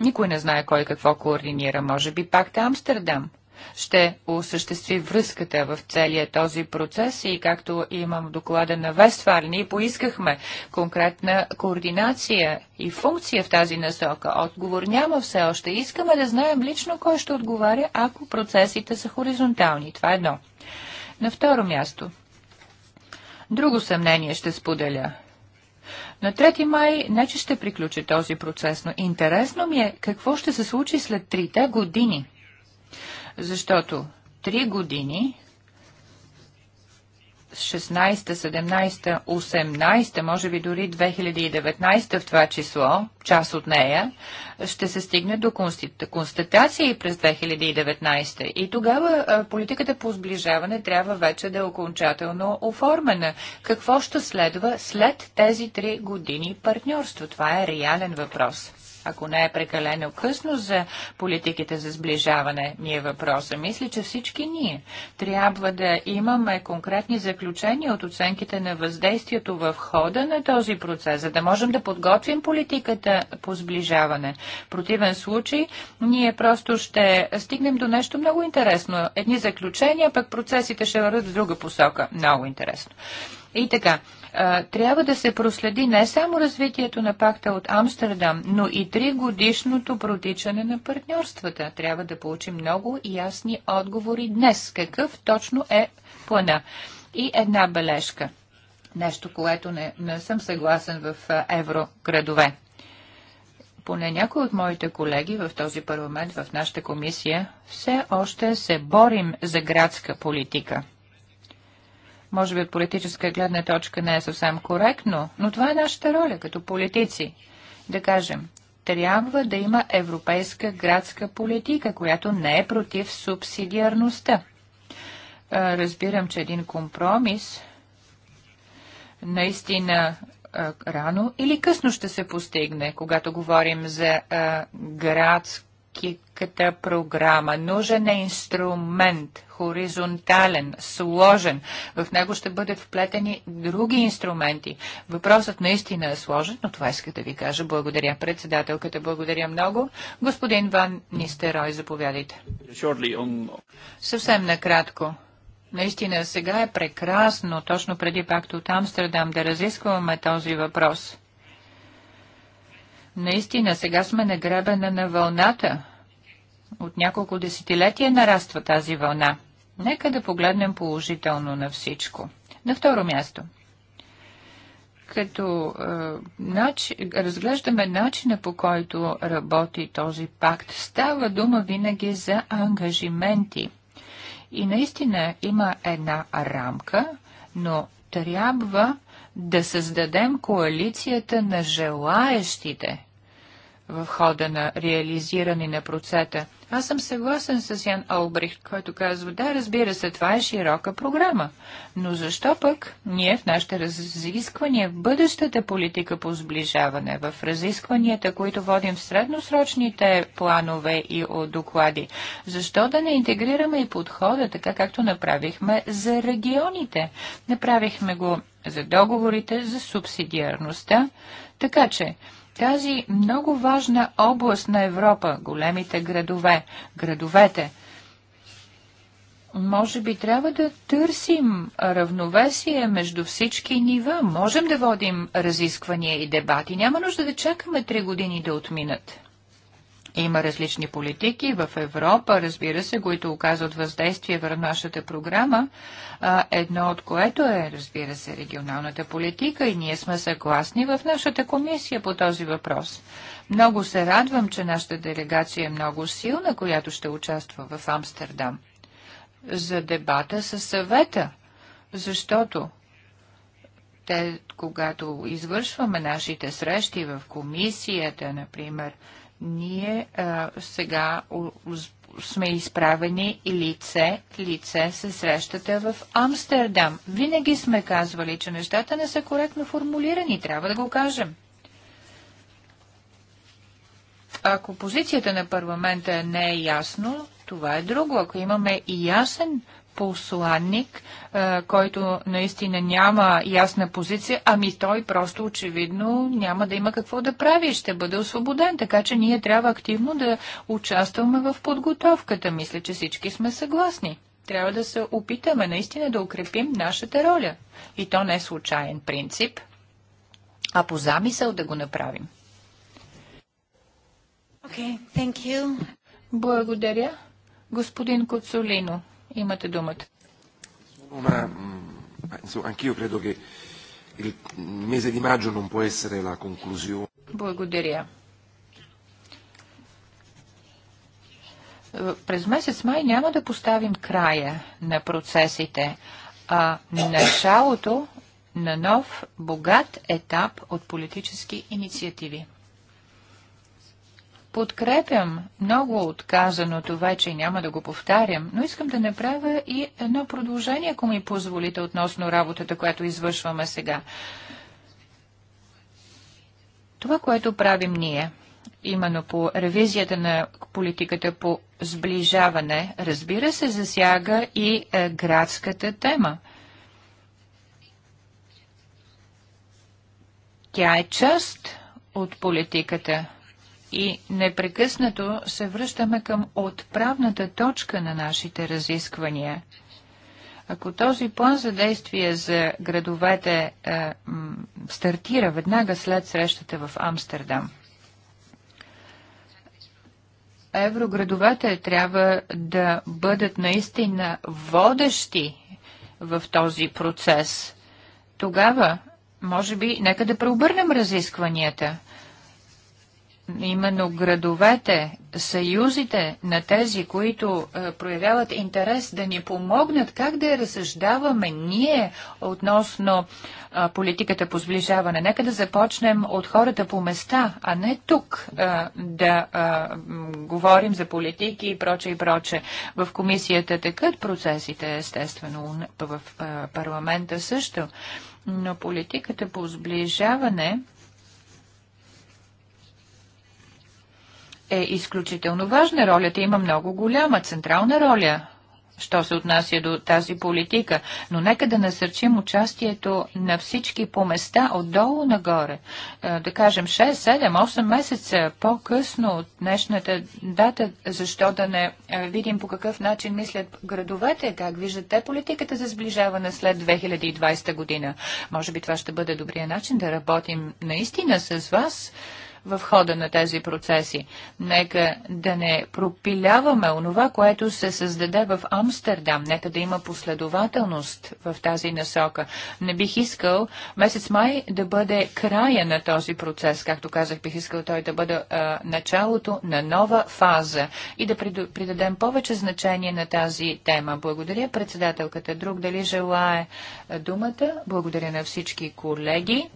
Никой не знае кой какво координира. Може би пак е Амстердам ще осъществи връзката в целия този процес и както имам в доклада на Вестфар, ние поискахме конкретна координация и функция в тази насока. Отговор няма все още. Искаме да знаем лично кой ще отговаря, ако процесите са хоризонтални. Това е едно. На второ място. Друго съмнение ще споделя. На 3 май не че ще приключи този процес, но интересно ми е какво ще се случи след трите години. Защото три години 16, 17, 18, може би дори 2019 в това число, част от нея, ще се стигне до констатации през 2019. И тогава политиката по сближаване трябва вече да е окончателно оформена. Какво ще следва след тези три години партньорство? Това е реален въпрос ако не е прекалено късно за политиките за сближаване, ние е въпроса. Мисля, че всички ние трябва да имаме конкретни заключения от оценките на въздействието в хода на този процес, за да можем да подготвим политиката по сближаване. В противен случай, ние просто ще стигнем до нещо много интересно. Едни заключения, пък процесите ще върват в друга посока. Много интересно. И така, трябва да се проследи не само развитието на пакта от Амстердам, но и тригодишното протичане на партньорствата. Трябва да получим много ясни отговори днес. Какъв точно е плана? И една бележка. Нещо, което не, не съм съгласен в евроградове. Поне някои от моите колеги в този парламент, в нашата комисия, все още се борим за градска политика – може би от политическа гледна точка не е съвсем коректно, но това е нашата роля като политици. Да кажем, трябва да има европейска градска политика, която не е против субсидиарността. Разбирам, че един компромис наистина рано или късно ще се постигне, когато говорим за градска Стокийската програма. Нужен е инструмент, хоризонтален, сложен. В него ще бъдат вплетени други инструменти. Въпросът наистина е сложен, но това иска да ви кажа. Благодаря председателката, благодаря много. Господин Ван Нистерой, заповядайте. Съвсем накратко. Наистина сега е прекрасно, точно преди пакто от Амстердам, да разискваме този въпрос. Наистина, сега сме на гребена на вълната. От няколко десетилетия нараства тази вълна. Нека да погледнем положително на всичко. На второ място като е, нач... разглеждаме начина по който работи този пакт, става дума винаги за ангажименти. И наистина има една рамка, но трябва да създадем коалицията на желаещите в хода на реализиране на процета. Аз съм съгласен с Ян Олбрихт, който казва, да, разбира се, това е широка програма, но защо пък ние в нашите разисквания в бъдещата политика по сближаване, в разискванията, които водим в средносрочните планове и доклади, защо да не интегрираме и подхода, така както направихме за регионите? Направихме го за договорите, за субсидиарността, така че тази много важна област на Европа, големите градове, градовете, може би трябва да търсим равновесие между всички нива. Можем да водим разисквания и дебати. Няма нужда да чакаме три години да отминат. Има различни политики в Европа, разбира се, които оказват въздействие върху нашата програма, едно от което е, разбира се, регионалната политика и ние сме съгласни в нашата комисия по този въпрос. Много се радвам, че нашата делегация е много силна, която ще участва в Амстердам за дебата със съвета, защото те, когато извършваме нашите срещи в комисията, например, ние а, сега сме изправени и лице, лице се срещата в Амстердам. Винаги сме казвали, че нещата не са коректно формулирани, трябва да го кажем. Ако позицията на парламента не е ясно, това е друго. Ако имаме и ясен посланник, е, който наистина няма ясна позиция, ами той просто очевидно няма да има какво да прави, ще бъде освободен, така че ние трябва активно да участваме в подготовката. Мисля, че всички сме съгласни. Трябва да се опитаме наистина да укрепим нашата роля. И то не е случайен принцип, а по замисъл да го направим. Okay, thank you. Благодаря. Господин Коцолино. Имате думата. Благодаря. През месец май няма да поставим края на процесите, а началото на нов богат етап от политически инициативи. Подкрепям много отказаното вече и няма да го повтарям, но искам да направя и едно продължение, ако ми позволите, относно работата, която извършваме сега. Това, което правим ние, именно по ревизията на политиката по сближаване, разбира се, засяга и е, градската тема. Тя е част от политиката и непрекъснато се връщаме към отправната точка на нашите разисквания. Ако този план за действие за градовете е, стартира веднага след срещата в Амстердам, евроградовете трябва да бъдат наистина водещи в този процес. Тогава, може би, нека да преобърнем разискванията – именно градовете, съюзите на тези, които е, проявяват интерес да ни помогнат как да разсъждаваме ние относно е, политиката по сближаване. Нека да започнем от хората по места, а не тук е, да говорим за политики и проче и проче. В комисията текат процесите, естествено, в парламента също. Но политиката по сближаване е изключително важна. Ролята има много голяма, централна роля що се отнася до тази политика, но нека да насърчим участието на всички по места отдолу нагоре. Е, да кажем 6, 7, 8 месеца по-късно от днешната дата, защо да не е, видим по какъв начин мислят градовете, как виждат те политиката за сближаване след 2020 година. Може би това ще бъде добрия начин да работим наистина с вас в хода на тези процеси. Нека да не пропиляваме онова, което се създаде в Амстердам. Нека да има последователност в тази насока. Не бих искал месец май да бъде края на този процес. Както казах, бих искал той да бъде а, началото на нова фаза и да придадем повече значение на тази тема. Благодаря председателката. Друг дали желая думата? Благодаря на всички колеги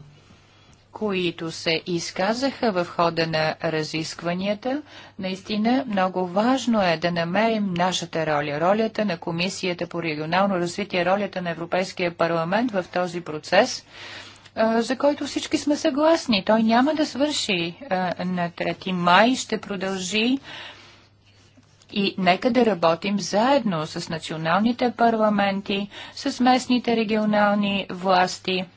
които се изказаха в хода на разискванията. Наистина много важно е да намерим нашата роля, ролята на Комисията по регионално развитие, ролята на Европейския парламент в този процес, за който всички сме съгласни. Той няма да свърши на 3 май, ще продължи и нека да работим заедно с националните парламенти, с местните регионални власти –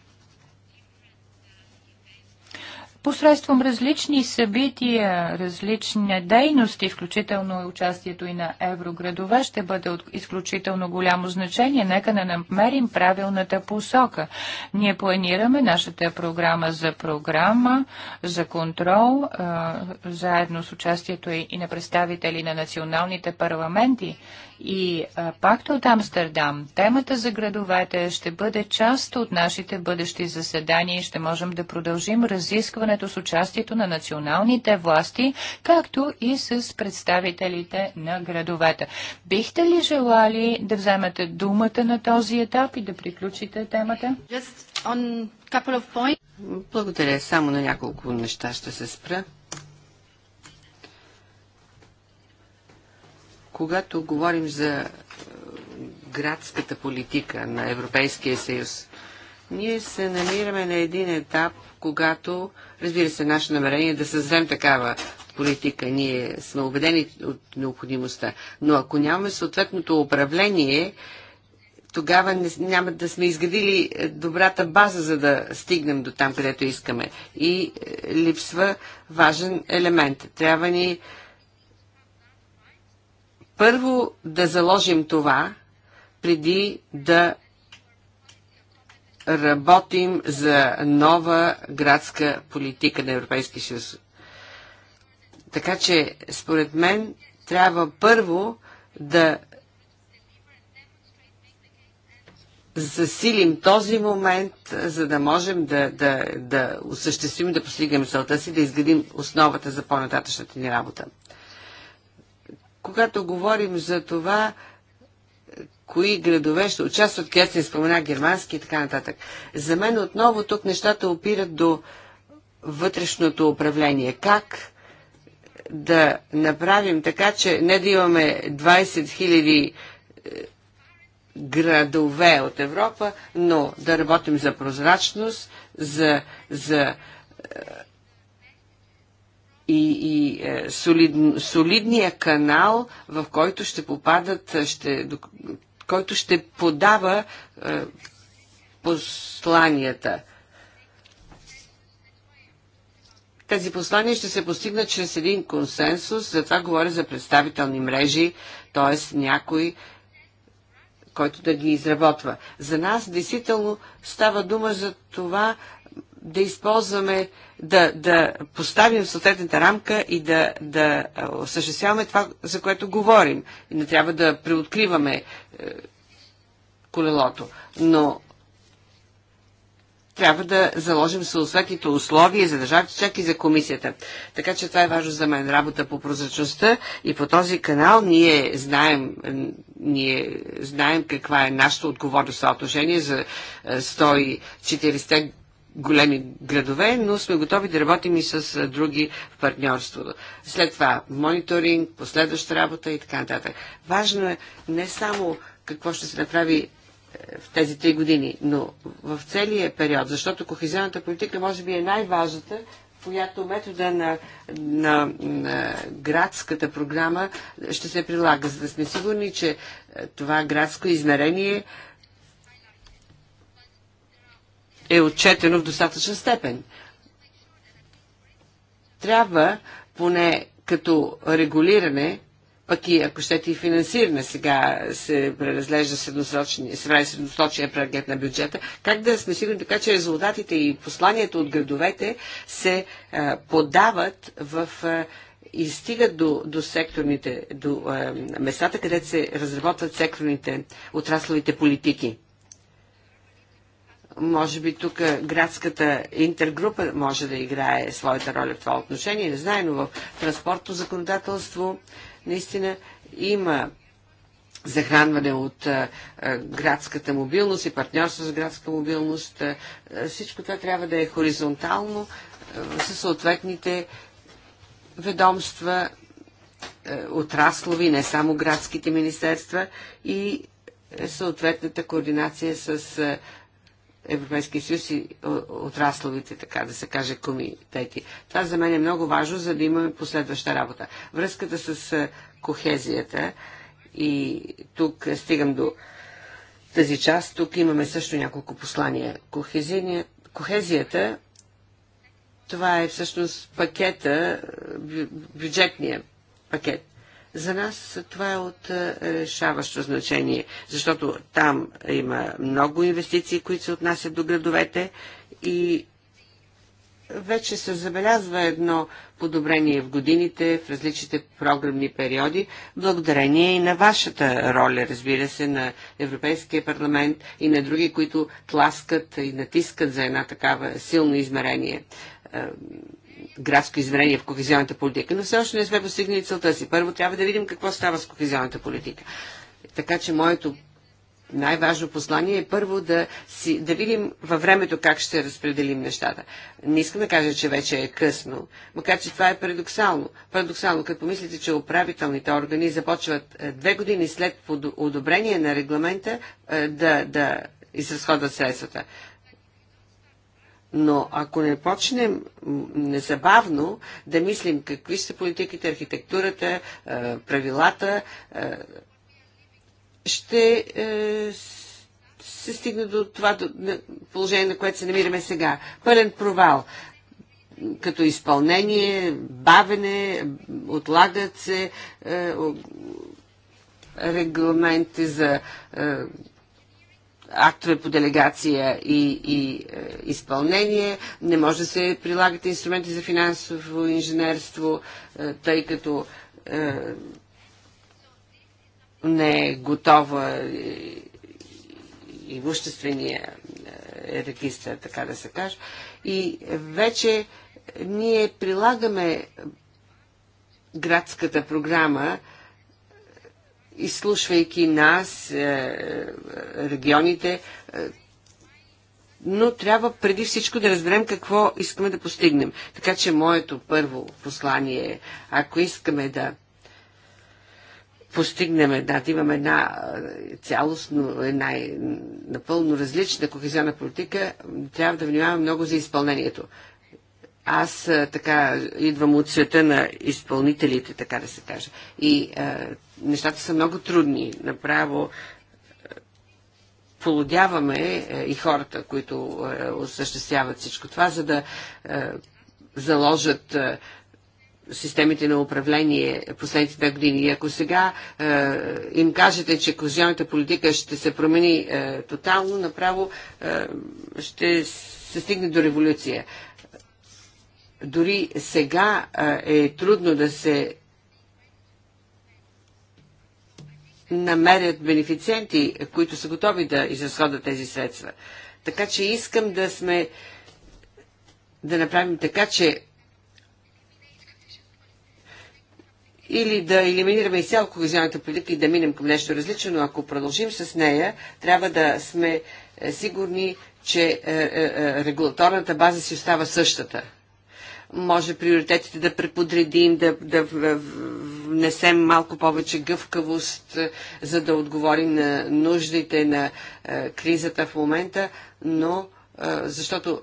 посредством различни събития, различни дейности, включително участието и на евроградове, ще бъде от изключително голямо значение. Нека не намерим правилната посока. Ние планираме нашата програма за програма, за контрол, заедно с участието и на представители на националните парламенти и пакта от Амстердам, темата за градовете ще бъде част от нашите бъдещи заседания и ще можем да продължим разискването с участието на националните власти, както и с представителите на градовете. Бихте ли желали да вземете думата на този етап и да приключите темата? Благодаря. Само на няколко неща ще се спра. Когато говорим за е, градската политика на Европейския съюз, ние се намираме на един етап, когато, разбира се, наше намерение е да създадем такава политика. Ние сме убедени от необходимостта. Но ако нямаме съответното управление, тогава не, няма да сме изградили е, добрата база, за да стигнем до там, където искаме. И е, липсва важен елемент. Трябва ни първо да заложим това, преди да работим за нова градска политика на Европейския съюз. Така че, според мен, трябва първо да засилим този момент, за да можем да, да, да осъществим, да постигнем целта си, да изградим основата за по-нататъчната ни работа. Когато говорим за това, кои градове ще участват, където се спомена германски и така нататък. За мен отново тук нещата опират до вътрешното управление. Как да направим така, че не да имаме 20 000 е, градове от Европа, но да работим за прозрачност, за, за е, и, и е, солид, солидния канал, в който ще попадат, е, ще, който ще подава е, посланията. Тези послания ще се постигнат чрез един консенсус, затова говоря за представителни мрежи, т.е. някой, който да ги изработва. За нас действително става дума за това да използваме, да, да поставим съответната рамка и да, да осъществяваме това, за което говорим. Не трябва да преоткриваме е, колелото, но трябва да заложим съответните условия за държавата, чак и за комисията. Така че това е важно за мен. Работа по прозрачността и по този канал ние знаем, ние знаем каква е нашата отговорност за отношение за 140 е, големи градове, но сме готови да работим и с други в партньорство. След това мониторинг, последваща работа и така нататък. Важно е не само какво ще се направи е, в тези три години, но в целия период, защото кохезионната политика може би е най-важната, която метода на, на, на градската програма ще се прилага, за да сме сигурни, че е, това градско измерение е отчетено в достатъчна степен. Трябва поне като регулиране, пък и ако щете и финансиране сега се преразглежда е средносрочния преглед на бюджета, как да сме сигурни така, че резултатите и посланията от градовете се а, подават в а, и стигат до, до секторните, до а, местата, където се разработват секторните отрасловите политики. Може би тук градската интергрупа може да играе своята роля в това отношение, не знае, но в транспортно законодателство наистина има захранване от а, градската мобилност и партньорство с градска мобилност. А, всичко това трябва да е хоризонтално а, със съответните ведомства, отраслови, не само градските министерства и съответната координация с Европейския съюз и отрасловите, така да се каже, комитети. Това за мен е много важно, за да имаме последваща работа. Връзката с е, кохезията и тук е, стигам до тази част. Тук имаме също няколко послания. кохезията това е всъщност пакета, е, бюджетния пакет. За нас това е от е, решаващо значение, защото там има много инвестиции, които се отнасят до градовете и вече се забелязва едно подобрение в годините, в различните програмни периоди, благодарение и на вашата роля, разбира се, на Европейския парламент и на други, които тласкат и натискат за една такава силно измерение е, градско измерение в кохезионната политика, но все още не сме постигнали целта си. Първо трябва да видим какво става с кохезионната политика. Така че моето най-важно послание е първо да, си, да видим във времето как ще разпределим нещата. Не искам да кажа, че вече е късно, макар че това е парадоксално. Парадоксално, като помислите, че управителните органи започват е, две години след одобрение на регламента е, да, да изразходват средствата. Но ако не почнем незабавно да мислим какви са политиките, архитектурата, е, правилата, е, ще е, се стигне до това положение, на което се намираме сега. Пълен провал като изпълнение, бавене, отлагат се регламенти за актове по делегация и, и е, изпълнение, не може да се прилагат инструменти за финансово инженерство, е, тъй като е, не е готова и, и е, регистр, така да се каже. И вече ние прилагаме градската програма, изслушвайки нас, е, регионите, е, но трябва преди всичко да разберем какво искаме да постигнем. Така че моето първо послание е, ако искаме да постигнем една, да имаме една е, цялостно, една напълно различна кохезионна политика, трябва да внимаваме много за изпълнението. Аз така идвам от света на изпълнителите, така да се каже. И а, нещата са много трудни. Направо полудяваме а, и хората, които а, осъществяват всичко това, за да а, заложат а, системите на управление последните две години. И ако сега е, им кажете, че козионната политика ще се промени е, тотално, направо е, ще се стигне до революция. Дори сега е трудно да се намерят бенефициенти, които са готови да изразходят тези средства. Така че искам да сме да направим така, че или да елиминираме изцяло кохезионната политика и да минем към нещо различно, но ако продължим с нея, трябва да сме е, сигурни, че е, е, регулаторната база си остава същата може приоритетите да преподредим, да, да внесем малко повече гъвкавост, е, за да отговорим на нуждите на е, кризата в момента, но е, защото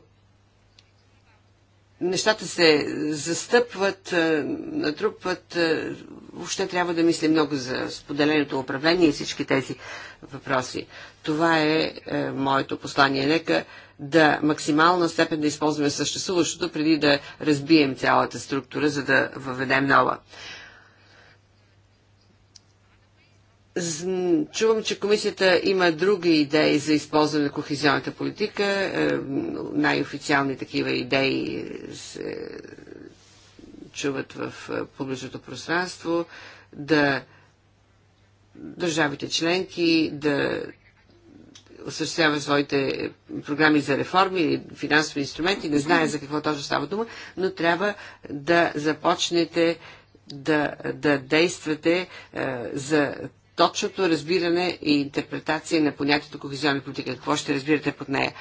нещата се застъпват, натрупват. Въобще трябва да мисли много за споделеното управление и всички тези въпроси. Това е моето послание. Нека да максимална степен да използваме съществуващото, преди да разбием цялата структура, за да въведем нова. Чувам, че комисията има други идеи за използване на кохезионната политика. Е, най-официални такива идеи е, се чуват в е, публичното пространство. Да държавите членки да осъществява своите програми за реформи, финансови инструменти, не знае за какво точно става дума, но трябва да започнете да, да действате е, за точното разбиране и интерпретация на понятието кохезионна политика. Какво ще разбирате под нея?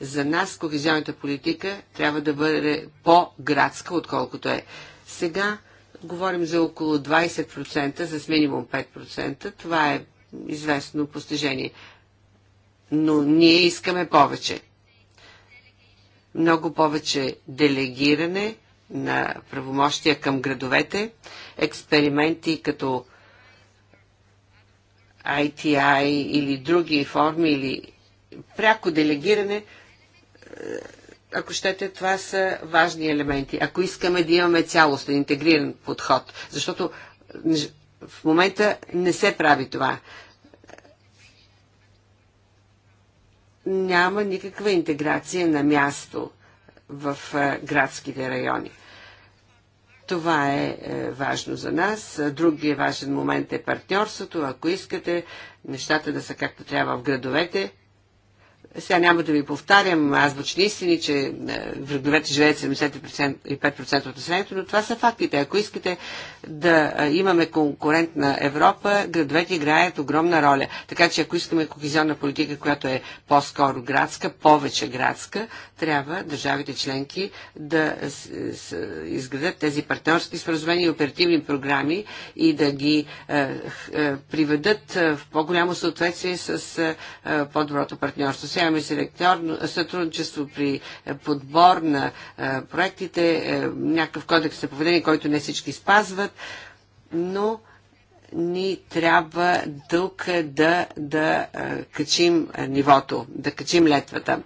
За нас кохезионната политика трябва да бъде по-градска, отколкото е. Сега говорим за около 20%, с минимум 5%. Това е известно постижение но ние искаме повече. Много повече делегиране на правомощия към градовете, експерименти като ITI или други форми или пряко делегиране, ако щете, това са важни елементи. Ако искаме да имаме цялостен, интегриран подход, защото в момента не се прави това. няма никаква интеграция на място в градските райони. Това е, е важно за нас. Другият важен момент е партньорството. Ако искате нещата да са както трябва в градовете, сега няма да ви повтарям аз звучи истини, че е, враговете живеят 75% от населението, но това са фактите. Ако искате да е, имаме конкурентна Европа, градовете играят огромна роля. Така че ако искаме кохезионна политика, която е по-скоро градска, повече градска, трябва държавите членки да изградят тези партньорски споразумения и оперативни програми и да ги е, е, приведат е, в по-голямо съответствие с по-доброто партньорство. Сега имаме селекторно сътрудничество при подбор на проектите, някакъв кодекс на поведение, който не всички спазват, но ни трябва дълг да, да качим нивото, да качим летвата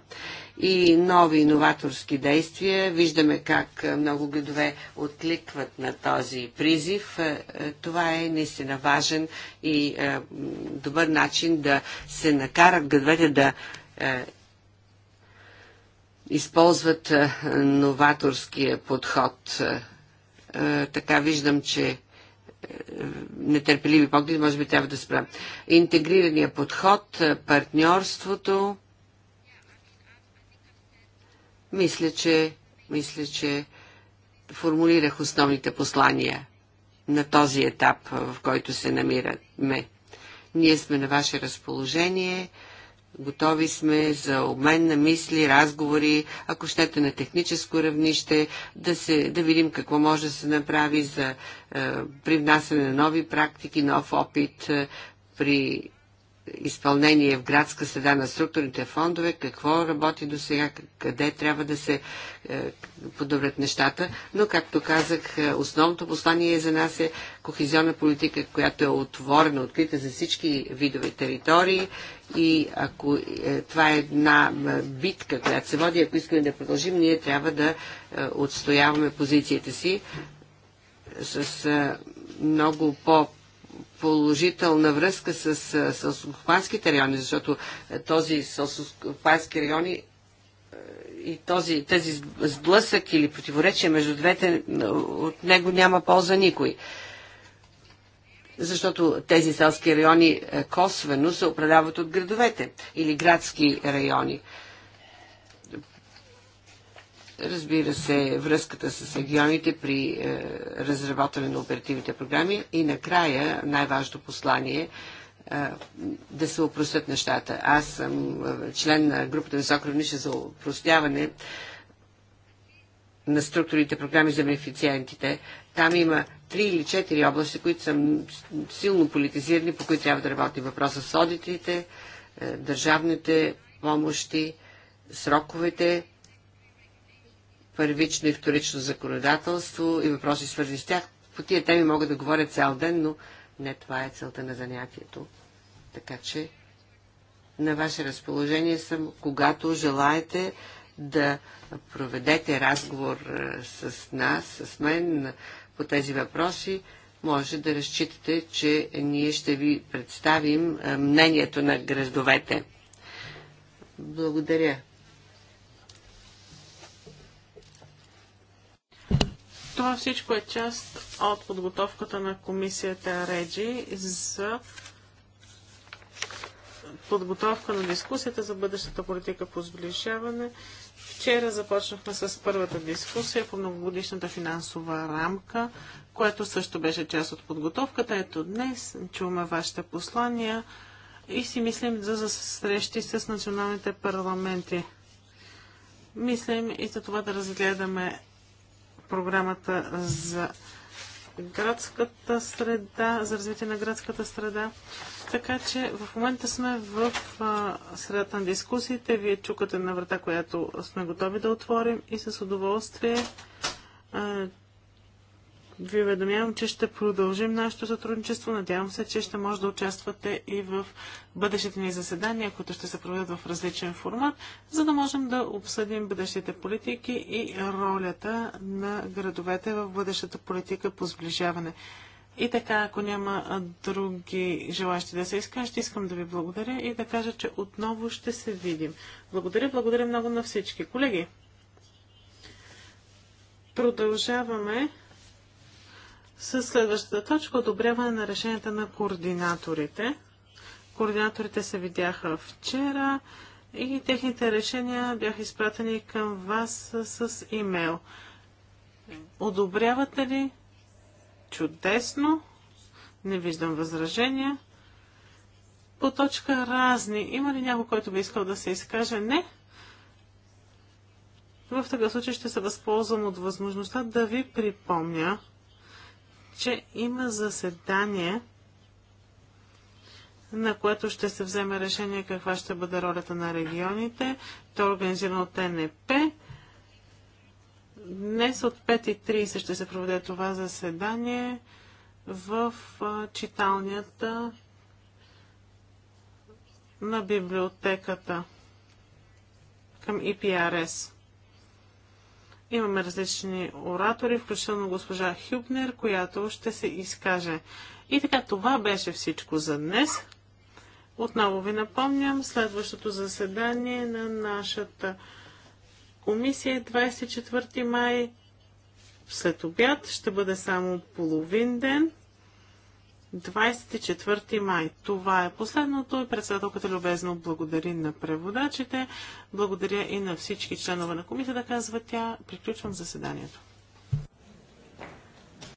и нови иноваторски действия. Виждаме как много градове откликват на този призив. Това е наистина важен и добър начин да се накарат градовете да използват новаторския подход. Така виждам, че нетърпеливи погледи, може би трябва да спра. Интегрирания подход, партньорството, мисля, че, мисля, че формулирах основните послания на този етап, в който се намираме. Ние сме на ваше разположение, готови сме за обмен на мисли, разговори, ако щете на техническо равнище, да, се, да видим какво може да се направи за е, привнасяне на нови практики, нов опит е, при изпълнение в градска среда на структурните фондове, какво работи до сега, къде трябва да се е, подобрят нещата. Но, както казах, е, основното послание за нас е кохезионна политика, която е отворена, открита за всички видове територии и ако е, това е една битка, която се води, ако искаме да продължим, ние трябва да отстояваме позицията си с много по- положителна връзка с селскохопанските райони, защото този селскохопански райони и този, тези сблъсък или противоречие между двете, от него няма полза никой. Защото тези селски райони косвено се управляват от градовете или градски райони. Разбира се, връзката с регионите при е, разработване на оперативните програми и накрая най-важното послание е, да се опростят нещата. Аз съм е, член на групата Високо равнище за опростяване на структурите програми за бенефициентите. Там има три или четири области, които са силно политизирани, по които трябва да работи въпроса с одитите, е, държавните помощи, сроковете, първично и вторично законодателство и въпроси свързани с тях. По тия теми мога да говоря цял ден, но не това е целта на занятието. Така че на ваше разположение съм, когато желаете да проведете разговор е, с нас, с мен по тези въпроси, може да разчитате, че ние ще ви представим е, мнението на градовете. Благодаря. Това всичко е част от подготовката на комисията Реджи за подготовка на дискусията за бъдещата политика по сближаване. Вчера започнахме с първата дискусия по многогодишната финансова рамка, което също беше част от подготовката. Ето днес чуваме вашите послания и си мислим за срещи с националните парламенти. Мислим и за това да разгледаме програмата за градската среда, за развитие на градската среда. Така че в момента сме в а, средата на дискусиите. Вие чукате на врата, която сме готови да отворим и с удоволствие а, ви уведомявам, че ще продължим нашето сътрудничество. Надявам се, че ще може да участвате и в бъдещите ни заседания, които ще се проведат в различен формат, за да можем да обсъдим бъдещите политики и ролята на градовете в бъдещата политика по сближаване. И така, ако няма други желащи да се изкажат, ще искам да ви благодаря и да кажа, че отново ще се видим. Благодаря, благодаря много на всички. Колеги, продължаваме. С следващата точка одобряване на решенията на координаторите. Координаторите се видяха вчера и техните решения бяха изпратени към вас с имейл. Одобрявате ли? Чудесно. Не виждам възражения. По точка разни. Има ли някой, който би искал да се изкаже? Не. В такъв случай ще се възползвам от възможността да ви припомня, че има заседание, на което ще се вземе решение каква ще бъде ролята на регионите. То е организирано от НП. Днес от 5.30 ще се проведе това заседание в читалнията на библиотеката към ИПРС. Имаме различни оратори, включително госпожа Хюбнер, която ще се изкаже. И така, това беше всичко за днес. Отново ви напомням, следващото заседание на нашата комисия 24 е май. След обяд ще бъде само половин ден. 24 май. Това е последното и председателката любезно благодари на преводачите. Благодаря и на всички членове на комисията, да казва тя. Приключвам заседанието.